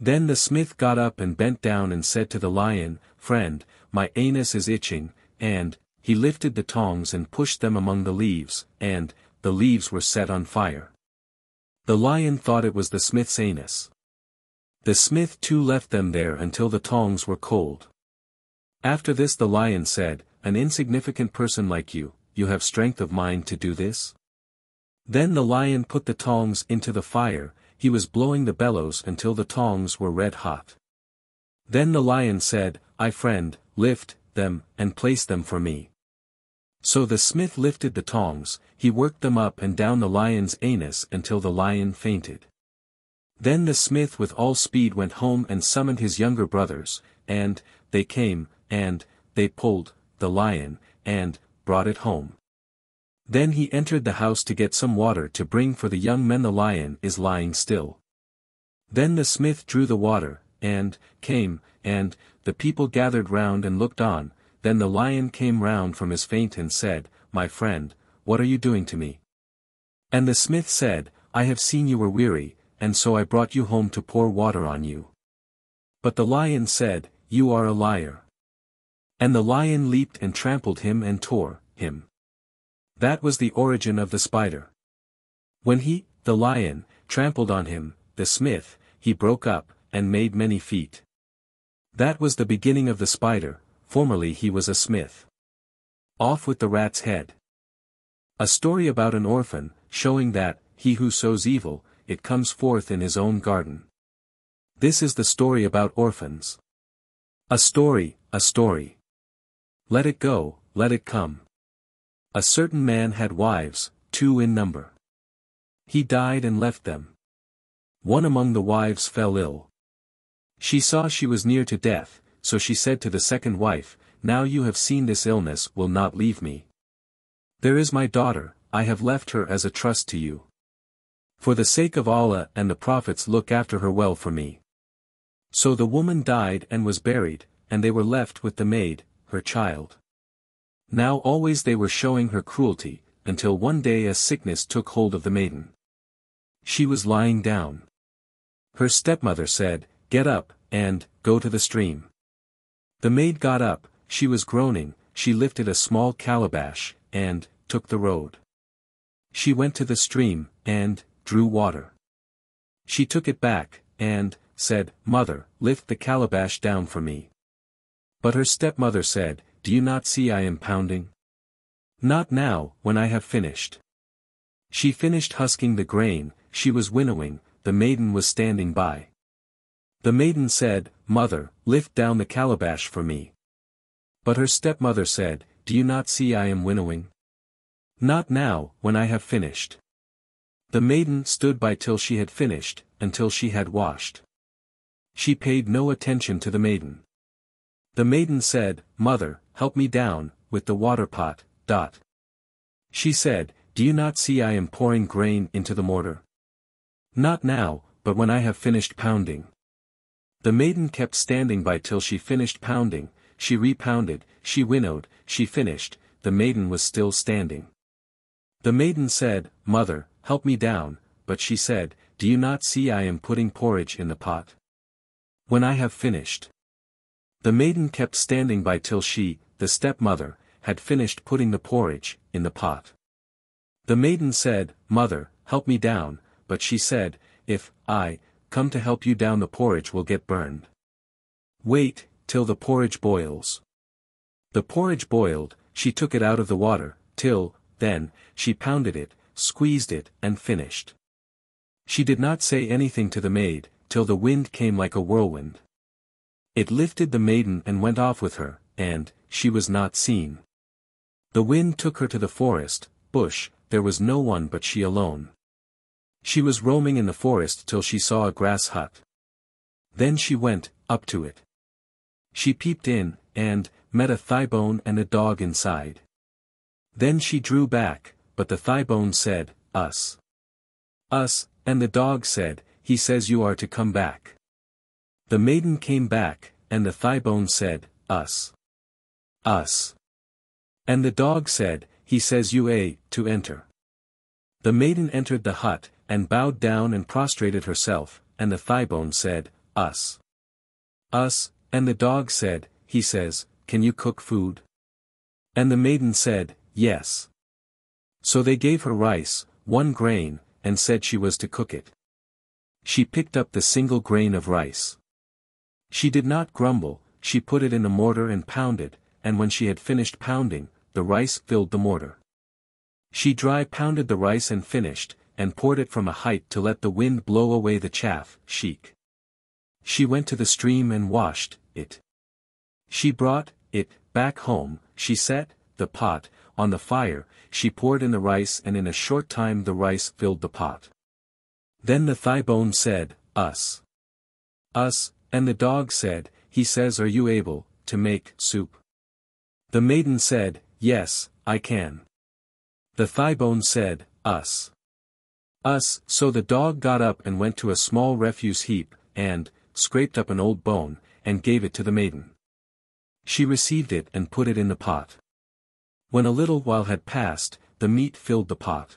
Then the smith got up and bent down and said to the lion, Friend, my anus is itching, and, he lifted the tongs and pushed them among the leaves, and, the leaves were set on fire. The lion thought it was the smith's anus. The smith too left them there until the tongs were cold. After this the lion said, An insignificant person like you, you have strength of mind to do this? Then the lion put the tongs into the fire, he was blowing the bellows until the tongs were red hot. Then the lion said, I friend, lift, them, and place them for me. So the smith lifted the tongs, he worked them up and down the lion's anus until the lion fainted. Then the smith with all speed went home and summoned his younger brothers, and, they came, and, they pulled, the lion, and, brought it home. Then he entered the house to get some water to bring for the young men the lion is lying still. Then the smith drew the water, and, came, and, the people gathered round and looked on, then the lion came round from his faint and said, My friend, what are you doing to me? And the smith said, I have seen you were weary, and so I brought you home to pour water on you. But the lion said, You are a liar. And the lion leaped and trampled him and tore him. That was the origin of the spider. When he, the lion, trampled on him, the smith, he broke up, and made many feet. That was the beginning of the spider, formerly he was a smith. Off with the rat's head. A story about an orphan, showing that, he who sows evil, it comes forth in his own garden. This is the story about orphans. A story, a story. Let it go, let it come. A certain man had wives, two in number. He died and left them. One among the wives fell ill. She saw she was near to death, so she said to the second wife, Now you have seen this illness will not leave me. There is my daughter, I have left her as a trust to you. For the sake of Allah and the prophets look after her well for me. So the woman died and was buried, and they were left with the maid, her child. Now always they were showing her cruelty, until one day a sickness took hold of the maiden. She was lying down. Her stepmother said, Get up, and, go to the stream. The maid got up, she was groaning, she lifted a small calabash, and, took the road. She went to the stream, and, drew water. She took it back, and, said, Mother, lift the calabash down for me. But her stepmother said, Do you not see I am pounding? Not now, when I have finished. She finished husking the grain, she was winnowing, the maiden was standing by. The maiden said, Mother, lift down the calabash for me. But her stepmother said, Do you not see I am winnowing? Not now, when I have finished. The maiden stood by till she had finished, until she had washed. She paid no attention to the maiden. The maiden said, Mother, help me down, with the water pot, dot. She said, Do you not see I am pouring grain into the mortar? Not now, but when I have finished pounding. The maiden kept standing by till she finished pounding, she repounded, she winnowed, she finished, the maiden was still standing. The maiden said, Mother, help me down, but she said, Do you not see I am putting porridge in the pot? When I have finished. The maiden kept standing by till she, the stepmother, had finished putting the porridge, in the pot. The maiden said, Mother, help me down, but she said, If, I, come to help you down the porridge will get burned. Wait, till the porridge boils. The porridge boiled, she took it out of the water, till, then, she pounded it, squeezed it, and finished. She did not say anything to the maid, till the wind came like a whirlwind. It lifted the maiden and went off with her, and, she was not seen. The wind took her to the forest, bush, there was no one but she alone. She was roaming in the forest till she saw a grass hut. Then she went, up to it. She peeped in, and, met a thigh bone and a dog inside. Then she drew back, but the thigh bone said, Us. Us, and the dog said, He says you are to come back. The maiden came back, and the thigh bone said, Us. Us. And the dog said, He says you a, to enter. The maiden entered the hut, and bowed down and prostrated herself, and the thigh bone said, Us. Us, and the dog said, He says, Can you cook food? And the maiden said, Yes. So they gave her rice, one grain, and said she was to cook it. She picked up the single grain of rice. She did not grumble, she put it in the mortar and pounded, and when she had finished pounding, the rice filled the mortar. She dry pounded the rice and finished, and poured it from a height to let the wind blow away the chaff, sheik. She went to the stream and washed, it. She brought, it, back home, she set, the pot, on the fire, she poured in the rice and in a short time the rice filled the pot. Then the thigh bone said, Us. Us, and the dog said, He says are you able, to make, soup? The maiden said, Yes, I can. The thighbone said, Us. Us, so the dog got up and went to a small refuse heap, and, scraped up an old bone, and gave it to the maiden. She received it and put it in the pot. When a little while had passed, the meat filled the pot.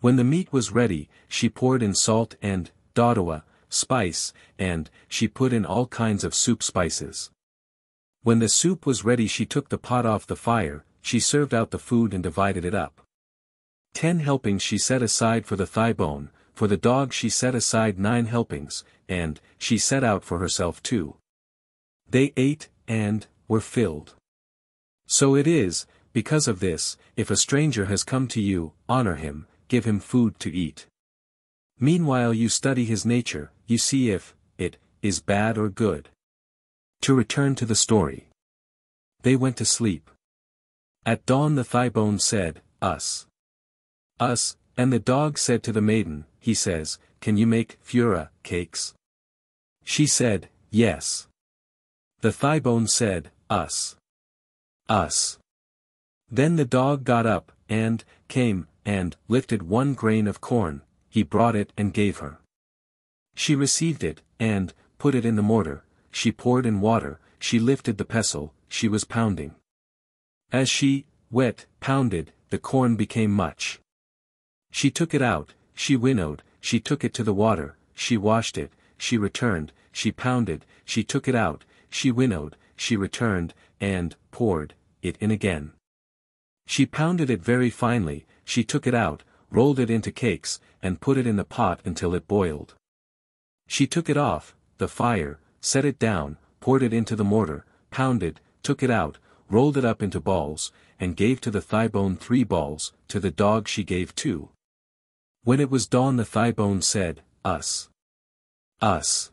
When the meat was ready, she poured in salt and, dodua, spice, and, she put in all kinds of soup spices. When the soup was ready she took the pot off the fire, she served out the food and divided it up. Ten helpings she set aside for the thigh bone, for the dog she set aside nine helpings, and, she set out for herself too. They ate, and, were filled. So it is, because of this, if a stranger has come to you, honor him, give him food to eat. Meanwhile you study his nature, you see if, it, is bad or good. To return to the story. They went to sleep. At dawn the thigh bone said, Us. Us, and the dog said to the maiden, he says, Can you make, Fura, cakes? She said, Yes. The thigh bone said, Us. Us. Then the dog got up, and, came, and, lifted one grain of corn, he brought it and gave her. She received it, and, put it in the mortar, she poured in water, she lifted the pestle, she was pounding. As she, wet, pounded, the corn became much. She took it out, she winnowed, she took it to the water, she washed it, she returned, she pounded, she took it out, she winnowed, she returned, and, poured, it in again. She pounded it very finely, she took it out, rolled it into cakes, and put it in the pot until it boiled. She took it off, the fire, set it down, poured it into the mortar, pounded, took it out, rolled it up into balls, and gave to the thigh-bone three balls, to the dog she gave two. When it was dawn the thigh-bone said, Us. Us.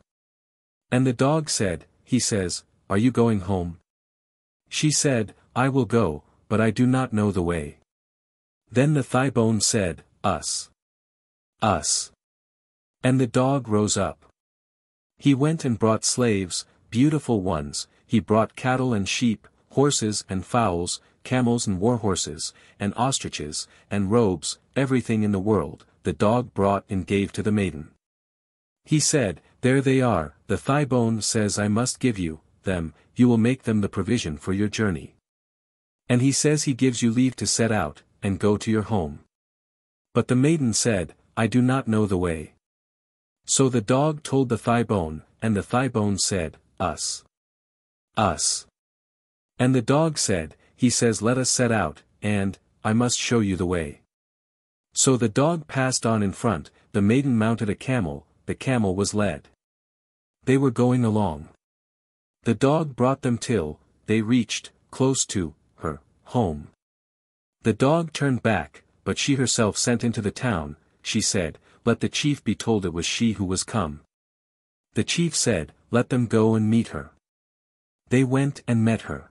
And the dog said, He says, Are you going home? She said, I will go, but I do not know the way. Then the thigh-bone said, us. Us. And the dog rose up. He went and brought slaves, beautiful ones, he brought cattle and sheep, horses and fowls, camels and warhorses, and ostriches, and robes, everything in the world, the dog brought and gave to the maiden. He said, There they are, the thigh bone says I must give you, them, you will make them the provision for your journey. And he says he gives you leave to set out, and go to your home. But the maiden said, I do not know the way. So the dog told the thigh bone, and the thigh bone said, Us. Us. And the dog said, He says let us set out, and, I must show you the way. So the dog passed on in front, the maiden mounted a camel, the camel was led. They were going along. The dog brought them till, they reached, close to, her, home. The dog turned back, but she herself sent into the town, she said, Let the chief be told it was she who was come. The chief said, Let them go and meet her. They went and met her.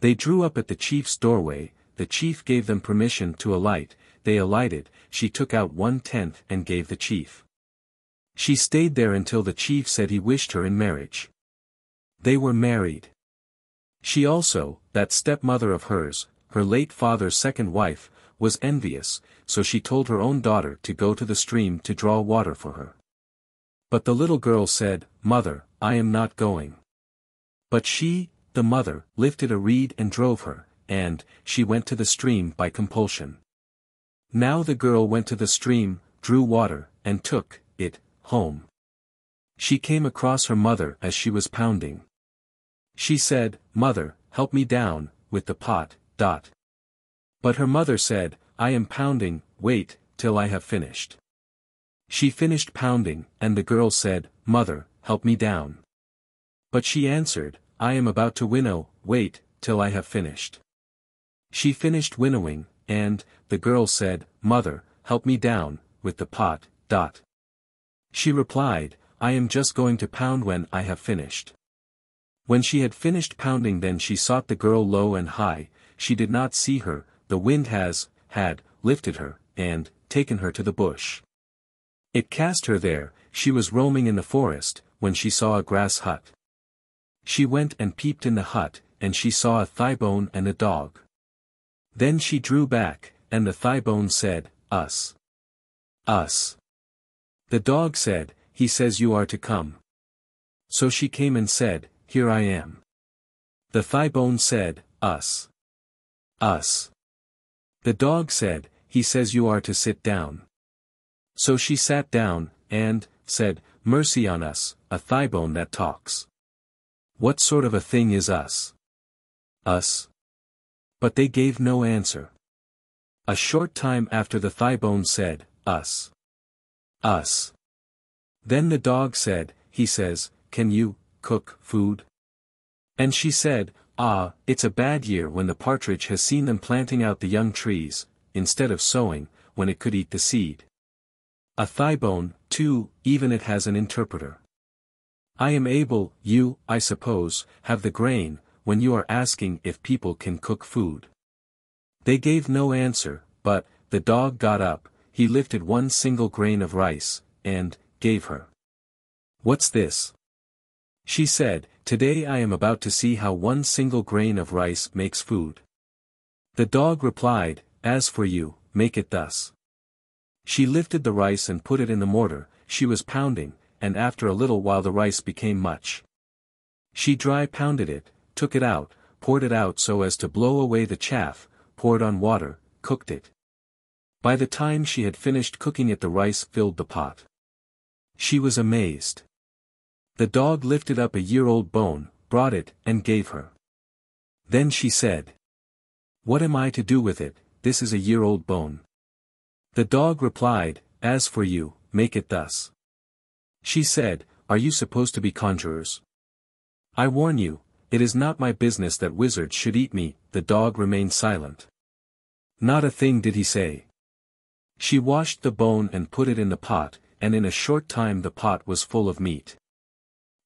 They drew up at the chief's doorway, the chief gave them permission to alight, they alighted, she took out one-tenth and gave the chief. She stayed there until the chief said he wished her in marriage. They were married. She also, that stepmother of hers, her late father's second wife, was envious, so she told her own daughter to go to the stream to draw water for her. But the little girl said, Mother, I am not going. But she, the mother, lifted a reed and drove her, and, she went to the stream by compulsion. Now the girl went to the stream, drew water, and took, it, home. She came across her mother as she was pounding. She said, Mother, help me down, with the pot, dot. But her mother said, I am pounding, wait, till I have finished. She finished pounding, and the girl said, Mother, help me down. But she answered, I am about to winnow, wait, till I have finished. She finished winnowing, and, the girl said, Mother, help me down, with the pot, dot. She replied, I am just going to pound when I have finished. When she had finished pounding then she sought the girl low and high, she did not see her, the wind has, had, lifted her, and, taken her to the bush. It cast her there, she was roaming in the forest, when she saw a grass hut. She went and peeped in the hut, and she saw a thigh bone and a dog. Then she drew back, and the thigh bone said, Us. Us. The dog said, He says you are to come. So she came and said, Here I am. The thigh bone said, Us. Us. The dog said, he says you are to sit down. So she sat down, and, said, mercy on us, a thigh bone that talks. What sort of a thing is us? Us. But they gave no answer. A short time after the thigh bone said, us. Us. Then the dog said, he says, can you, cook, food? And she said, Ah, it's a bad year when the partridge has seen them planting out the young trees, instead of sowing, when it could eat the seed. A thigh bone, too, even it has an interpreter. I am able, you, I suppose, have the grain, when you are asking if people can cook food. They gave no answer, but, the dog got up, he lifted one single grain of rice, and, gave her. What's this? She said, Today I am about to see how one single grain of rice makes food. The dog replied, As for you, make it thus. She lifted the rice and put it in the mortar, she was pounding, and after a little while the rice became much. She dry pounded it, took it out, poured it out so as to blow away the chaff, poured on water, cooked it. By the time she had finished cooking it the rice filled the pot. She was amazed. The dog lifted up a year-old bone, brought it, and gave her. Then she said. What am I to do with it, this is a year-old bone. The dog replied, As for you, make it thus. She said, Are you supposed to be conjurers? I warn you, it is not my business that wizards should eat me, the dog remained silent. Not a thing did he say. She washed the bone and put it in the pot, and in a short time the pot was full of meat.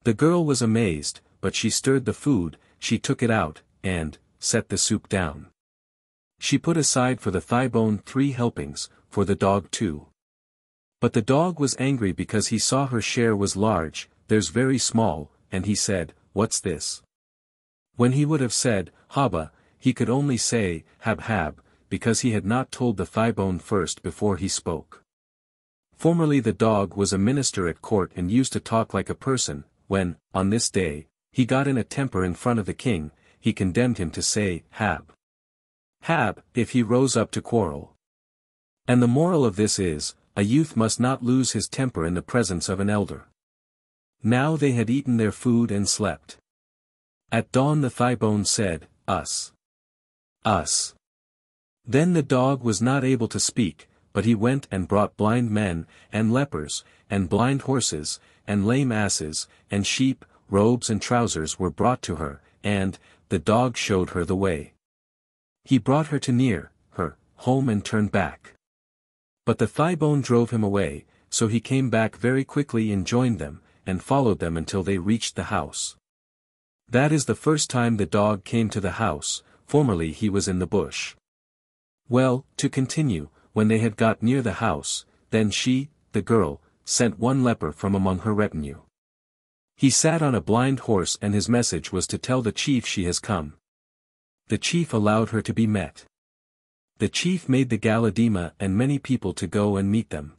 The girl was amazed, but she stirred the food, she took it out, and, set the soup down. She put aside for the thigh bone three helpings, for the dog too. But the dog was angry because he saw her share was large, theirs very small, and he said, What's this? When he would have said, Haba, he could only say, Hab Hab, because he had not told the thigh bone first before he spoke. Formerly the dog was a minister at court and used to talk like a person, when, on this day, he got in a temper in front of the king, he condemned him to say, Hab. Hab, if he rose up to quarrel. And the moral of this is, a youth must not lose his temper in the presence of an elder. Now they had eaten their food and slept. At dawn the thigh bone said, Us. Us. Then the dog was not able to speak, but he went and brought blind men, and lepers, and blind horses, and lame asses, and sheep, robes and trousers were brought to her, and, the dog showed her the way. He brought her to near, her, home and turned back. But the thigh bone drove him away, so he came back very quickly and joined them, and followed them until they reached the house. That is the first time the dog came to the house, formerly he was in the bush. Well, to continue, when they had got near the house, then she, the girl, sent one leper from among her retinue. He sat on a blind horse and his message was to tell the chief she has come. The chief allowed her to be met. The chief made the Galadima and many people to go and meet them.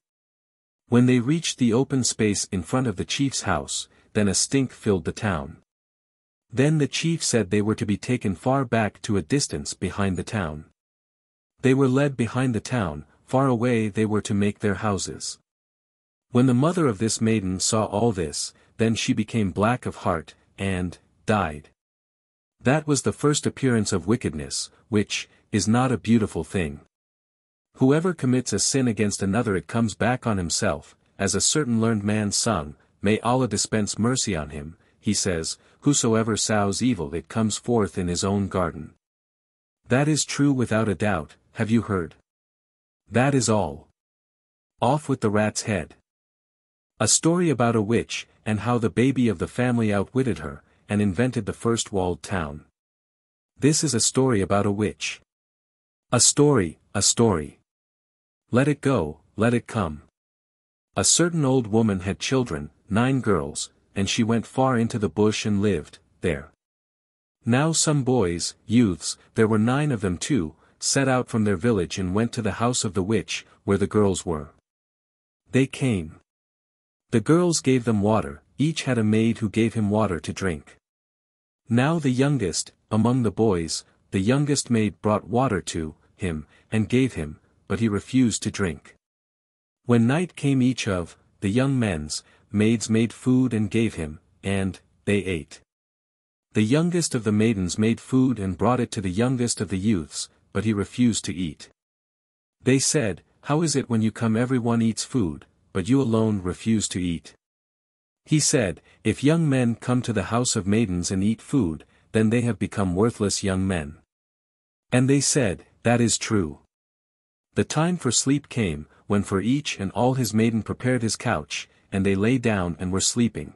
When they reached the open space in front of the chief's house, then a stink filled the town. Then the chief said they were to be taken far back to a distance behind the town. They were led behind the town, far away they were to make their houses. When the mother of this maiden saw all this, then she became black of heart, and, died. That was the first appearance of wickedness, which, is not a beautiful thing. Whoever commits a sin against another it comes back on himself, as a certain learned man sung, May Allah dispense mercy on him, he says, Whosoever sows evil it comes forth in his own garden. That is true without a doubt, have you heard? That is all. Off with the rat's head. A story about a witch, and how the baby of the family outwitted her, and invented the first walled town. This is a story about a witch. A story, a story. Let it go, let it come. A certain old woman had children, nine girls, and she went far into the bush and lived, there. Now some boys, youths, there were nine of them too, set out from their village and went to the house of the witch, where the girls were. They came. The girls gave them water, each had a maid who gave him water to drink. Now the youngest, among the boys, the youngest maid brought water to him, and gave him, but he refused to drink. When night came each of, the young men's, maids made food and gave him, and, they ate. The youngest of the maidens made food and brought it to the youngest of the youths, but he refused to eat. They said, How is it when you come everyone eats food, but you alone refuse to eat. He said, If young men come to the house of maidens and eat food, then they have become worthless young men. And they said, That is true. The time for sleep came, when for each and all his maiden prepared his couch, and they lay down and were sleeping.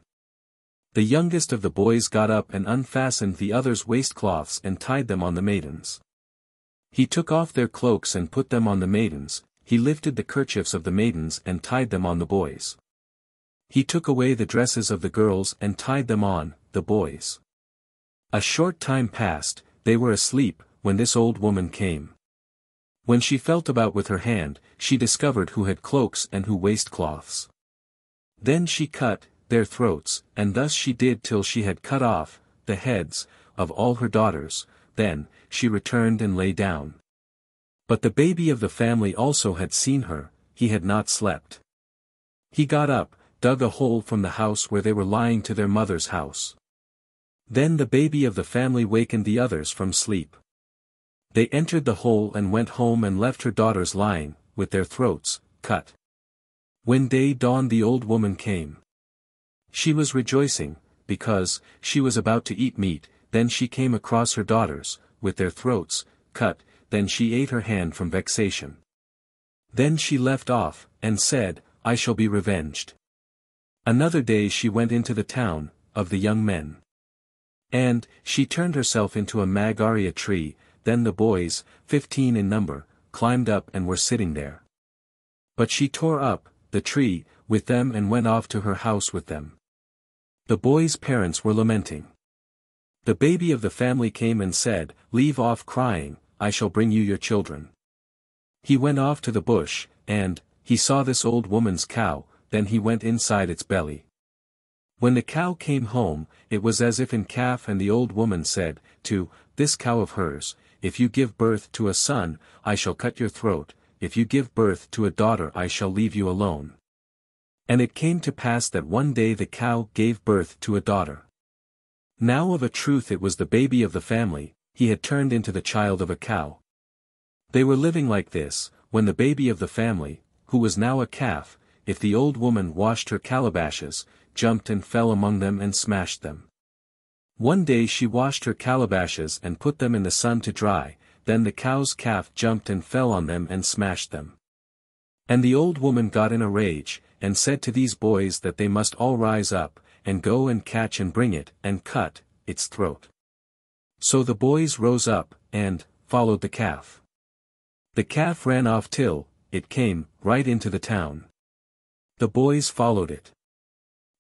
The youngest of the boys got up and unfastened the others' waistcloths and tied them on the maidens. He took off their cloaks and put them on the maidens, he lifted the kerchiefs of the maidens and tied them on the boys. He took away the dresses of the girls and tied them on, the boys. A short time passed, they were asleep, when this old woman came. When she felt about with her hand, she discovered who had cloaks and who waistcloths. Then she cut, their throats, and thus she did till she had cut off, the heads, of all her daughters, then, she returned and lay down. But the baby of the family also had seen her, he had not slept. He got up, dug a hole from the house where they were lying to their mother's house. Then the baby of the family wakened the others from sleep. They entered the hole and went home and left her daughters lying, with their throats, cut. When day dawned the old woman came. She was rejoicing, because, she was about to eat meat, then she came across her daughters, with their throats, cut, then she ate her hand from vexation. Then she left off, and said, I shall be revenged. Another day she went into the town, of the young men. And, she turned herself into a magaria tree, then the boys, fifteen in number, climbed up and were sitting there. But she tore up, the tree, with them and went off to her house with them. The boy's parents were lamenting. The baby of the family came and said, Leave off crying, I shall bring you your children. He went off to the bush, and, he saw this old woman's cow, then he went inside its belly. When the cow came home, it was as if in calf and the old woman said, to, this cow of hers, if you give birth to a son, I shall cut your throat, if you give birth to a daughter I shall leave you alone. And it came to pass that one day the cow gave birth to a daughter. Now of a truth it was the baby of the family, he had turned into the child of a cow. They were living like this, when the baby of the family, who was now a calf, if the old woman washed her calabashes, jumped and fell among them and smashed them. One day she washed her calabashes and put them in the sun to dry, then the cow's calf jumped and fell on them and smashed them. And the old woman got in a rage, and said to these boys that they must all rise up, and go and catch and bring it, and cut, its throat. So the boys rose up, and, followed the calf. The calf ran off till, it came, right into the town. The boys followed it.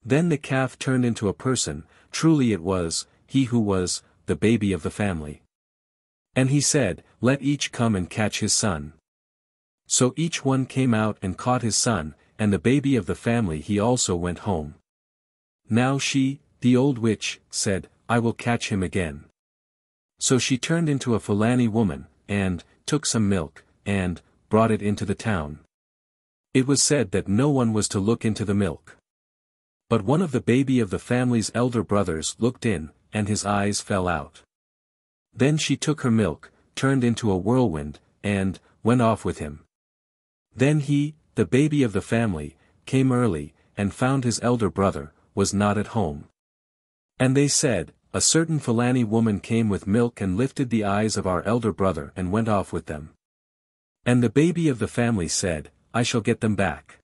Then the calf turned into a person, truly it was, he who was, the baby of the family. And he said, Let each come and catch his son. So each one came out and caught his son, and the baby of the family he also went home. Now she, the old witch, said, I will catch him again. So she turned into a Fulani woman, and, took some milk, and, brought it into the town. It was said that no one was to look into the milk. But one of the baby of the family's elder brothers looked in, and his eyes fell out. Then she took her milk, turned into a whirlwind, and, went off with him. Then he, the baby of the family, came early, and found his elder brother, was not at home. And they said, a certain Fulani woman came with milk and lifted the eyes of our elder brother and went off with them. And the baby of the family said, I shall get them back.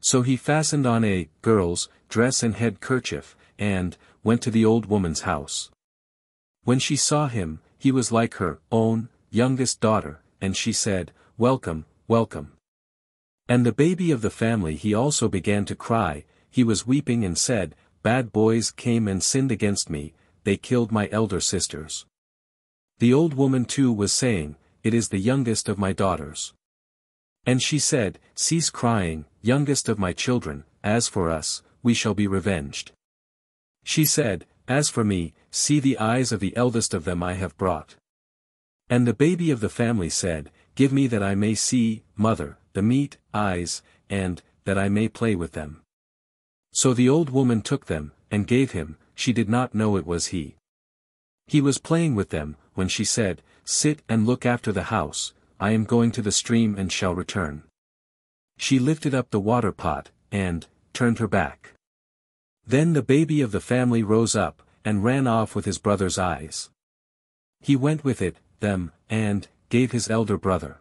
So he fastened on a girl's dress and head kerchief, and went to the old woman's house. When she saw him, he was like her own youngest daughter, and she said, Welcome, welcome. And the baby of the family he also began to cry, he was weeping and said, bad boys came and sinned against me, they killed my elder sisters. The old woman too was saying, It is the youngest of my daughters. And she said, Cease crying, youngest of my children, as for us, we shall be revenged. She said, As for me, see the eyes of the eldest of them I have brought. And the baby of the family said, Give me that I may see, mother, the meat, eyes, and, that I may play with them. So the old woman took them, and gave him, she did not know it was he. He was playing with them, when she said, Sit and look after the house, I am going to the stream and shall return. She lifted up the water pot, and, turned her back. Then the baby of the family rose up, and ran off with his brother's eyes. He went with it, them, and, gave his elder brother.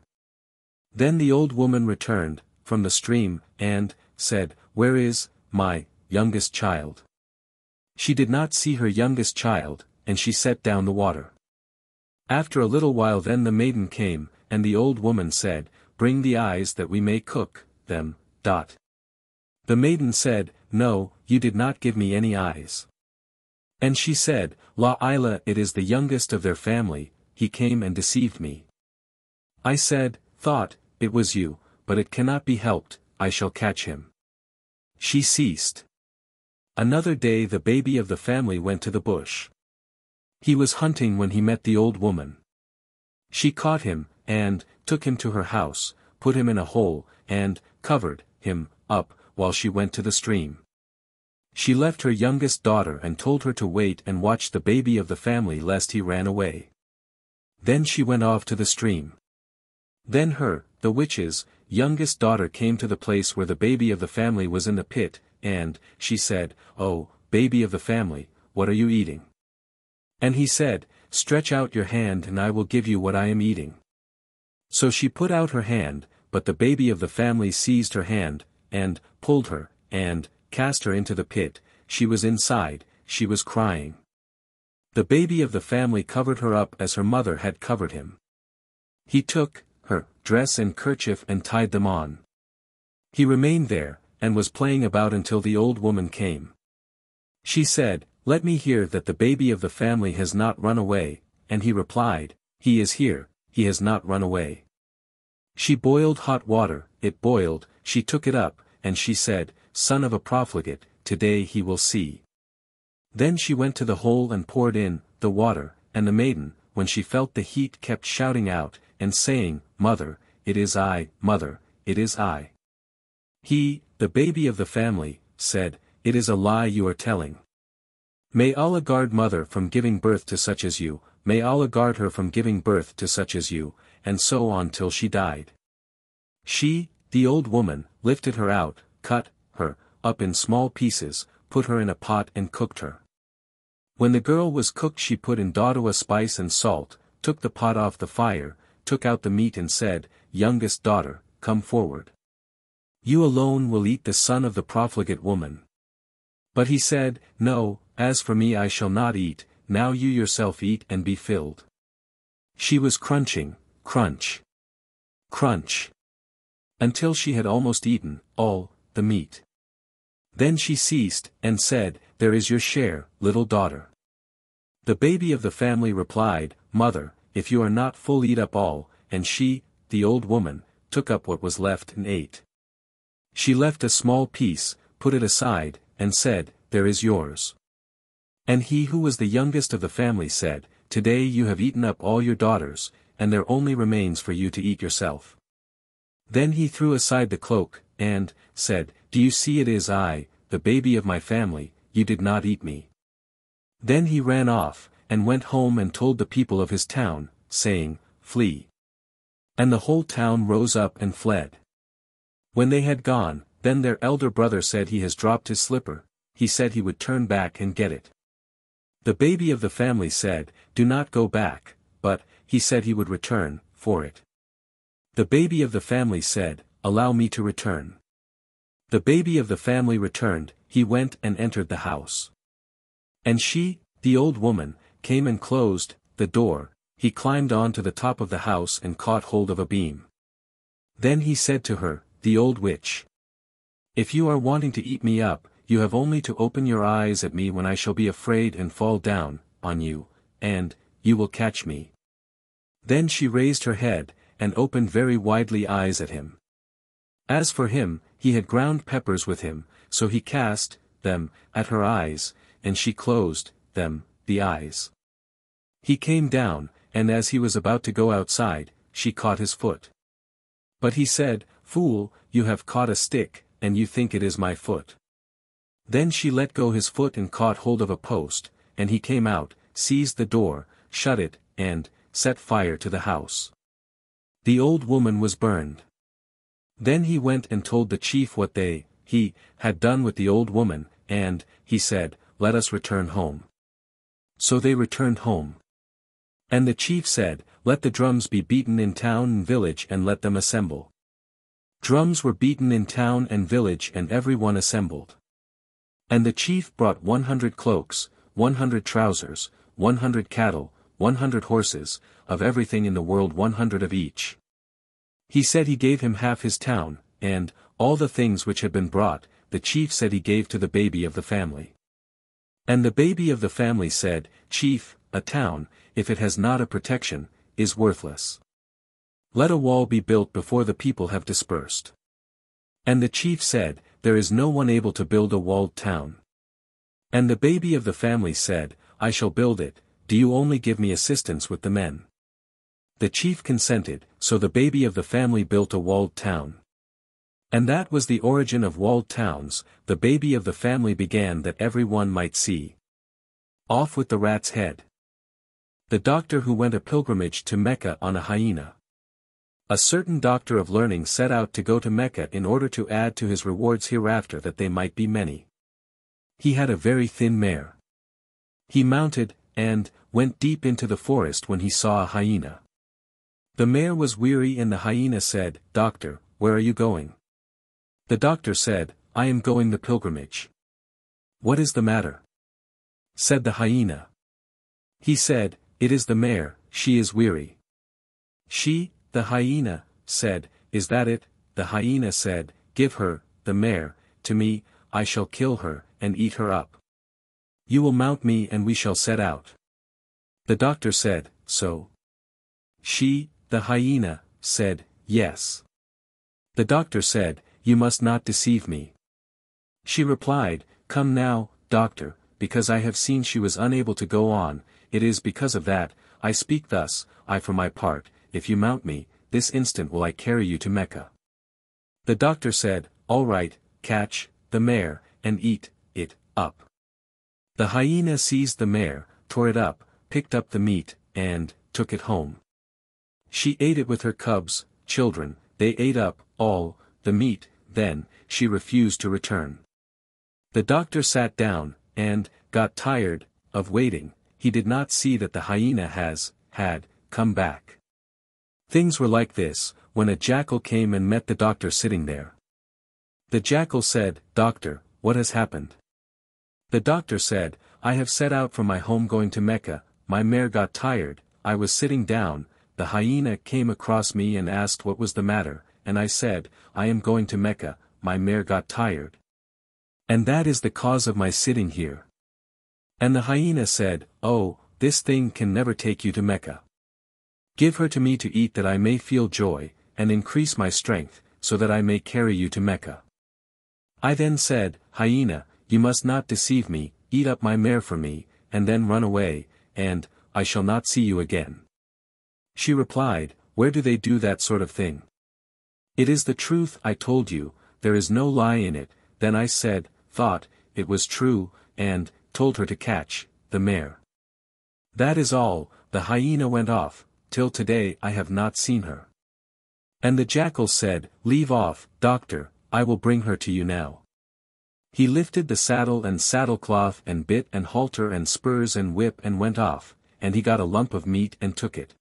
Then the old woman returned, from the stream, and, said, Where is, my youngest child. She did not see her youngest child, and she set down the water. After a little while then the maiden came, and the old woman said, Bring the eyes that we may cook, them, dot. The maiden said, No, you did not give me any eyes. And she said, La Ila it is the youngest of their family, he came and deceived me. I said, Thought, it was you, but it cannot be helped, I shall catch him. She ceased. Another day the baby of the family went to the bush. He was hunting when he met the old woman. She caught him, and, took him to her house, put him in a hole, and, covered, him, up, while she went to the stream. She left her youngest daughter and told her to wait and watch the baby of the family lest he ran away. Then she went off to the stream. Then her, the witches, youngest daughter came to the place where the baby of the family was in the pit, and, she said, Oh, baby of the family, what are you eating? And he said, Stretch out your hand and I will give you what I am eating. So she put out her hand, but the baby of the family seized her hand, and, pulled her, and, cast her into the pit, she was inside, she was crying. The baby of the family covered her up as her mother had covered him. He took, her dress and kerchief and tied them on. He remained there, and was playing about until the old woman came. She said, Let me hear that the baby of the family has not run away, and he replied, He is here, he has not run away. She boiled hot water, it boiled, she took it up, and she said, Son of a profligate, today he will see. Then she went to the hole and poured in, the water, and the maiden, when she felt the heat kept shouting out, and saying, Mother, it is I, mother, it is I. He, the baby of the family, said, It is a lie you are telling. May Allah guard mother from giving birth to such as you, may Allah guard her from giving birth to such as you, and so on till she died. She, the old woman, lifted her out, cut her up in small pieces, put her in a pot and cooked her. When the girl was cooked she put in dadawa spice and salt, took the pot off the fire, took out the meat and said, Youngest daughter, come forward. You alone will eat the son of the profligate woman. But he said, No, as for me I shall not eat, now you yourself eat and be filled. She was crunching, crunch. Crunch. Until she had almost eaten, all, the meat. Then she ceased, and said, There is your share, little daughter. The baby of the family replied, Mother, if you are not full eat up all, and she, the old woman, took up what was left and ate. She left a small piece, put it aside, and said, There is yours. And he who was the youngest of the family said, Today you have eaten up all your daughters, and there only remains for you to eat yourself. Then he threw aside the cloak, and, said, Do you see it is I, the baby of my family, you did not eat me. Then he ran off, and went home and told the people of his town, saying, Flee. And the whole town rose up and fled. When they had gone, then their elder brother said he has dropped his slipper, he said he would turn back and get it. The baby of the family said, Do not go back, but, he said he would return, for it. The baby of the family said, Allow me to return. The baby of the family returned, he went and entered the house. And she, the old woman, came and closed the door, he climbed on to the top of the house and caught hold of a beam. Then he said to her, the old witch. If you are wanting to eat me up, you have only to open your eyes at me when I shall be afraid and fall down, on you, and, you will catch me. Then she raised her head, and opened very widely eyes at him. As for him, he had ground peppers with him, so he cast, them, at her eyes, and she closed, them, the eyes. He came down, and as he was about to go outside, she caught his foot. But he said, Fool, you have caught a stick, and you think it is my foot. Then she let go his foot and caught hold of a post, and he came out, seized the door, shut it, and, set fire to the house. The old woman was burned. Then he went and told the chief what they, he, had done with the old woman, and, he said, let us return home. So they returned home. And the chief said, Let the drums be beaten in town and village and let them assemble. Drums were beaten in town and village and everyone assembled. And the chief brought one hundred cloaks, one hundred trousers, one hundred cattle, one hundred horses, of everything in the world one hundred of each. He said he gave him half his town, and, all the things which had been brought, the chief said he gave to the baby of the family. And the baby of the family said, Chief, a town, if it has not a protection, is worthless. Let a wall be built before the people have dispersed. And the chief said, There is no one able to build a walled town. And the baby of the family said, I shall build it, do you only give me assistance with the men? The chief consented, so the baby of the family built a walled town. And that was the origin of walled towns, the baby of the family began that every one might see. Off with the rat's head. The doctor who went a pilgrimage to Mecca on a hyena. A certain doctor of learning set out to go to Mecca in order to add to his rewards hereafter that they might be many. He had a very thin mare. He mounted, and, went deep into the forest when he saw a hyena. The mare was weary and the hyena said, Doctor, where are you going? The doctor said, I am going the pilgrimage. What is the matter? Said the hyena. He said, It is the mare, she is weary. She, the hyena, said, Is that it? The hyena said, Give her, the mare, to me, I shall kill her, and eat her up. You will mount me and we shall set out. The doctor said, So. She, the hyena, said, Yes. The doctor said, you must not deceive me. She replied, Come now, doctor, because I have seen she was unable to go on, it is because of that, I speak thus, I for my part, if you mount me, this instant will I carry you to Mecca. The doctor said, All right, catch, the mare, and eat, it, up. The hyena seized the mare, tore it up, picked up the meat, and, took it home. She ate it with her cubs, children, they ate up, all, the meat, then, she refused to return. The doctor sat down, and, got tired, of waiting, he did not see that the hyena has, had, come back. Things were like this, when a jackal came and met the doctor sitting there. The jackal said, Doctor, what has happened? The doctor said, I have set out from my home going to Mecca, my mare got tired, I was sitting down, the hyena came across me and asked what was the matter, and I said, I am going to Mecca, my mare got tired. And that is the cause of my sitting here. And the hyena said, Oh, this thing can never take you to Mecca. Give her to me to eat that I may feel joy, and increase my strength, so that I may carry you to Mecca. I then said, Hyena, you must not deceive me, eat up my mare for me, and then run away, and, I shall not see you again. She replied, Where do they do that sort of thing? It is the truth I told you, there is no lie in it, then I said, thought, it was true, and, told her to catch, the mare. That is all, the hyena went off, till today I have not seen her. And the jackal said, Leave off, doctor, I will bring her to you now. He lifted the saddle and saddlecloth and bit and halter and spurs and whip and went off, and he got a lump of meat and took it.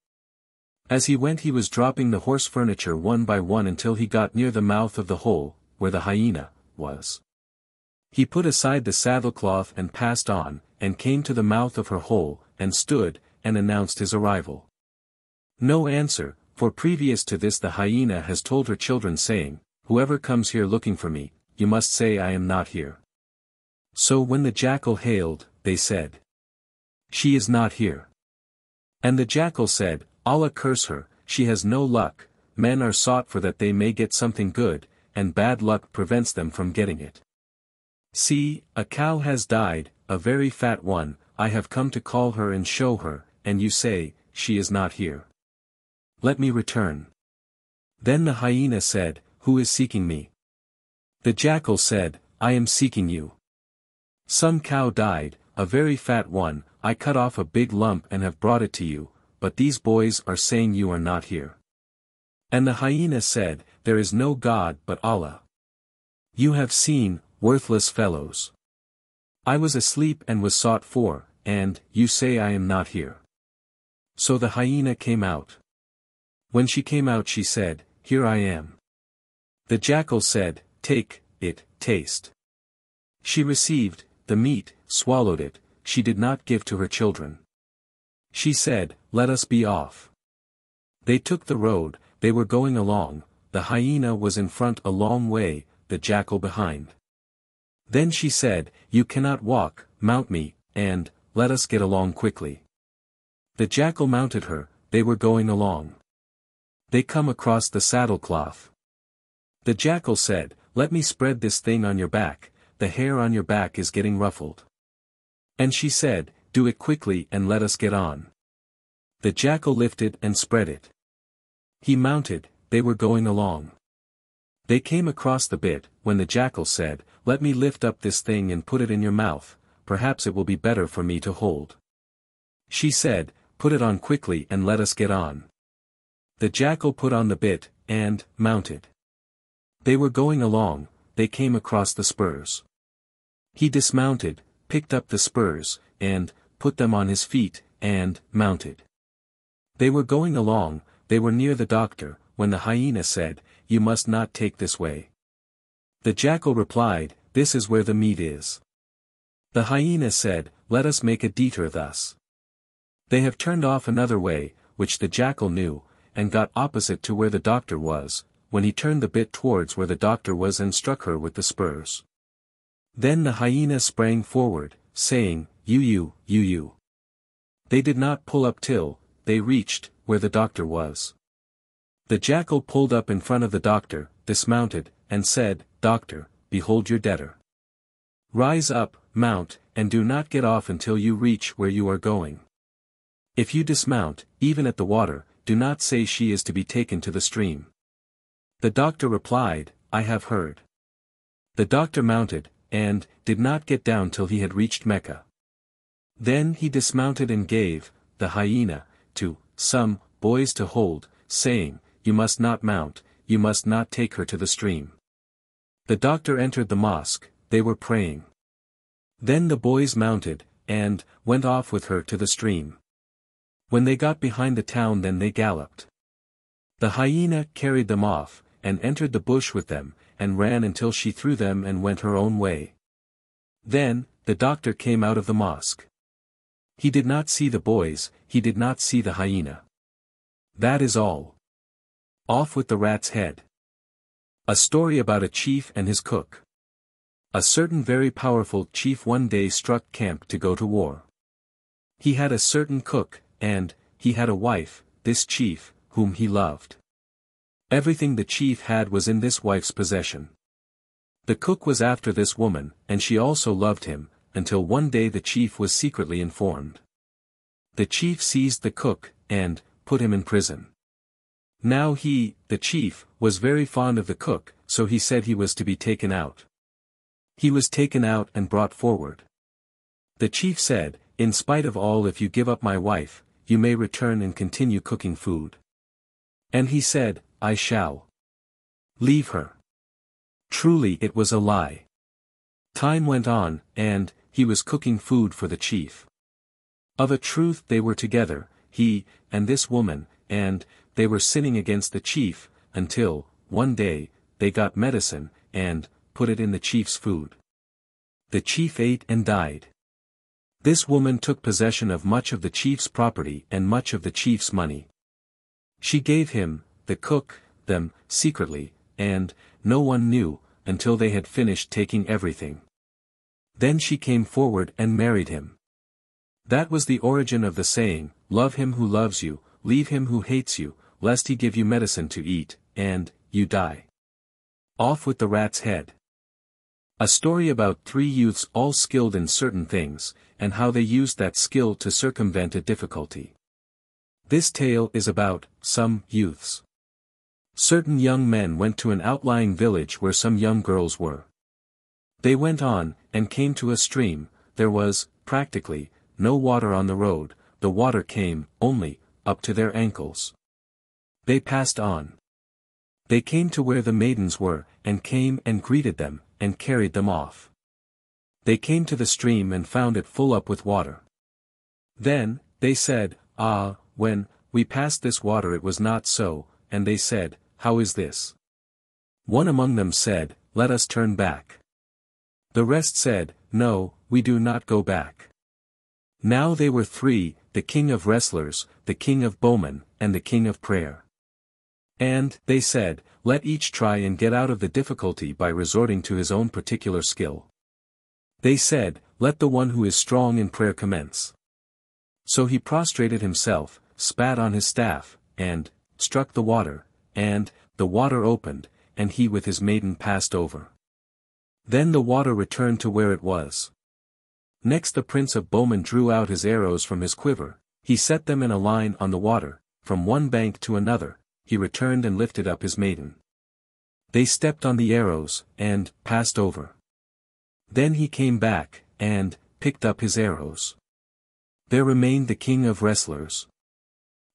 As he went he was dropping the horse furniture one by one until he got near the mouth of the hole, where the hyena, was. He put aside the saddlecloth and passed on, and came to the mouth of her hole, and stood, and announced his arrival. No answer, for previous to this the hyena has told her children saying, Whoever comes here looking for me, you must say I am not here. So when the jackal hailed, they said, She is not here. And the jackal said, Allah curse her, she has no luck, men are sought for that they may get something good, and bad luck prevents them from getting it. See, a cow has died, a very fat one, I have come to call her and show her, and you say, she is not here. Let me return. Then the hyena said, Who is seeking me? The jackal said, I am seeking you. Some cow died, a very fat one, I cut off a big lump and have brought it to you, but these boys are saying you are not here. And the hyena said, There is no God but Allah. You have seen, worthless fellows. I was asleep and was sought for, and, you say I am not here. So the hyena came out. When she came out she said, Here I am. The jackal said, Take, it, taste. She received, the meat, swallowed it, she did not give to her children. She said, let us be off. They took the road, they were going along, the hyena was in front a long way, the jackal behind. Then she said, You cannot walk, mount me, and, let us get along quickly. The jackal mounted her, they were going along. They come across the saddle cloth. The jackal said, Let me spread this thing on your back, the hair on your back is getting ruffled. And she said, Do it quickly and let us get on. The jackal lifted and spread it. He mounted, they were going along. They came across the bit, when the jackal said, Let me lift up this thing and put it in your mouth, perhaps it will be better for me to hold. She said, Put it on quickly and let us get on. The jackal put on the bit, and, mounted. They were going along, they came across the spurs. He dismounted, picked up the spurs, and, put them on his feet, and, mounted. They were going along, they were near the doctor, when the hyena said, You must not take this way. The jackal replied, This is where the meat is. The hyena said, Let us make a detour thus. They have turned off another way, which the jackal knew, and got opposite to where the doctor was, when he turned the bit towards where the doctor was and struck her with the spurs. Then the hyena sprang forward, saying, You you, you you. They did not pull up till, they reached, where the doctor was. The jackal pulled up in front of the doctor, dismounted, and said, Doctor, behold your debtor. Rise up, mount, and do not get off until you reach where you are going. If you dismount, even at the water, do not say she is to be taken to the stream. The doctor replied, I have heard. The doctor mounted, and, did not get down till he had reached Mecca. Then he dismounted and gave, the hyena, to, some, boys to hold, saying, You must not mount, you must not take her to the stream. The doctor entered the mosque, they were praying. Then the boys mounted, and, went off with her to the stream. When they got behind the town then they galloped. The hyena carried them off, and entered the bush with them, and ran until she threw them and went her own way. Then, the doctor came out of the mosque. He did not see the boys, he did not see the hyena. That is all. Off with the rat's head. A story about a chief and his cook. A certain very powerful chief one day struck camp to go to war. He had a certain cook, and, he had a wife, this chief, whom he loved. Everything the chief had was in this wife's possession. The cook was after this woman, and she also loved him, until one day the chief was secretly informed. The chief seized the cook, and, put him in prison. Now he, the chief, was very fond of the cook, so he said he was to be taken out. He was taken out and brought forward. The chief said, In spite of all if you give up my wife, you may return and continue cooking food. And he said, I shall. Leave her. Truly it was a lie. Time went on, and, he was cooking food for the chief. Of a truth they were together, he, and this woman, and, they were sinning against the chief, until, one day, they got medicine, and, put it in the chief's food. The chief ate and died. This woman took possession of much of the chief's property and much of the chief's money. She gave him, the cook, them, secretly, and, no one knew, until they had finished taking everything. Then she came forward and married him. That was the origin of the saying, Love him who loves you, leave him who hates you, lest he give you medicine to eat, and, you die. Off with the rat's head. A story about three youths all skilled in certain things, and how they used that skill to circumvent a difficulty. This tale is about, some, youths. Certain young men went to an outlying village where some young girls were. They went on, and came to a stream, there was, practically, no water on the road, the water came, only, up to their ankles. They passed on. They came to where the maidens were, and came and greeted them, and carried them off. They came to the stream and found it full up with water. Then, they said, Ah, when, we passed this water it was not so, and they said, How is this? One among them said, Let us turn back. The rest said, No, we do not go back. Now they were three, the king of wrestlers, the king of bowmen, and the king of prayer. And, they said, let each try and get out of the difficulty by resorting to his own particular skill. They said, let the one who is strong in prayer commence. So he prostrated himself, spat on his staff, and, struck the water, and, the water opened, and he with his maiden passed over. Then the water returned to where it was. Next the prince of bowmen drew out his arrows from his quiver, he set them in a line on the water, from one bank to another, he returned and lifted up his maiden. They stepped on the arrows, and, passed over. Then he came back, and, picked up his arrows. There remained the king of wrestlers.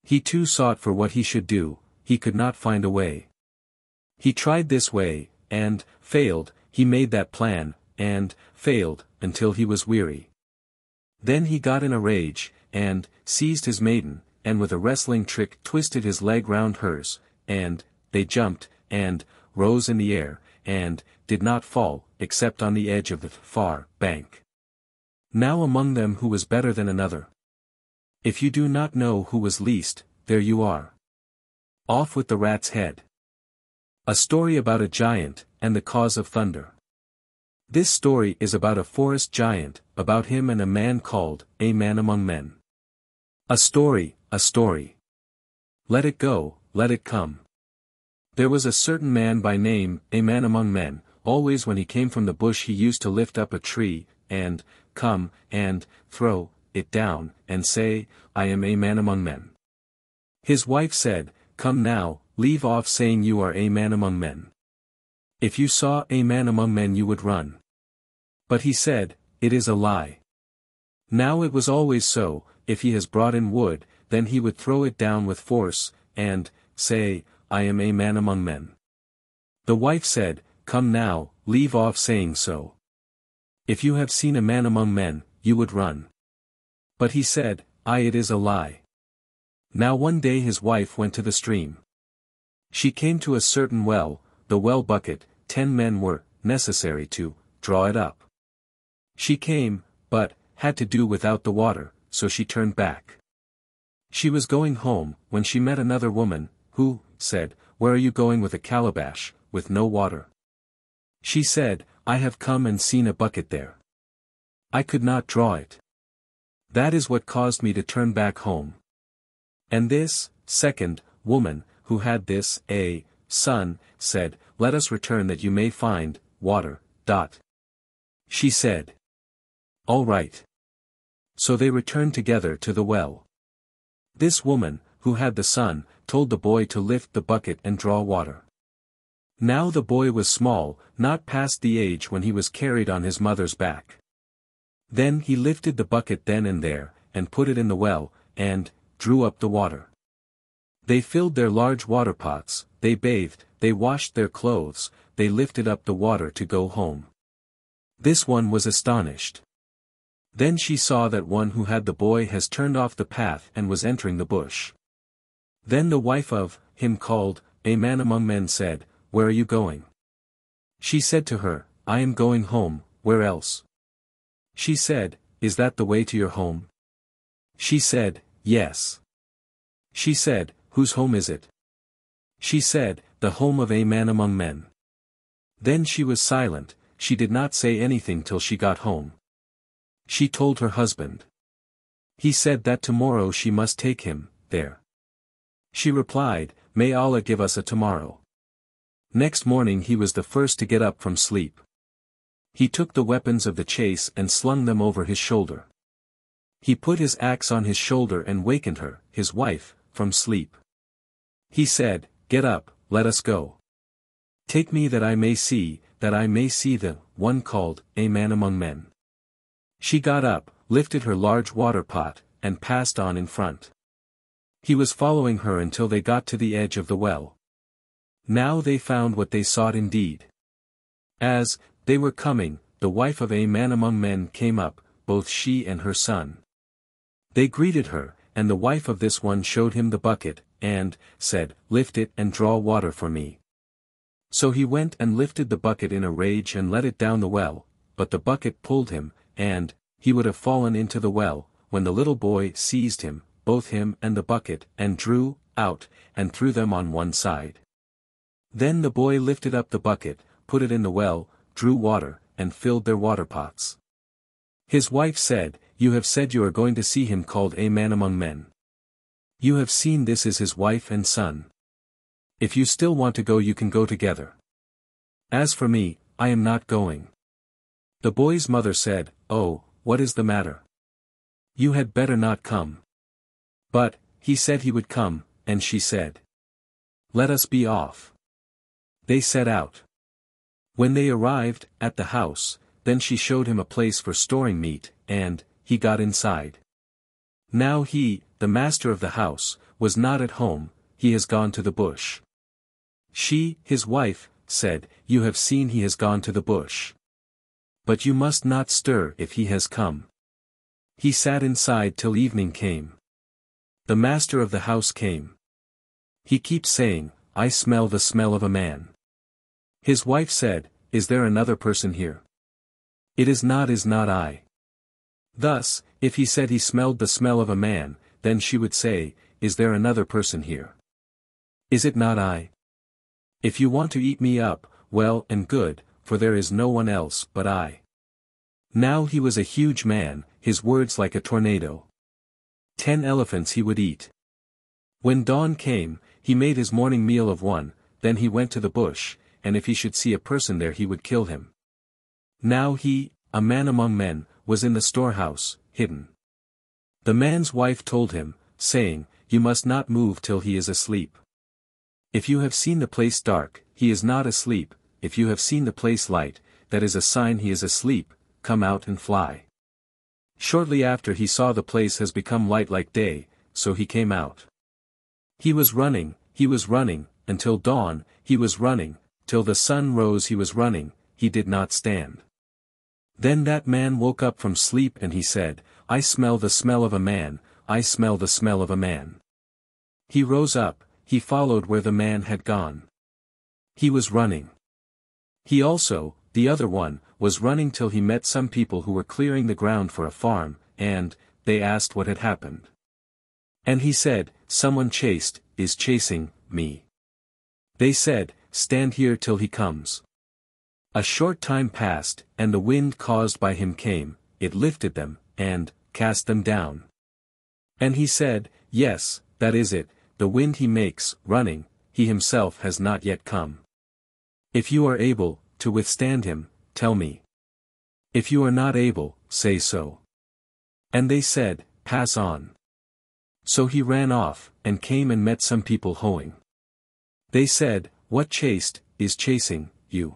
He too sought for what he should do, he could not find a way. He tried this way, and, failed, he made that plan, and, failed, until he was weary. Then he got in a rage, and, seized his maiden, and with a wrestling trick twisted his leg round hers, and, they jumped, and, rose in the air, and, did not fall, except on the edge of the far bank. Now among them who was better than another. If you do not know who was least, there you are. Off with the rat's head. A story about a giant, and the cause of thunder. This story is about a forest giant, about him and a man called, a man among men. A story, a story. Let it go, let it come. There was a certain man by name, a man among men, always when he came from the bush he used to lift up a tree, and, come, and, throw, it down, and say, I am a man among men. His wife said, Come now, leave off saying you are a man among men. If you saw a man among men you would run. But he said, It is a lie. Now it was always so, if he has brought in wood, then he would throw it down with force, and, say, I am a man among men. The wife said, Come now, leave off saying so. If you have seen a man among men, you would run. But he said, I it is a lie. Now one day his wife went to the stream. She came to a certain well, the well bucket, ten men were necessary to draw it up. She came, but had to do without the water, so she turned back. She was going home when she met another woman, who said, Where are you going with a calabash, with no water? She said, I have come and seen a bucket there. I could not draw it. That is what caused me to turn back home. And this, second, woman, who had this, a, son, said, let us return that you may find, water, dot. She said. All right. So they returned together to the well. This woman, who had the son, told the boy to lift the bucket and draw water. Now the boy was small, not past the age when he was carried on his mother's back. Then he lifted the bucket then and there, and put it in the well, and, drew up the water. They filled their large water pots, they bathed, they washed their clothes, they lifted up the water to go home. This one was astonished. Then she saw that one who had the boy has turned off the path and was entering the bush. Then the wife of him called, a man among men said, Where are you going? She said to her, I am going home, where else? She said, Is that the way to your home? She said, Yes. She said, Whose home is it? She said, The home of a man among men. Then she was silent, she did not say anything till she got home. She told her husband. He said that tomorrow she must take him, there. She replied, May Allah give us a tomorrow. Next morning he was the first to get up from sleep. He took the weapons of the chase and slung them over his shoulder. He put his axe on his shoulder and wakened her, his wife, from sleep. He said, Get up, let us go. Take me that I may see, that I may see the, one called, a man among men. She got up, lifted her large water pot, and passed on in front. He was following her until they got to the edge of the well. Now they found what they sought indeed. As, they were coming, the wife of a man among men came up, both she and her son. They greeted her, and the wife of this one showed him the bucket, and, said, Lift it and draw water for me. So he went and lifted the bucket in a rage and let it down the well, but the bucket pulled him, and, he would have fallen into the well, when the little boy seized him, both him and the bucket, and drew, out, and threw them on one side. Then the boy lifted up the bucket, put it in the well, drew water, and filled their water pots. His wife said, You have said you are going to see him called a man among men. You have seen this is his wife and son. If you still want to go you can go together. As for me, I am not going. The boy's mother said, Oh, what is the matter? You had better not come. But, he said he would come, and she said. Let us be off. They set out. When they arrived, at the house, then she showed him a place for storing meat, and, he got inside. Now he, the master of the house, was not at home, he has gone to the bush. She, his wife, said, You have seen he has gone to the bush. But you must not stir if he has come. He sat inside till evening came. The master of the house came. He keeps saying, I smell the smell of a man. His wife said, Is there another person here? It is not is not I. Thus, if he said he smelled the smell of a man, then she would say, Is there another person here? Is it not I? If you want to eat me up, well and good, for there is no one else but I. Now he was a huge man, his words like a tornado. Ten elephants he would eat. When dawn came, he made his morning meal of one, then he went to the bush, and if he should see a person there he would kill him. Now he, a man among men, was in the storehouse, hidden. The man's wife told him, saying, You must not move till he is asleep. If you have seen the place dark, he is not asleep, if you have seen the place light, that is a sign he is asleep, come out and fly. Shortly after he saw the place has become light like day, so he came out. He was running, he was running, until dawn, he was running, till the sun rose he was running, he did not stand. Then that man woke up from sleep and he said, I smell the smell of a man, I smell the smell of a man. He rose up, he followed where the man had gone. He was running. He also, the other one, was running till he met some people who were clearing the ground for a farm, and, they asked what had happened. And he said, Someone chased, is chasing, me. They said, Stand here till he comes. A short time passed, and the wind caused by him came, it lifted them, and, cast them down. And he said, Yes, that is it, the wind he makes, running, he himself has not yet come. If you are able, to withstand him, tell me. If you are not able, say so. And they said, Pass on. So he ran off, and came and met some people hoeing. They said, What chased, is chasing, you?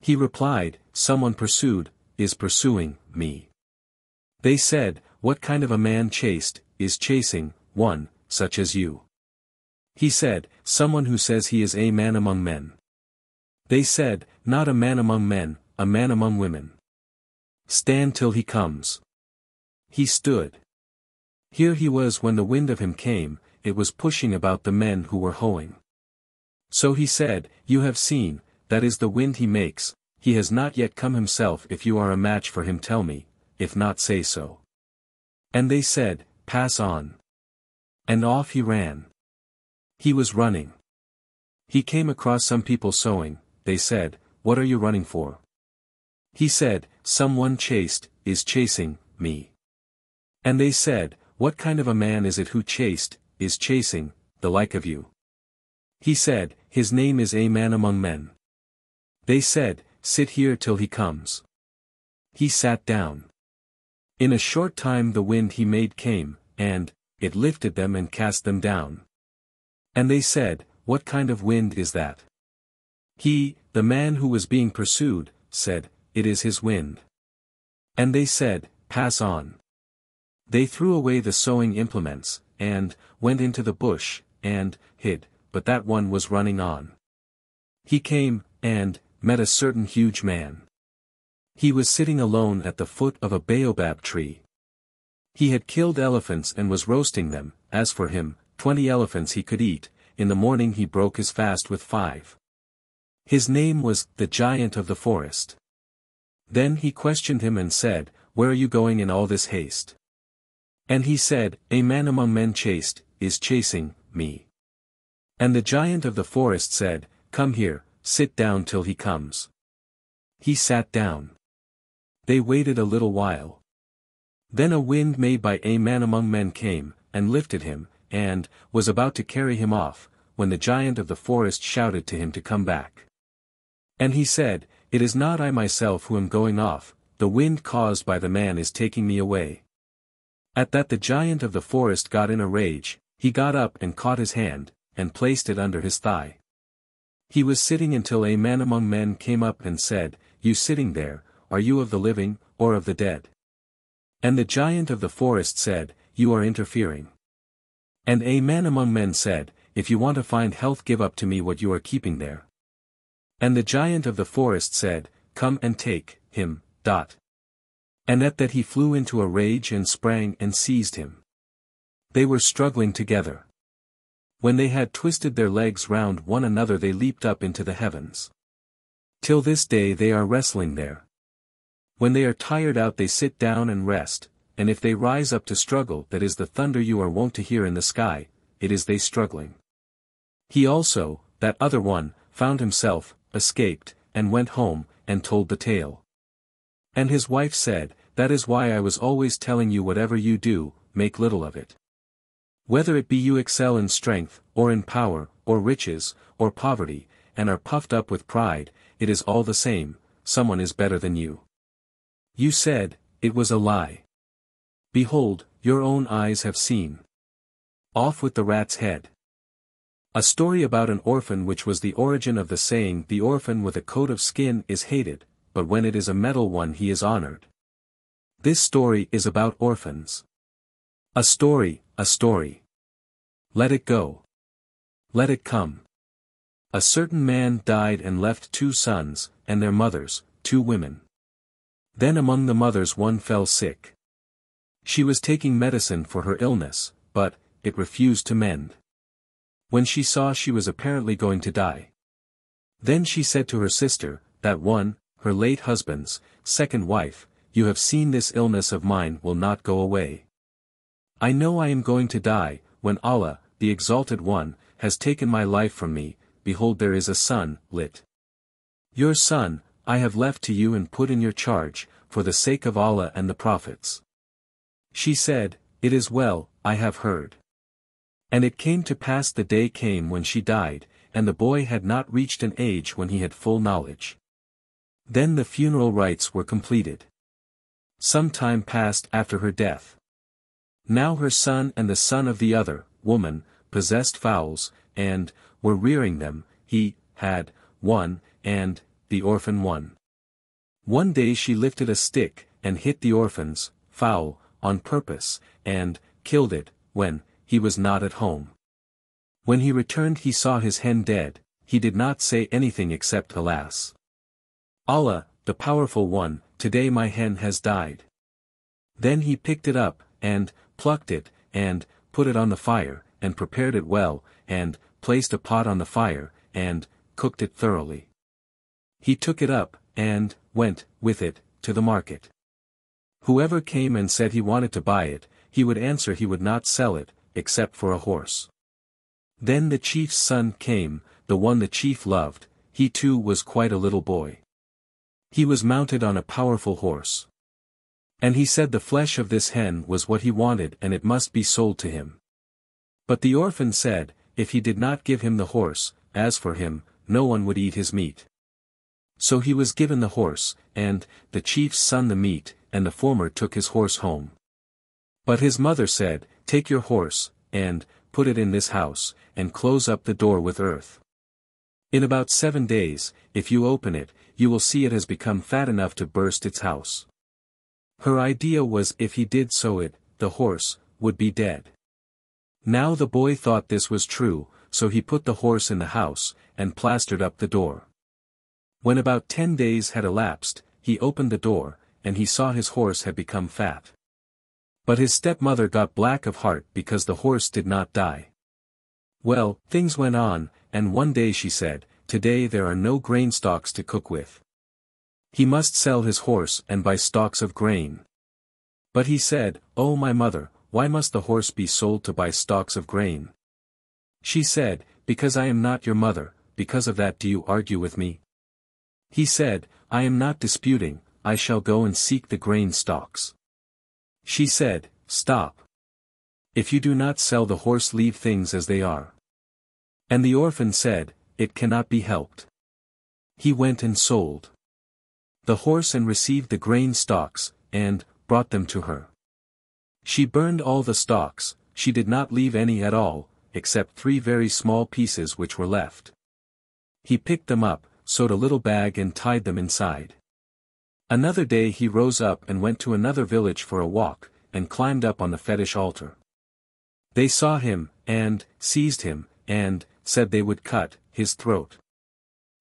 He replied, Someone pursued, is pursuing, me. They said, What kind of a man chaste, is chasing, one, such as you? He said, Someone who says he is a man among men. They said, Not a man among men, a man among women. Stand till he comes. He stood. Here he was when the wind of him came, it was pushing about the men who were hoeing. So he said, You have seen, that is the wind he makes, he has not yet come himself if you are a match for him tell me, if not say so. And they said, Pass on. And off he ran. He was running. He came across some people sewing, they said, What are you running for? He said, Someone chased, is chasing, me. And they said, What kind of a man is it who chased, is chasing, the like of you? He said, His name is a man among men. They said, Sit here till he comes. He sat down. In a short time the wind he made came, and, it lifted them and cast them down. And they said, What kind of wind is that? He, the man who was being pursued, said, It is his wind. And they said, Pass on. They threw away the sowing implements, and, went into the bush, and, hid, but that one was running on. He came, and, met a certain huge man. He was sitting alone at the foot of a baobab tree. He had killed elephants and was roasting them, as for him, twenty elephants he could eat, in the morning he broke his fast with five. His name was, the giant of the forest. Then he questioned him and said, Where are you going in all this haste? And he said, A man among men chased is chasing, me. And the giant of the forest said, Come here, sit down till he comes. He sat down. They waited a little while. Then a wind made by a man among men came, and lifted him, and, was about to carry him off, when the giant of the forest shouted to him to come back. And he said, It is not I myself who am going off, the wind caused by the man is taking me away. At that the giant of the forest got in a rage, he got up and caught his hand, and placed it under his thigh. He was sitting until a man among men came up and said, You sitting there, are you of the living, or of the dead? And the giant of the forest said, You are interfering. And a man among men said, If you want to find health give up to me what you are keeping there. And the giant of the forest said, Come and take, him, dot. And at that he flew into a rage and sprang and seized him. They were struggling together. When they had twisted their legs round one another they leaped up into the heavens. Till this day they are wrestling there. When they are tired out they sit down and rest, and if they rise up to struggle that is the thunder you are wont to hear in the sky, it is they struggling. He also, that other one, found himself, escaped, and went home, and told the tale. And his wife said, That is why I was always telling you whatever you do, make little of it. Whether it be you excel in strength, or in power, or riches, or poverty, and are puffed up with pride, it is all the same, someone is better than you. You said, it was a lie. Behold, your own eyes have seen. Off with the rat's head. A story about an orphan which was the origin of the saying the orphan with a coat of skin is hated, but when it is a metal one he is honored. This story is about orphans. A story, a story. Let it go. Let it come. A certain man died and left two sons, and their mothers, two women. Then among the mothers one fell sick. She was taking medicine for her illness, but, it refused to mend. When she saw she was apparently going to die. Then she said to her sister, that one, her late husband's, second wife, you have seen this illness of mine will not go away. I know I am going to die, when Allah, the Exalted One, has taken my life from me, behold there is a sun, lit. Your son, I have left to you and put in your charge, for the sake of Allah and the prophets. She said, It is well, I have heard. And it came to pass the day came when she died, and the boy had not reached an age when he had full knowledge. Then the funeral rites were completed. Some time passed after her death. Now her son and the son of the other, woman, possessed fowls, and, were rearing them, he, had, one, and, the orphan one. One day she lifted a stick, and hit the orphan's fowl, on purpose, and, killed it, when, he was not at home. When he returned he saw his hen dead, he did not say anything except alas. Allah, the powerful one, today my hen has died. Then he picked it up, and, plucked it, and, put it on the fire, and prepared it well, and, placed a pot on the fire, and, cooked it thoroughly. He took it up, and, went, with it, to the market. Whoever came and said he wanted to buy it, he would answer he would not sell it, except for a horse. Then the chief's son came, the one the chief loved, he too was quite a little boy. He was mounted on a powerful horse. And he said the flesh of this hen was what he wanted and it must be sold to him. But the orphan said, if he did not give him the horse, as for him, no one would eat his meat. So he was given the horse, and, the chief's son the meat, and the former took his horse home. But his mother said, Take your horse, and, put it in this house, and close up the door with earth. In about seven days, if you open it, you will see it has become fat enough to burst its house. Her idea was if he did so it, the horse, would be dead. Now the boy thought this was true, so he put the horse in the house, and plastered up the door. When about ten days had elapsed, he opened the door, and he saw his horse had become fat. But his stepmother got black of heart because the horse did not die. Well, things went on, and one day she said, Today there are no grain stalks to cook with. He must sell his horse and buy stalks of grain. But he said, Oh my mother, why must the horse be sold to buy stalks of grain? She said, Because I am not your mother, because of that do you argue with me, he said, I am not disputing, I shall go and seek the grain stalks. She said, Stop. If you do not sell the horse leave things as they are. And the orphan said, It cannot be helped. He went and sold the horse and received the grain stalks, and, brought them to her. She burned all the stalks, she did not leave any at all, except three very small pieces which were left. He picked them up, sewed a little bag and tied them inside. Another day he rose up and went to another village for a walk, and climbed up on the fetish altar. They saw him, and, seized him, and, said they would cut, his throat.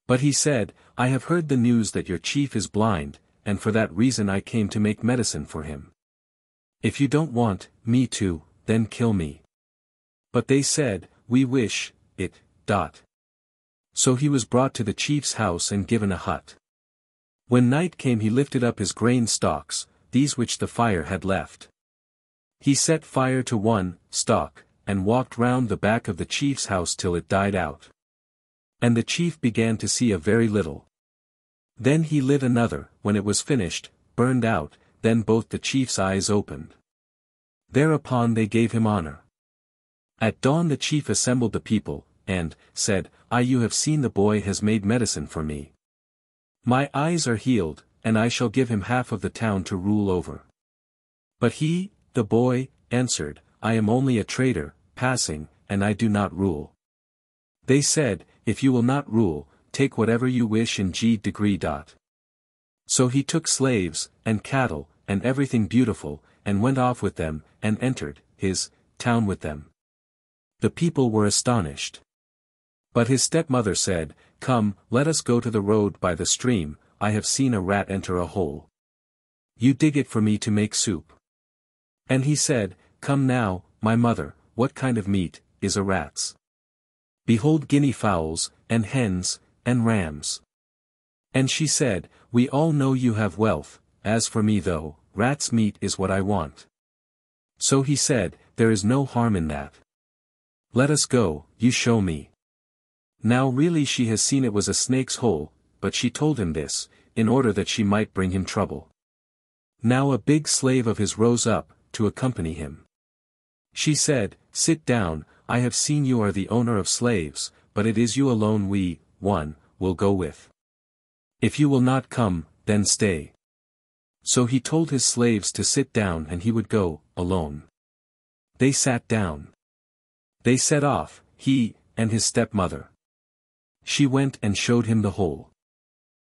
But he said, I have heard the news that your chief is blind, and for that reason I came to make medicine for him. If you don't want, me to, then kill me. But they said, we wish, it, dot. So he was brought to the chief's house and given a hut. When night came he lifted up his grain stalks, these which the fire had left. He set fire to one, stalk, and walked round the back of the chief's house till it died out. And the chief began to see a very little. Then he lit another, when it was finished, burned out, then both the chief's eyes opened. Thereupon they gave him honor. At dawn the chief assembled the people, and, said, I you have seen the boy has made medicine for me. My eyes are healed, and I shall give him half of the town to rule over. But he, the boy, answered, I am only a trader, passing, and I do not rule. They said, If you will not rule, take whatever you wish in G degree. Dot. So he took slaves, and cattle, and everything beautiful, and went off with them, and entered, his, town with them. The people were astonished. But his stepmother said, Come, let us go to the road by the stream, I have seen a rat enter a hole. You dig it for me to make soup. And he said, Come now, my mother, what kind of meat, is a rat's? Behold guinea fowls, and hens, and rams. And she said, We all know you have wealth, as for me though, rat's meat is what I want. So he said, There is no harm in that. Let us go, you show me. Now really she has seen it was a snake's hole, but she told him this, in order that she might bring him trouble. Now a big slave of his rose up, to accompany him. She said, Sit down, I have seen you are the owner of slaves, but it is you alone we, one, will go with. If you will not come, then stay. So he told his slaves to sit down and he would go, alone. They sat down. They set off, he, and his stepmother. She went and showed him the hole.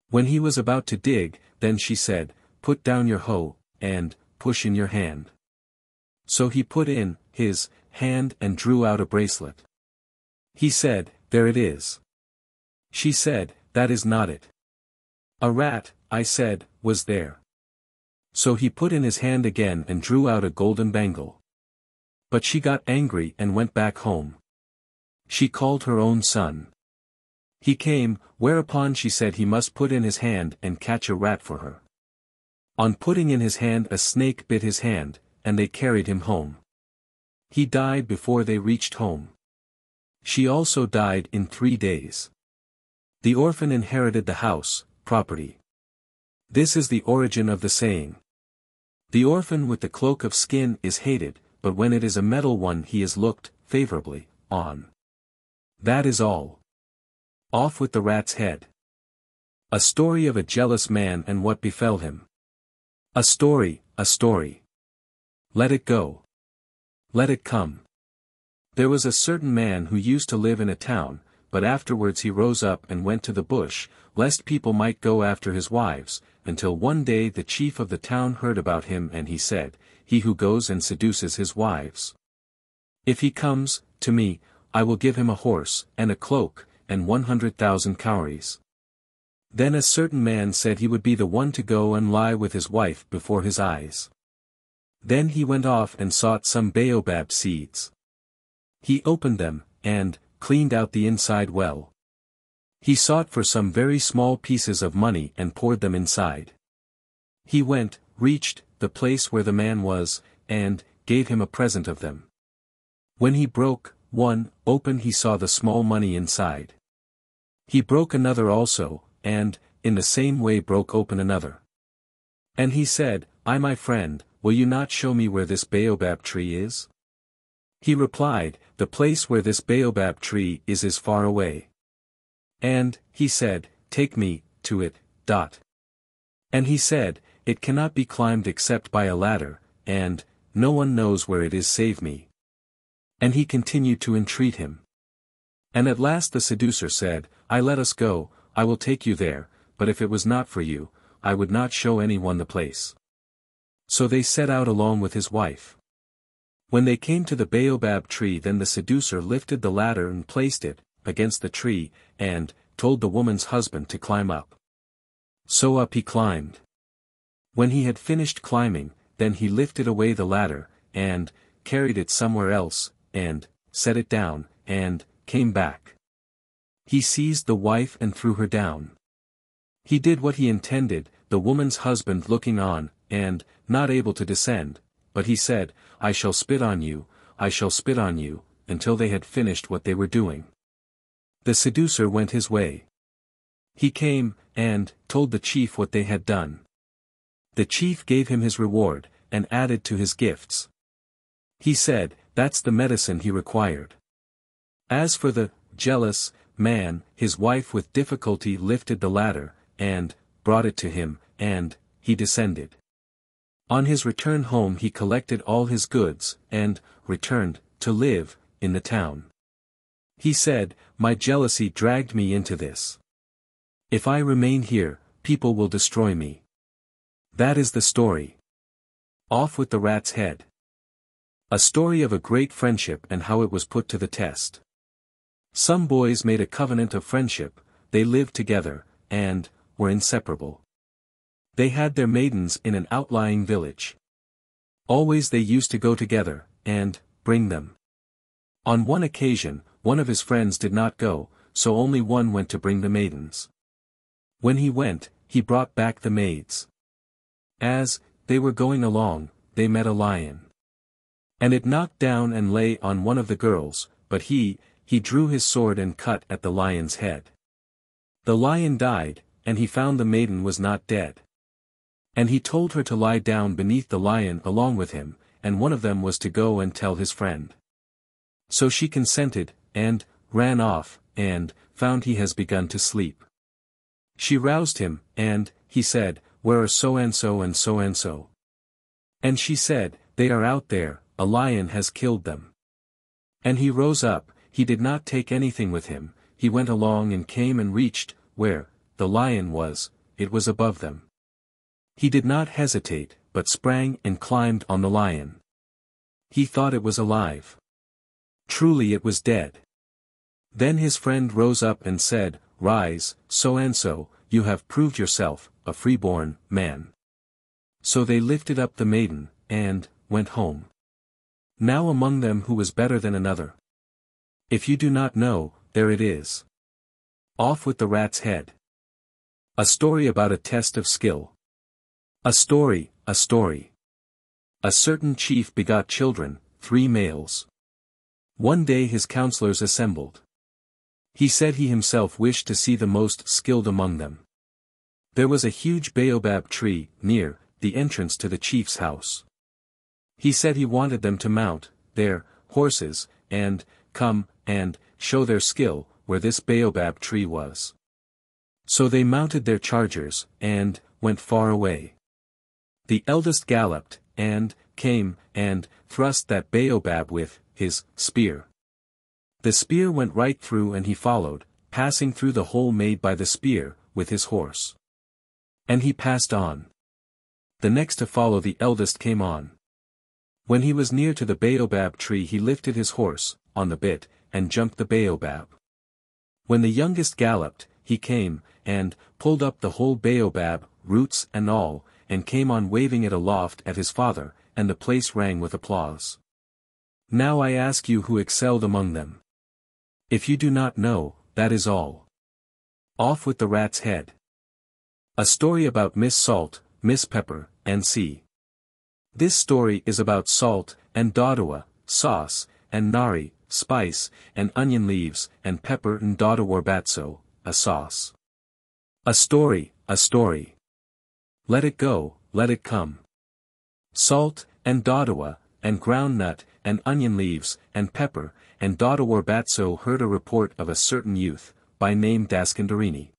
When he was about to dig, then she said, Put down your hoe, and, push in your hand. So he put in, his, hand and drew out a bracelet. He said, There it is. She said, That is not it. A rat, I said, was there. So he put in his hand again and drew out a golden bangle. But she got angry and went back home. She called her own son. He came, whereupon she said he must put in his hand and catch a rat for her. On putting in his hand a snake bit his hand, and they carried him home. He died before they reached home. She also died in three days. The orphan inherited the house, property. This is the origin of the saying. The orphan with the cloak of skin is hated, but when it is a metal one he is looked, favorably, on. That is all. Off with the rat's head. A story of a jealous man and what befell him. A story, a story. Let it go. Let it come. There was a certain man who used to live in a town, but afterwards he rose up and went to the bush, lest people might go after his wives, until one day the chief of the town heard about him and he said, He who goes and seduces his wives. If he comes, to me, I will give him a horse, and a cloak, and 100,000 cowries. Then a certain man said he would be the one to go and lie with his wife before his eyes. Then he went off and sought some baobab seeds. He opened them, and, cleaned out the inside well. He sought for some very small pieces of money and poured them inside. He went, reached, the place where the man was, and, gave him a present of them. When he broke, one, open he saw the small money inside. He broke another also, and, in the same way broke open another. And he said, I my friend, will you not show me where this baobab tree is? He replied, The place where this baobab tree is is far away. And, he said, Take me, to it, dot. And he said, It cannot be climbed except by a ladder, and, No one knows where it is save me. And he continued to entreat him. And at last the seducer said, I let us go, I will take you there, but if it was not for you, I would not show anyone the place. So they set out alone with his wife. When they came to the baobab tree then the seducer lifted the ladder and placed it, against the tree, and, told the woman's husband to climb up. So up he climbed. When he had finished climbing, then he lifted away the ladder, and, carried it somewhere else, and, set it down, and, came back. He seized the wife and threw her down. He did what he intended, the woman's husband looking on, and, not able to descend, but he said, I shall spit on you, I shall spit on you, until they had finished what they were doing. The seducer went his way. He came, and, told the chief what they had done. The chief gave him his reward, and added to his gifts. He said, that's the medicine he required. As for the, jealous, man, his wife with difficulty lifted the ladder, and, brought it to him, and, he descended. On his return home he collected all his goods, and, returned, to live, in the town. He said, My jealousy dragged me into this. If I remain here, people will destroy me. That is the story. Off with the rat's head. A story of a great friendship and how it was put to the test. Some boys made a covenant of friendship, they lived together, and, were inseparable. They had their maidens in an outlying village. Always they used to go together, and, bring them. On one occasion, one of his friends did not go, so only one went to bring the maidens. When he went, he brought back the maids. As, they were going along, they met a lion. And it knocked down and lay on one of the girls, but he, he drew his sword and cut at the lion's head. The lion died, and he found the maiden was not dead. And he told her to lie down beneath the lion along with him, and one of them was to go and tell his friend. So she consented, and, ran off, and, found he has begun to sleep. She roused him, and, he said, Where are so-and-so and so-and-so? And she said, They are out there, a lion has killed them. And he rose up, he did not take anything with him, he went along and came and reached, where, the lion was, it was above them. He did not hesitate, but sprang and climbed on the lion. He thought it was alive. Truly it was dead. Then his friend rose up and said, Rise, so-and-so, you have proved yourself, a freeborn, man. So they lifted up the maiden, and, went home. Now among them who was better than another, if you do not know, there it is. Off with the rat's head. A story about a test of skill. A story, a story. A certain chief begot children, three males. One day his counselors assembled. He said he himself wished to see the most skilled among them. There was a huge baobab tree, near, the entrance to the chief's house. He said he wanted them to mount, their, horses, and, come, and, show their skill, where this baobab tree was. So they mounted their chargers, and, went far away. The eldest galloped, and, came, and, thrust that baobab with, his, spear. The spear went right through and he followed, passing through the hole made by the spear, with his horse. And he passed on. The next to follow the eldest came on. When he was near to the baobab tree he lifted his horse, on the bit, and jumped the baobab. When the youngest galloped, he came, and, pulled up the whole baobab, roots and all, and came on waving it aloft at his father, and the place rang with applause. Now I ask you who excelled among them. If you do not know, that is all. Off with the rat's head. A story about Miss Salt, Miss Pepper, and C. This story is about salt, and dodua, sauce, and nari, spice, and onion leaves, and pepper and dada warbatso, a sauce. A story, a story. Let it go, let it come. Salt, and dadawa, and ground nut, and onion leaves, and pepper, and Dadawar Batso heard a report of a certain youth, by name Daskandarini.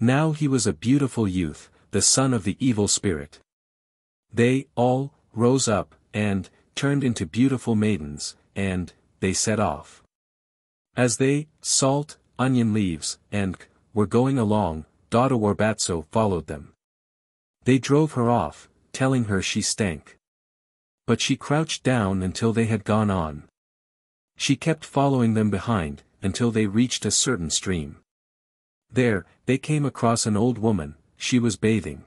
Now he was a beautiful youth, the son of the evil spirit. They, all, rose up, and, turned into beautiful maidens, and, they set off. As they, salt, onion leaves, and, were going along, Dada Warbatso followed them. They drove her off, telling her she stank. But she crouched down until they had gone on. She kept following them behind, until they reached a certain stream. There, they came across an old woman, she was bathing.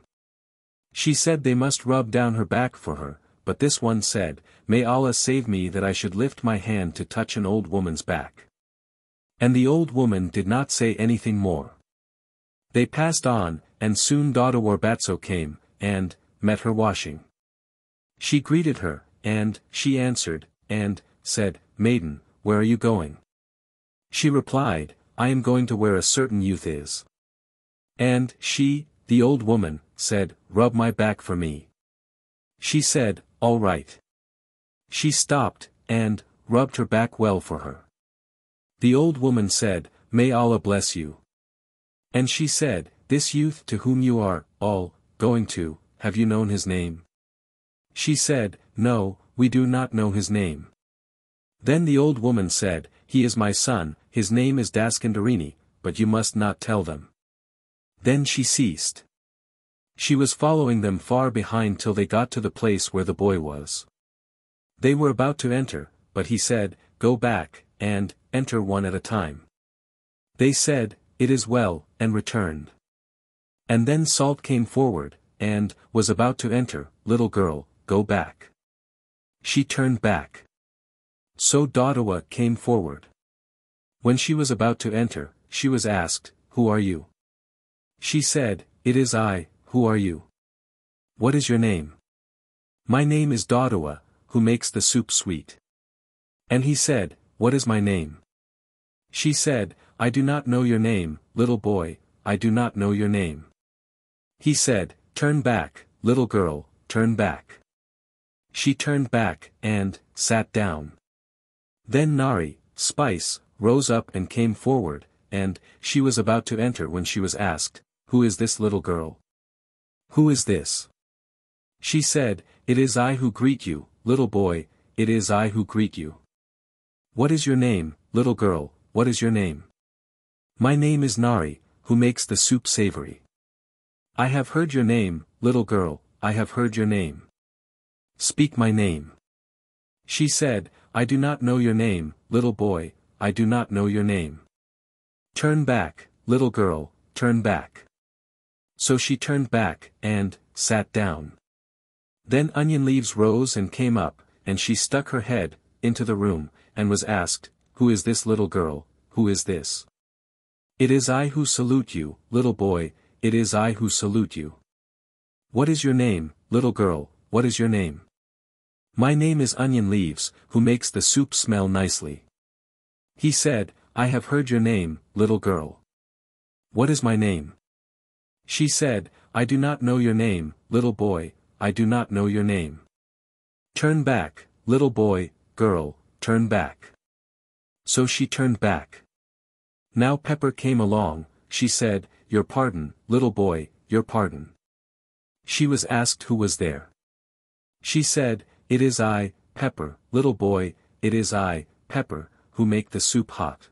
She said they must rub down her back for her, but this one said, May Allah save me that I should lift my hand to touch an old woman's back. And the old woman did not say anything more. They passed on, and soon Dada Warbatso came, and, met her washing. She greeted her, and, she answered, and, said, Maiden, where are you going? She replied, I am going to where a certain youth is. And, she, the old woman, said, Rub my back for me. She said, all right. She stopped, and, rubbed her back well for her. The old woman said, May Allah bless you. And she said, This youth to whom you are, all, going to, have you known his name? She said, No, we do not know his name. Then the old woman said, He is my son, his name is Daskandarini, but you must not tell them. Then she ceased. She was following them far behind till they got to the place where the boy was. They were about to enter, but he said, Go back, and, enter one at a time. They said, It is well, and returned. And then Salt came forward, and, was about to enter, Little girl, go back. She turned back. So Dodawa came forward. When she was about to enter, she was asked, Who are you? She said, It is I, who are you? What is your name? My name is Dodua, who makes the soup sweet. And he said, What is my name? She said, I do not know your name, little boy, I do not know your name. He said, Turn back, little girl, turn back. She turned back, and, sat down. Then Nari, Spice, rose up and came forward, and, she was about to enter when she was asked, Who is this little girl? Who is this? She said, It is I who greet you, little boy, it is I who greet you. What is your name, little girl, what is your name? My name is Nari, who makes the soup savory. I have heard your name, little girl, I have heard your name. Speak my name. She said, I do not know your name, little boy, I do not know your name. Turn back, little girl, turn back so she turned back, and, sat down. Then Onion Leaves rose and came up, and she stuck her head, into the room, and was asked, Who is this little girl, who is this? It is I who salute you, little boy, it is I who salute you. What is your name, little girl, what is your name? My name is Onion Leaves, who makes the soup smell nicely. He said, I have heard your name, little girl. What is my name? She said, I do not know your name, little boy, I do not know your name. Turn back, little boy, girl, turn back. So she turned back. Now Pepper came along, she said, Your pardon, little boy, your pardon. She was asked who was there. She said, It is I, Pepper, little boy, it is I, Pepper, who make the soup hot.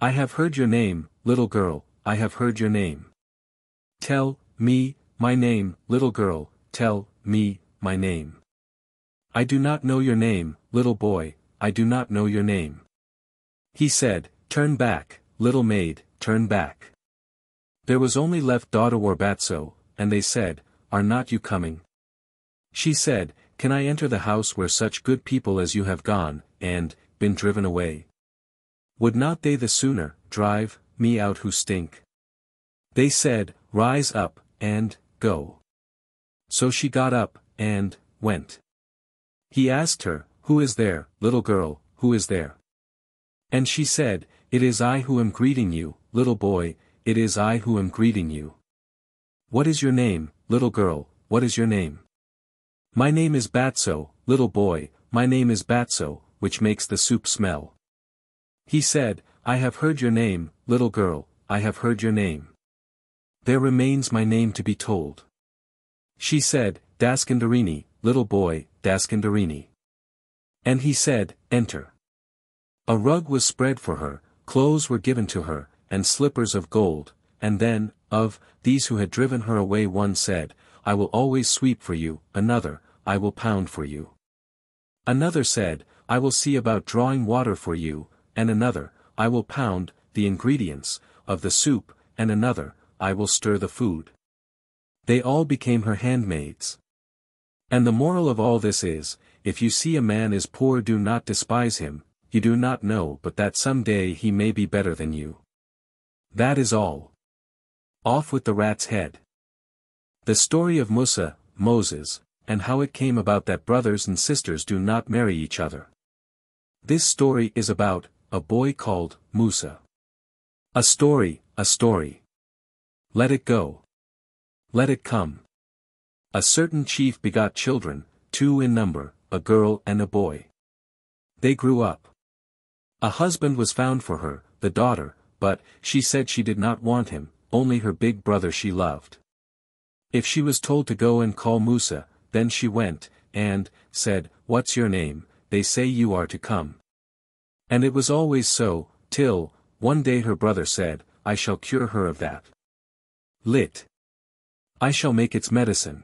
I have heard your name, little girl, I have heard your name. Tell, me, my name, little girl, tell, me, my name. I do not know your name, little boy, I do not know your name. He said, Turn back, little maid, turn back. There was only left daughter Warbatso, and they said, Are not you coming? She said, Can I enter the house where such good people as you have gone, and, been driven away? Would not they the sooner, drive, me out who stink? They said, Rise up, and, go. So she got up, and, went. He asked her, Who is there, little girl, who is there? And she said, It is I who am greeting you, little boy, it is I who am greeting you. What is your name, little girl, what is your name? My name is Batso, little boy, my name is Batso, which makes the soup smell. He said, I have heard your name, little girl, I have heard your name. There remains my name to be told. She said, Daskandarini, little boy, Daskandarini. And he said, Enter. A rug was spread for her, clothes were given to her, and slippers of gold, and then, of, these who had driven her away one said, I will always sweep for you, another, I will pound for you. Another said, I will see about drawing water for you, and another, I will pound, the ingredients, of the soup, and another, I will stir the food. They all became her handmaids. And the moral of all this is, if you see a man is poor do not despise him, you do not know but that some day he may be better than you. That is all. Off with the rat's head. The story of Musa, Moses, and how it came about that brothers and sisters do not marry each other. This story is about, a boy called, Musa. A story, a story. Let it go. Let it come. A certain chief begot children, two in number, a girl and a boy. They grew up. A husband was found for her, the daughter, but, she said she did not want him, only her big brother she loved. If she was told to go and call Musa, then she went, and, said, What's your name, they say you are to come. And it was always so, till, one day her brother said, I shall cure her of that. Lit. I shall make its medicine.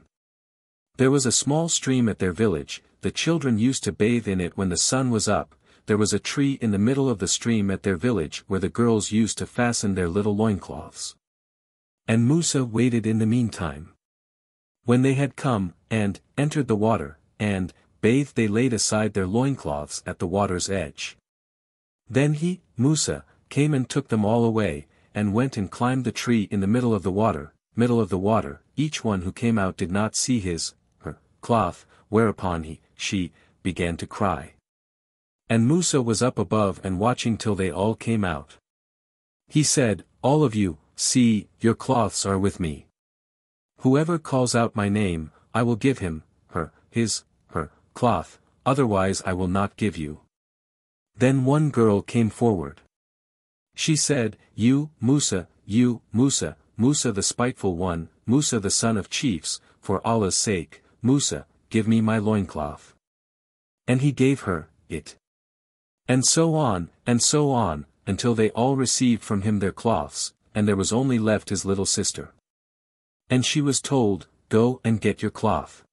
There was a small stream at their village, the children used to bathe in it when the sun was up, there was a tree in the middle of the stream at their village where the girls used to fasten their little loincloths. And Musa waited in the meantime. When they had come, and, entered the water, and, bathed they laid aside their loincloths at the water's edge. Then he, Musa, came and took them all away, and went and climbed the tree in the middle of the water, middle of the water, each one who came out did not see his, her, cloth, whereupon he, she, began to cry. And Musa was up above and watching till they all came out. He said, All of you, see, your cloths are with me. Whoever calls out my name, I will give him, her, his, her, cloth, otherwise I will not give you. Then one girl came forward. She said, You, Musa, you, Musa, Musa the spiteful one, Musa the son of chiefs, for Allah's sake, Musa, give me my loincloth. And he gave her, it. And so on, and so on, until they all received from him their cloths, and there was only left his little sister. And she was told, Go and get your cloth.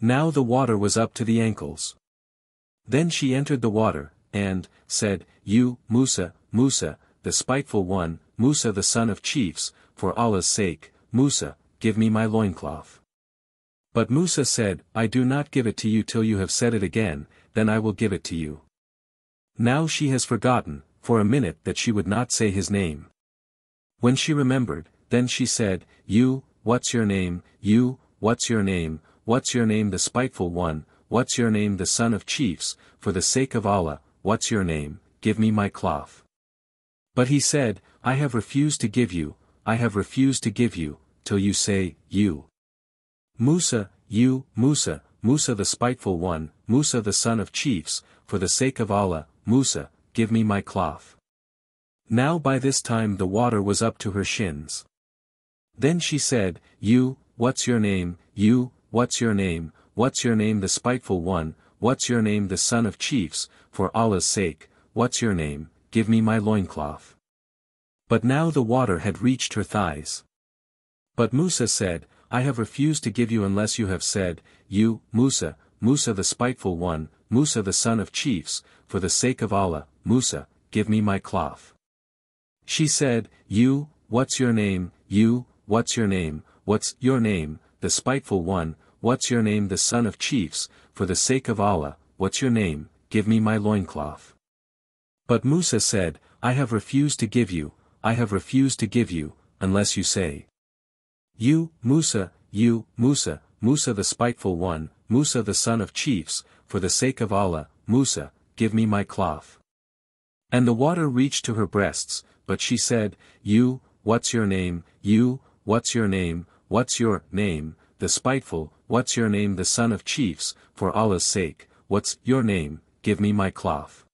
Now the water was up to the ankles. Then she entered the water, and, said, You, Musa, Musa, the spiteful one, Musa the son of chiefs, for Allah's sake, Musa, give me my loincloth. But Musa said, I do not give it to you till you have said it again, then I will give it to you. Now she has forgotten, for a minute that she would not say his name. When she remembered, then she said, You, what's your name, you, what's your name, what's your name the spiteful one, what's your name the son of chiefs, for the sake of Allah, what's your name, give me my cloth. But he said, I have refused to give you, I have refused to give you, till you say, You. Musa, you, Musa, Musa the spiteful one, Musa the son of chiefs, for the sake of Allah, Musa, give me my cloth. Now by this time the water was up to her shins. Then she said, You, what's your name, you, what's your name, what's your name the spiteful one, what's your name the son of chiefs, for Allah's sake, what's your name, give me my loincloth. But now the water had reached her thighs. But Musa said, I have refused to give you unless you have said, You, Musa, Musa the spiteful one, Musa the son of chiefs, for the sake of Allah, Musa, give me my cloth. She said, You, what's your name, you, what's your name, what's your name, the spiteful one, what's your name the son of chiefs, for the sake of Allah, what's your name, give me my loincloth. But Musa said, I have refused to give you, I have refused to give you, unless you say. You, Musa, you, Musa, Musa the spiteful one, Musa the son of chiefs, for the sake of Allah, Musa, give me my cloth. And the water reached to her breasts, but she said, You, what's your name, you, what's your name, what's your name, the spiteful, what's your name the son of chiefs, for Allah's sake, what's your name, give me my cloth.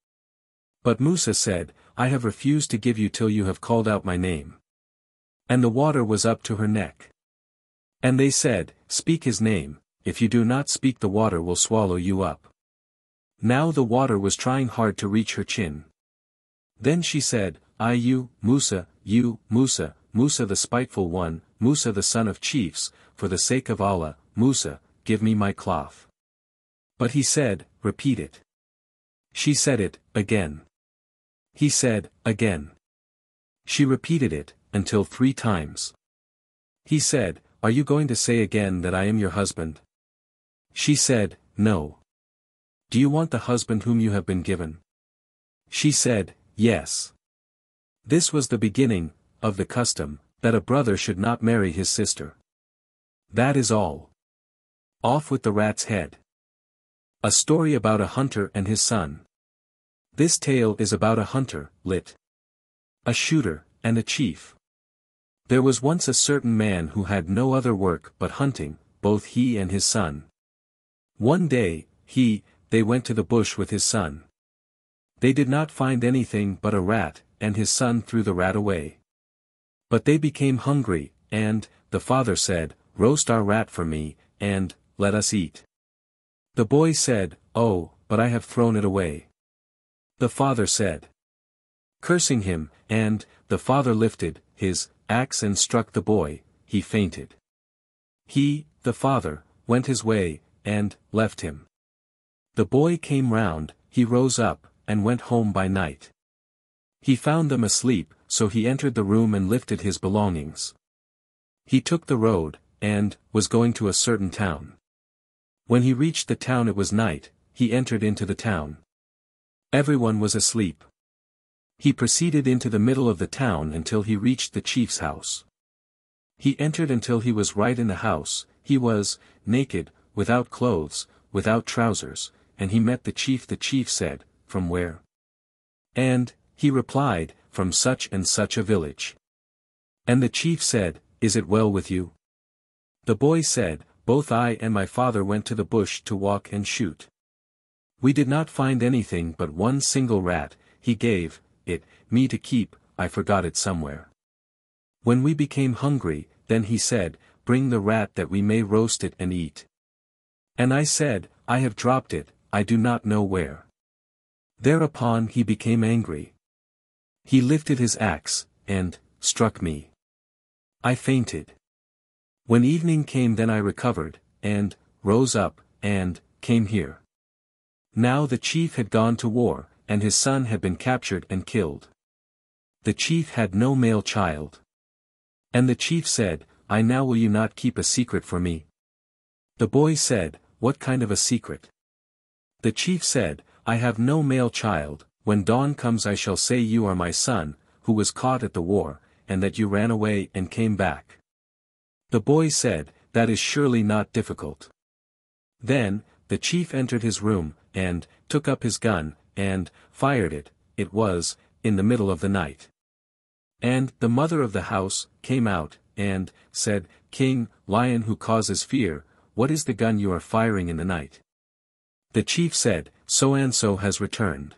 But Musa said, I have refused to give you till you have called out my name. And the water was up to her neck. And they said, Speak his name, if you do not speak the water will swallow you up. Now the water was trying hard to reach her chin. Then she said, I you, Musa, you, Musa, Musa the spiteful one, Musa the son of chiefs, for the sake of Allah, Musa, give me my cloth. But he said, repeat it. She said it, again. He said, again. She repeated it, until three times. He said, Are you going to say again that I am your husband? She said, No. Do you want the husband whom you have been given? She said, Yes. This was the beginning, of the custom, that a brother should not marry his sister. That is all. Off with the rat's head. A story about a hunter and his son. This tale is about a hunter, lit. A shooter, and a chief. There was once a certain man who had no other work but hunting, both he and his son. One day, he, they went to the bush with his son. They did not find anything but a rat, and his son threw the rat away. But they became hungry, and, the father said, Roast our rat for me, and, let us eat. The boy said, Oh, but I have thrown it away. The father said. Cursing him, and, the father lifted, his, axe and struck the boy, he fainted. He, the father, went his way, and, left him. The boy came round, he rose up, and went home by night. He found them asleep, so he entered the room and lifted his belongings. He took the road, and, was going to a certain town. When he reached the town it was night, he entered into the town. Everyone was asleep. He proceeded into the middle of the town until he reached the chief's house. He entered until he was right in the house, he was, naked, without clothes, without trousers, and he met the chief the chief said, From where? And, he replied, From such and such a village. And the chief said, Is it well with you? The boy said, Both I and my father went to the bush to walk and shoot. We did not find anything but one single rat, he gave it me to keep, I forgot it somewhere. When we became hungry, then he said, Bring the rat that we may roast it and eat. And I said, I have dropped it, I do not know where. Thereupon he became angry. He lifted his axe, and, struck me. I fainted. When evening came then I recovered, and, rose up, and, came here. Now the chief had gone to war, and his son had been captured and killed. The chief had no male child. And the chief said, I now will you not keep a secret for me? The boy said, What kind of a secret? The chief said, I have no male child, when dawn comes I shall say you are my son, who was caught at the war, and that you ran away and came back. The boy said, That is surely not difficult. Then, the chief entered his room, and, took up his gun, and, fired it, it was, in the middle of the night. And, the mother of the house, came out, and, said, King, lion who causes fear, what is the gun you are firing in the night? The chief said, So-and-so has returned.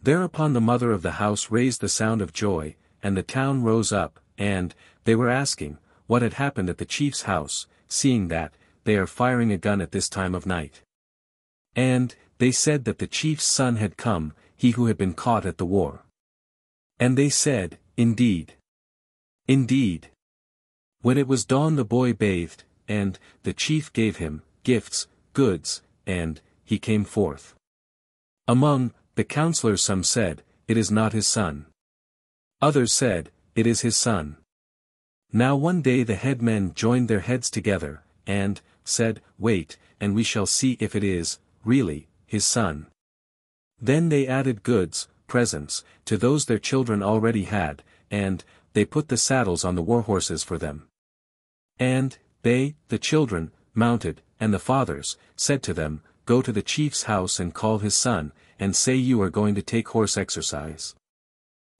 Thereupon the mother of the house raised the sound of joy, and the town rose up, and, they were asking, what had happened at the chief's house, seeing that, they are firing a gun at this time of night. And, they said that the chief's son had come, he who had been caught at the war. And they said, Indeed. Indeed. When it was dawn the boy bathed, and, the chief gave him, gifts, goods, and, he came forth. Among, the counselors some said, It is not his son. Others said, It is his son. Now one day the headmen joined their heads together, and, said, Wait, and we shall see if it is, really, his son. Then they added goods, presents, to those their children already had, and, they put the saddles on the war horses for them. And, they, the children, mounted, and the fathers, said to them, Go to the chief's house and call his son, and say you are going to take horse exercise.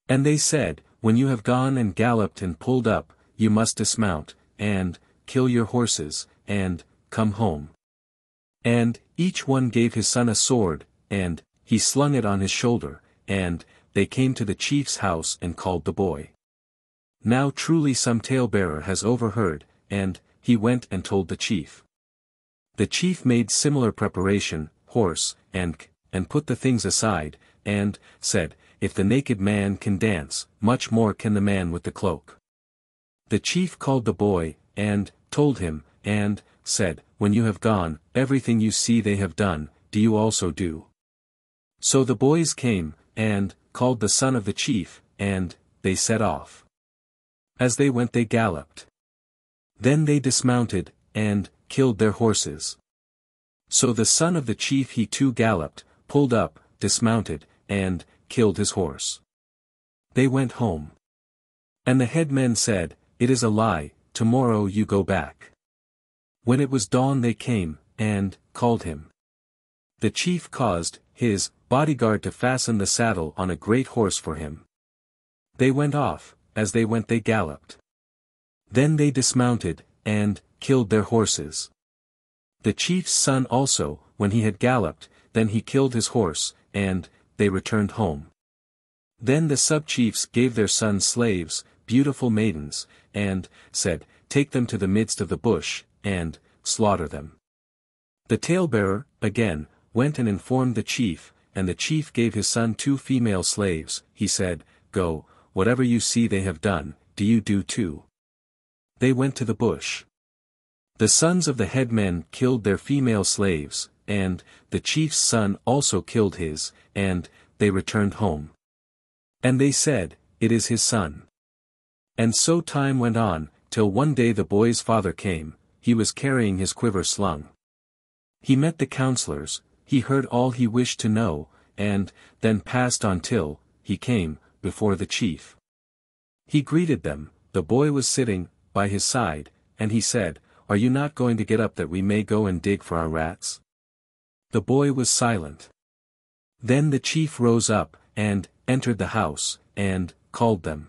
And they said, When you have gone and galloped and pulled up, you must dismount, and, kill your horses, and, come home. And, each one gave his son a sword, and, he slung it on his shoulder, and, they came to the chief's house and called the boy. Now truly some talebearer has overheard, and, he went and told the chief. The chief made similar preparation, horse, and, and put the things aside, and, said, If the naked man can dance, much more can the man with the cloak. The chief called the boy, and, told him, and, said, When you have gone, everything you see they have done, do you also do? So the boys came, and, called the son of the chief, and, they set off. As they went they galloped. Then they dismounted, and, killed their horses. So the son of the chief he too galloped, pulled up, dismounted, and, killed his horse. They went home. And the headmen said, It is a lie, tomorrow you go back. When it was dawn they came, and, called him. The chief caused, his, bodyguard to fasten the saddle on a great horse for him. They went off, as they went they galloped. Then they dismounted, and, killed their horses. The chief's son also, when he had galloped, then he killed his horse, and, they returned home. Then the subchiefs gave their sons slaves, beautiful maidens, and, said, Take them to the midst of the bush, and slaughter them. The talebearer, again, went and informed the chief, and the chief gave his son two female slaves, he said, Go, whatever you see they have done, do you do too. They went to the bush. The sons of the headmen killed their female slaves, and, the chief's son also killed his, and, they returned home. And they said, It is his son. And so time went on, till one day the boy's father came, he was carrying his quiver slung. He met the counselors, he heard all he wished to know, and, then passed on till, he came, before the chief. He greeted them, the boy was sitting, by his side, and he said, Are you not going to get up that we may go and dig for our rats? The boy was silent. Then the chief rose up, and, entered the house, and, called them.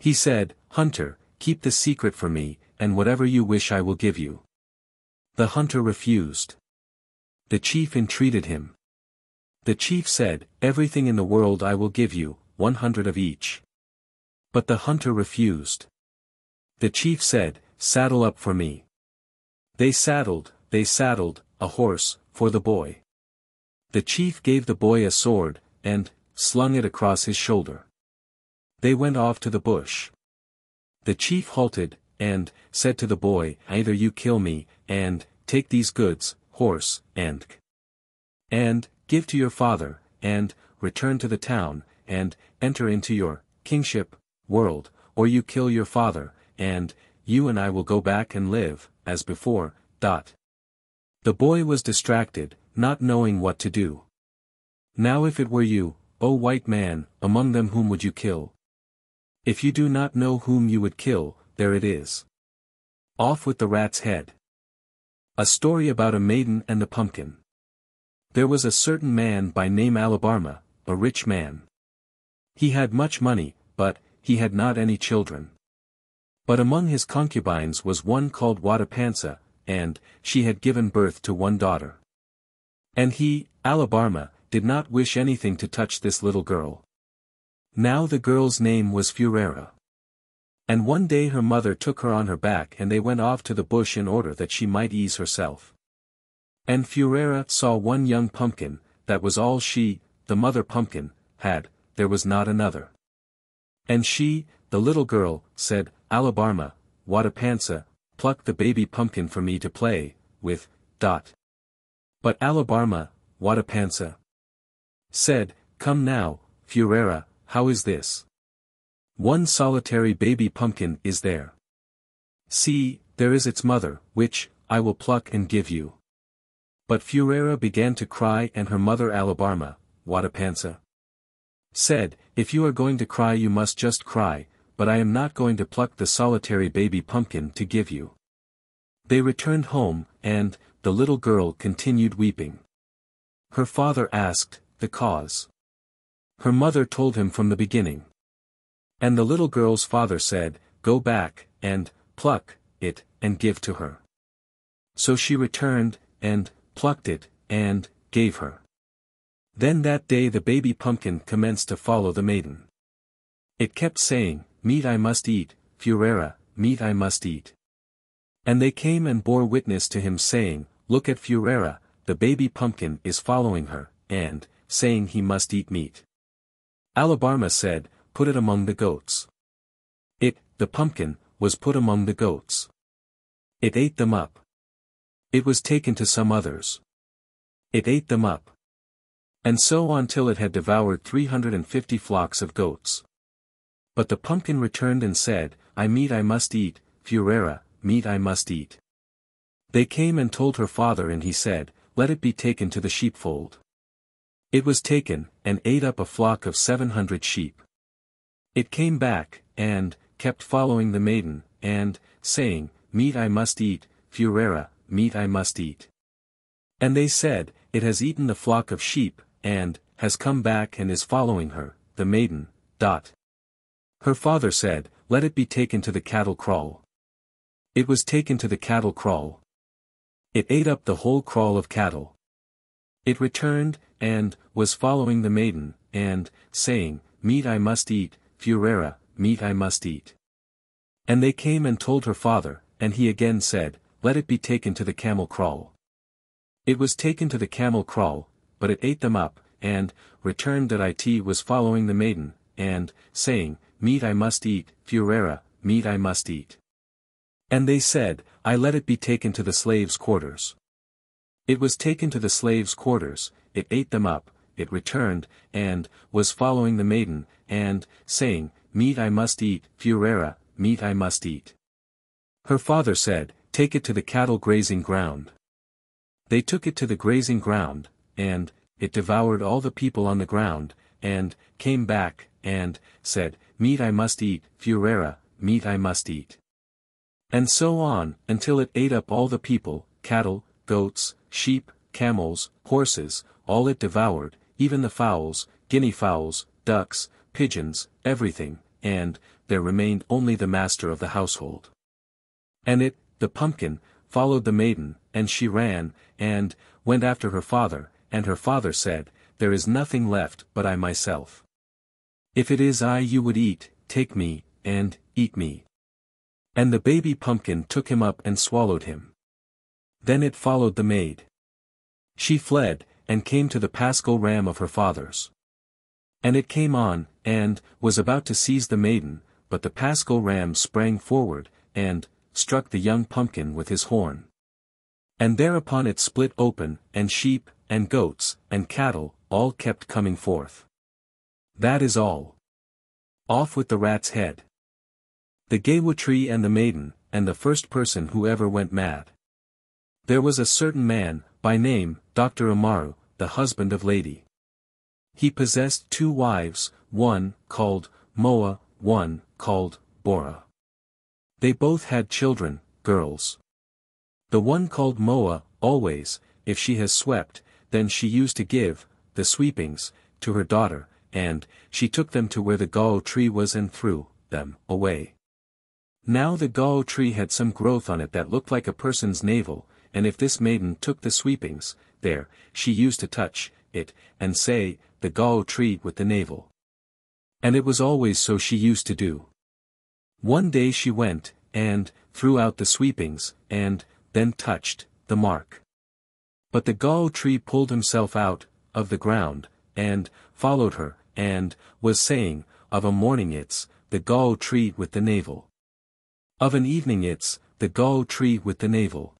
He said, Hunter, keep the secret for me, and whatever you wish I will give you. The hunter refused. The chief entreated him. The chief said, Everything in the world I will give you, one hundred of each. But the hunter refused. The chief said, Saddle up for me. They saddled, they saddled, a horse, for the boy. The chief gave the boy a sword, and, slung it across his shoulder. They went off to the bush. The chief halted, and, said to the boy, Either you kill me, and, take these goods, horse, and, and, give to your father, and, return to the town, and, enter into your, kingship, world, or you kill your father, and, you and I will go back and live, as before, dot. The boy was distracted, not knowing what to do. Now if it were you, O white man, among them whom would you kill? If you do not know whom you would kill, there it is. Off with the rat's head. A story about a maiden and the pumpkin. There was a certain man by name Alabarma, a rich man. He had much money, but, he had not any children. But among his concubines was one called Watapansa, and, she had given birth to one daughter. And he, Alabarma, did not wish anything to touch this little girl. Now the girl's name was Furera. And one day her mother took her on her back and they went off to the bush in order that she might ease herself. And Furera saw one young pumpkin, that was all she, the mother pumpkin, had, there was not another. And she, the little girl, said, Alabarma, Watapansa, pluck the baby pumpkin for me to play, with, dot. But Alabarma, Watapansa. Said, Come now, Furera, how is this? One solitary baby pumpkin is there. See, there is its mother, which, I will pluck and give you. But Furera began to cry and her mother Alabarma, Watapansa. Said, if you are going to cry you must just cry, but I am not going to pluck the solitary baby pumpkin to give you. They returned home, and, the little girl continued weeping. Her father asked, the cause. Her mother told him from the beginning. And the little girl's father said, Go back, and, pluck, it, and give to her. So she returned, and, plucked it, and, gave her. Then that day the baby pumpkin commenced to follow the maiden. It kept saying, Meat I must eat, Furera, meat I must eat. And they came and bore witness to him saying, Look at Furera, the baby pumpkin is following her, and, saying he must eat meat. Alabarma said, put it among the goats. It, the pumpkin, was put among the goats. It ate them up. It was taken to some others. It ate them up. And so on till it had devoured 350 flocks of goats. But the pumpkin returned and said, I meat I must eat, furera, meat I must eat. They came and told her father and he said, Let it be taken to the sheepfold. It was taken, and ate up a flock of seven hundred sheep. It came back, and, kept following the maiden, and, saying, Meat I must eat, Furera, meat I must eat. And they said, It has eaten the flock of sheep, and, has come back and is following her, the maiden, dot. Her father said, Let it be taken to the cattle kraal. It was taken to the cattle kraal. It ate up the whole kraal of cattle. It returned, and, was following the maiden, and, saying, Meat I must eat, Furera, meat I must eat. And they came and told her father, and he again said, Let it be taken to the camel kraal. It was taken to the camel kraal, but it ate them up, and, returned that it was following the maiden, and, saying, Meat I must eat, Furera, meat I must eat. And they said, I let it be taken to the slaves' quarters. It was taken to the slaves' quarters, it ate them up, it returned, and, was following the maiden, and, saying, Meat I must eat, furera, meat I must eat. Her father said, Take it to the cattle grazing ground. They took it to the grazing ground, and, it devoured all the people on the ground, and, came back, and, said, Meat I must eat, furera, meat I must eat. And so on, until it ate up all the people, cattle, goats, sheep, camels, horses, all it devoured, even the fowls, guinea fowls, ducks, pigeons, everything, and, there remained only the master of the household. And it, the pumpkin, followed the maiden, and she ran, and, went after her father, and her father said, There is nothing left but I myself. If it is I you would eat, take me, and, eat me. And the baby pumpkin took him up and swallowed him. Then it followed the maid. She fled, and came to the paschal ram of her fathers. And it came on, and, was about to seize the maiden, but the paschal ram sprang forward, and, struck the young pumpkin with his horn. And thereupon it split open, and sheep, and goats, and cattle, all kept coming forth. That is all. Off with the rat's head. The Gaywa tree and the maiden, and the first person who ever went mad. There was a certain man, by name, Dr. Amaru, the husband of Lady. He possessed two wives, one, called, Moa, one, called, Bora. They both had children, girls. The one called Moa, always, if she has swept, then she used to give, the sweepings, to her daughter, and, she took them to where the gall tree was and threw, them, away. Now the gall tree had some growth on it that looked like a person's navel, and if this maiden took the sweepings, there, she used to touch, it, and say, the gall tree with the navel. And it was always so she used to do. One day she went, and, threw out the sweepings, and, then touched, the mark. But the gall tree pulled himself out, of the ground, and, followed her, and, was saying, of a morning it's, the gall tree with the navel. Of an evening it's, the gall tree with the navel.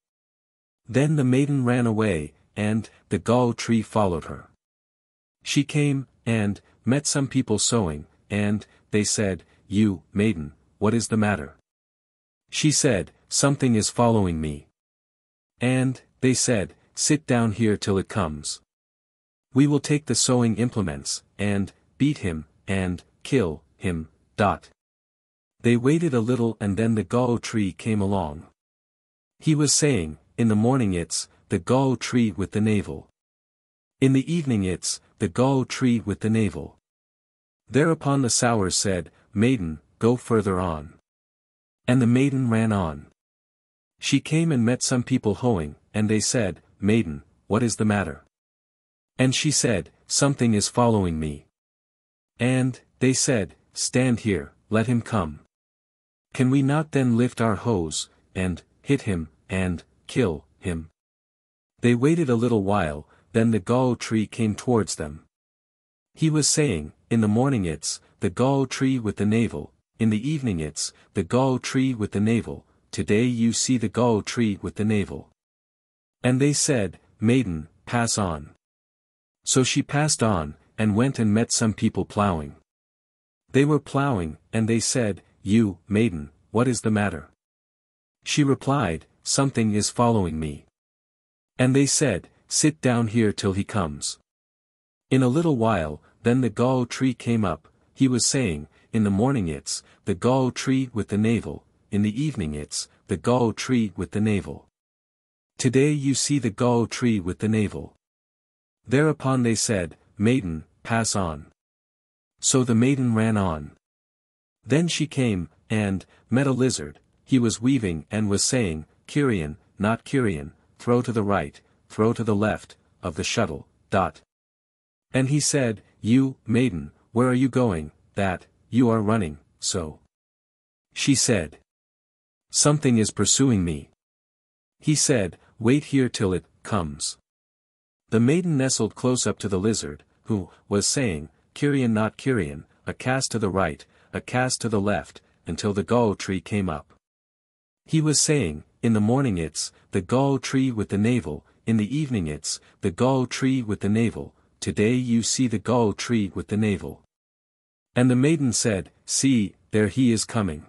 Then the maiden ran away, and, the gall tree followed her. She came, and, met some people sewing, and, they said, You, maiden, what is the matter? She said, Something is following me. And, they said, Sit down here till it comes. We will take the sewing implements, and, beat him, and, kill, him, dot. They waited a little and then the gall tree came along. He was saying, in the morning it's, the gall tree with the navel. In the evening it's, the gall tree with the navel. Thereupon the sower said, Maiden, go further on. And the maiden ran on. She came and met some people hoeing, and they said, Maiden, what is the matter? And she said, Something is following me. And, they said, Stand here, let him come. Can we not then lift our hoes, and, hit him, and, Kill him. They waited a little while, then the gall tree came towards them. He was saying, In the morning it's, the gall tree with the navel, in the evening it's, the gall tree with the navel, today you see the gall tree with the navel. And they said, Maiden, pass on. So she passed on, and went and met some people ploughing. They were ploughing, and they said, You, maiden, what is the matter? She replied, something is following me. And they said, Sit down here till he comes. In a little while, then the gall tree came up, he was saying, In the morning it's, the gall tree with the navel, in the evening it's, the gall tree with the navel. Today you see the gall tree with the navel. Thereupon they said, Maiden, pass on. So the maiden ran on. Then she came, and, met a lizard, he was weaving and was saying, Curian, not Curian, throw to the right, throw to the left, of the shuttle, dot. And he said, You, maiden, where are you going, that, you are running, so. She said. Something is pursuing me. He said, Wait here till it, comes. The maiden nestled close up to the lizard, who, was saying, Curian not Curian, a cast to the right, a cast to the left, until the gall tree came up. He was saying, in the morning it's, the gall tree with the navel, in the evening it's, the gall tree with the navel, today you see the gall tree with the navel. And the maiden said, See, there he is coming.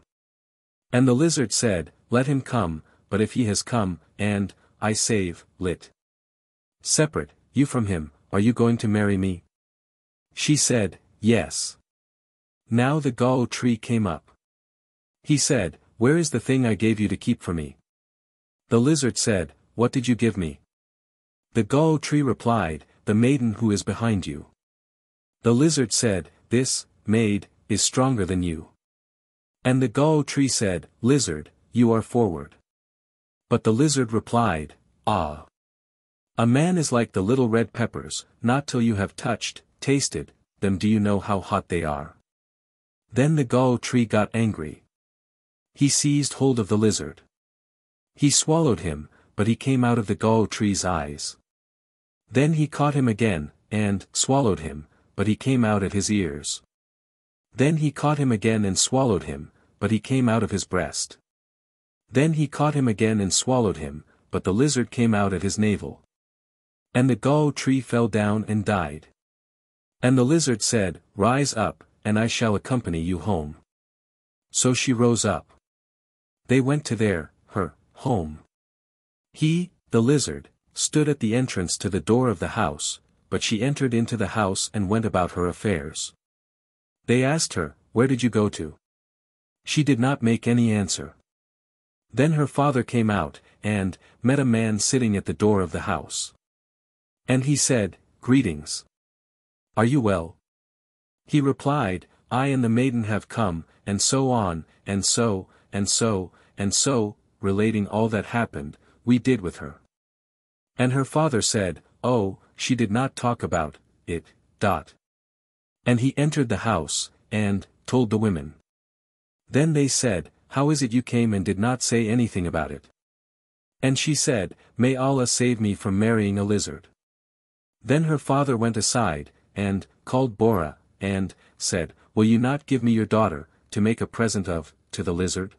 And the lizard said, Let him come, but if he has come, and, I save, lit. Separate, you from him, are you going to marry me? She said, Yes. Now the gall tree came up. He said, Where is the thing I gave you to keep for me? The lizard said, What did you give me? The gall tree replied, The maiden who is behind you. The lizard said, This, maid, is stronger than you. And the gall tree said, Lizard, you are forward. But the lizard replied, Ah. A man is like the little red peppers, not till you have touched, tasted, them do you know how hot they are. Then the gall tree got angry. He seized hold of the lizard. He swallowed him, but he came out of the gall tree's eyes. Then he caught him again, and swallowed him, but he came out at his ears. Then he caught him again and swallowed him, but he came out of his breast. Then he caught him again and swallowed him, but the lizard came out at his navel. And the gall tree fell down and died. And the lizard said, Rise up, and I shall accompany you home. So she rose up. They went to their home. He, the lizard, stood at the entrance to the door of the house, but she entered into the house and went about her affairs. They asked her, Where did you go to? She did not make any answer. Then her father came out, and, met a man sitting at the door of the house. And he said, Greetings. Are you well? He replied, I and the maiden have come, and so on, and so, and so, and so, relating all that happened, we did with her. And her father said, Oh, she did not talk about it, dot. And he entered the house, and told the women. Then they said, How is it you came and did not say anything about it? And she said, May Allah save me from marrying a lizard. Then her father went aside, and, called Bora, and, said, Will you not give me your daughter, to make a present of, to the lizard?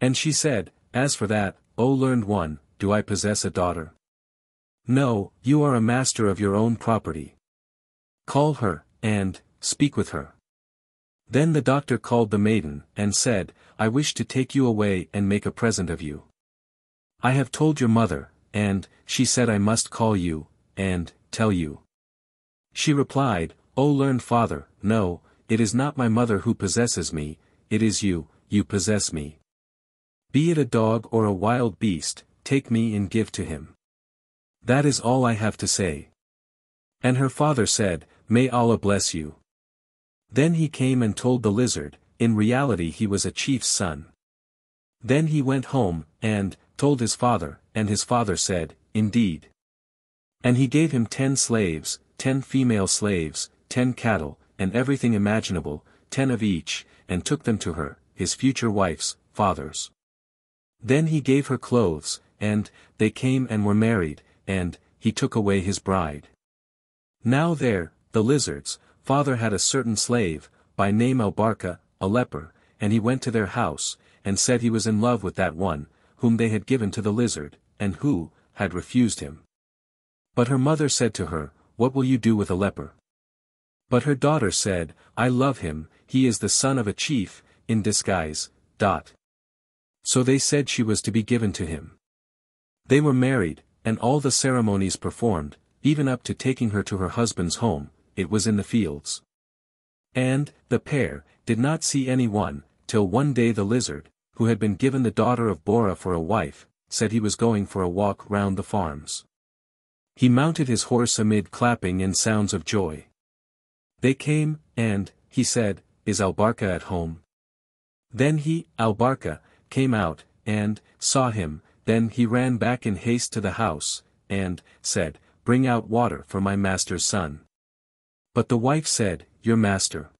And she said, as for that, O learned one, do I possess a daughter? No, you are a master of your own property. Call her, and, speak with her. Then the doctor called the maiden, and said, I wish to take you away and make a present of you. I have told your mother, and, she said I must call you, and, tell you. She replied, O learned father, no, it is not my mother who possesses me, it is you, you possess me. Be it a dog or a wild beast, take me and give to him. That is all I have to say. And her father said, May Allah bless you. Then he came and told the lizard, in reality he was a chief's son. Then he went home, and, told his father, and his father said, Indeed. And he gave him ten slaves, ten female slaves, ten cattle, and everything imaginable, ten of each, and took them to her, his future wife's, father's. Then he gave her clothes, and, they came and were married, and, he took away his bride. Now there, the lizards, father had a certain slave, by name Albarca, a leper, and he went to their house, and said he was in love with that one, whom they had given to the lizard, and who, had refused him. But her mother said to her, What will you do with a leper? But her daughter said, I love him, he is the son of a chief, in disguise, dot. So they said she was to be given to him. They were married, and all the ceremonies performed, even up to taking her to her husband's home, it was in the fields. And, the pair, did not see any one, till one day the lizard, who had been given the daughter of Bora for a wife, said he was going for a walk round the farms. He mounted his horse amid clapping and sounds of joy. They came, and, he said, is Albarca at home? Then he, Albarca, came out, and, saw him, then he ran back in haste to the house, and, said, Bring out water for my master's son. But the wife said, Your master.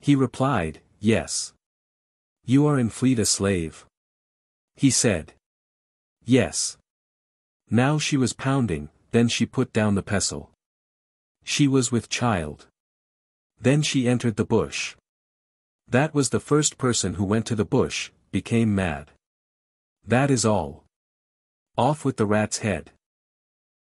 He replied, Yes. You are in fleet a slave. He said. Yes. Now she was pounding, then she put down the pestle. She was with child. Then she entered the bush. That was the first person who went to the bush, became mad. That is all. Off with the rat's head.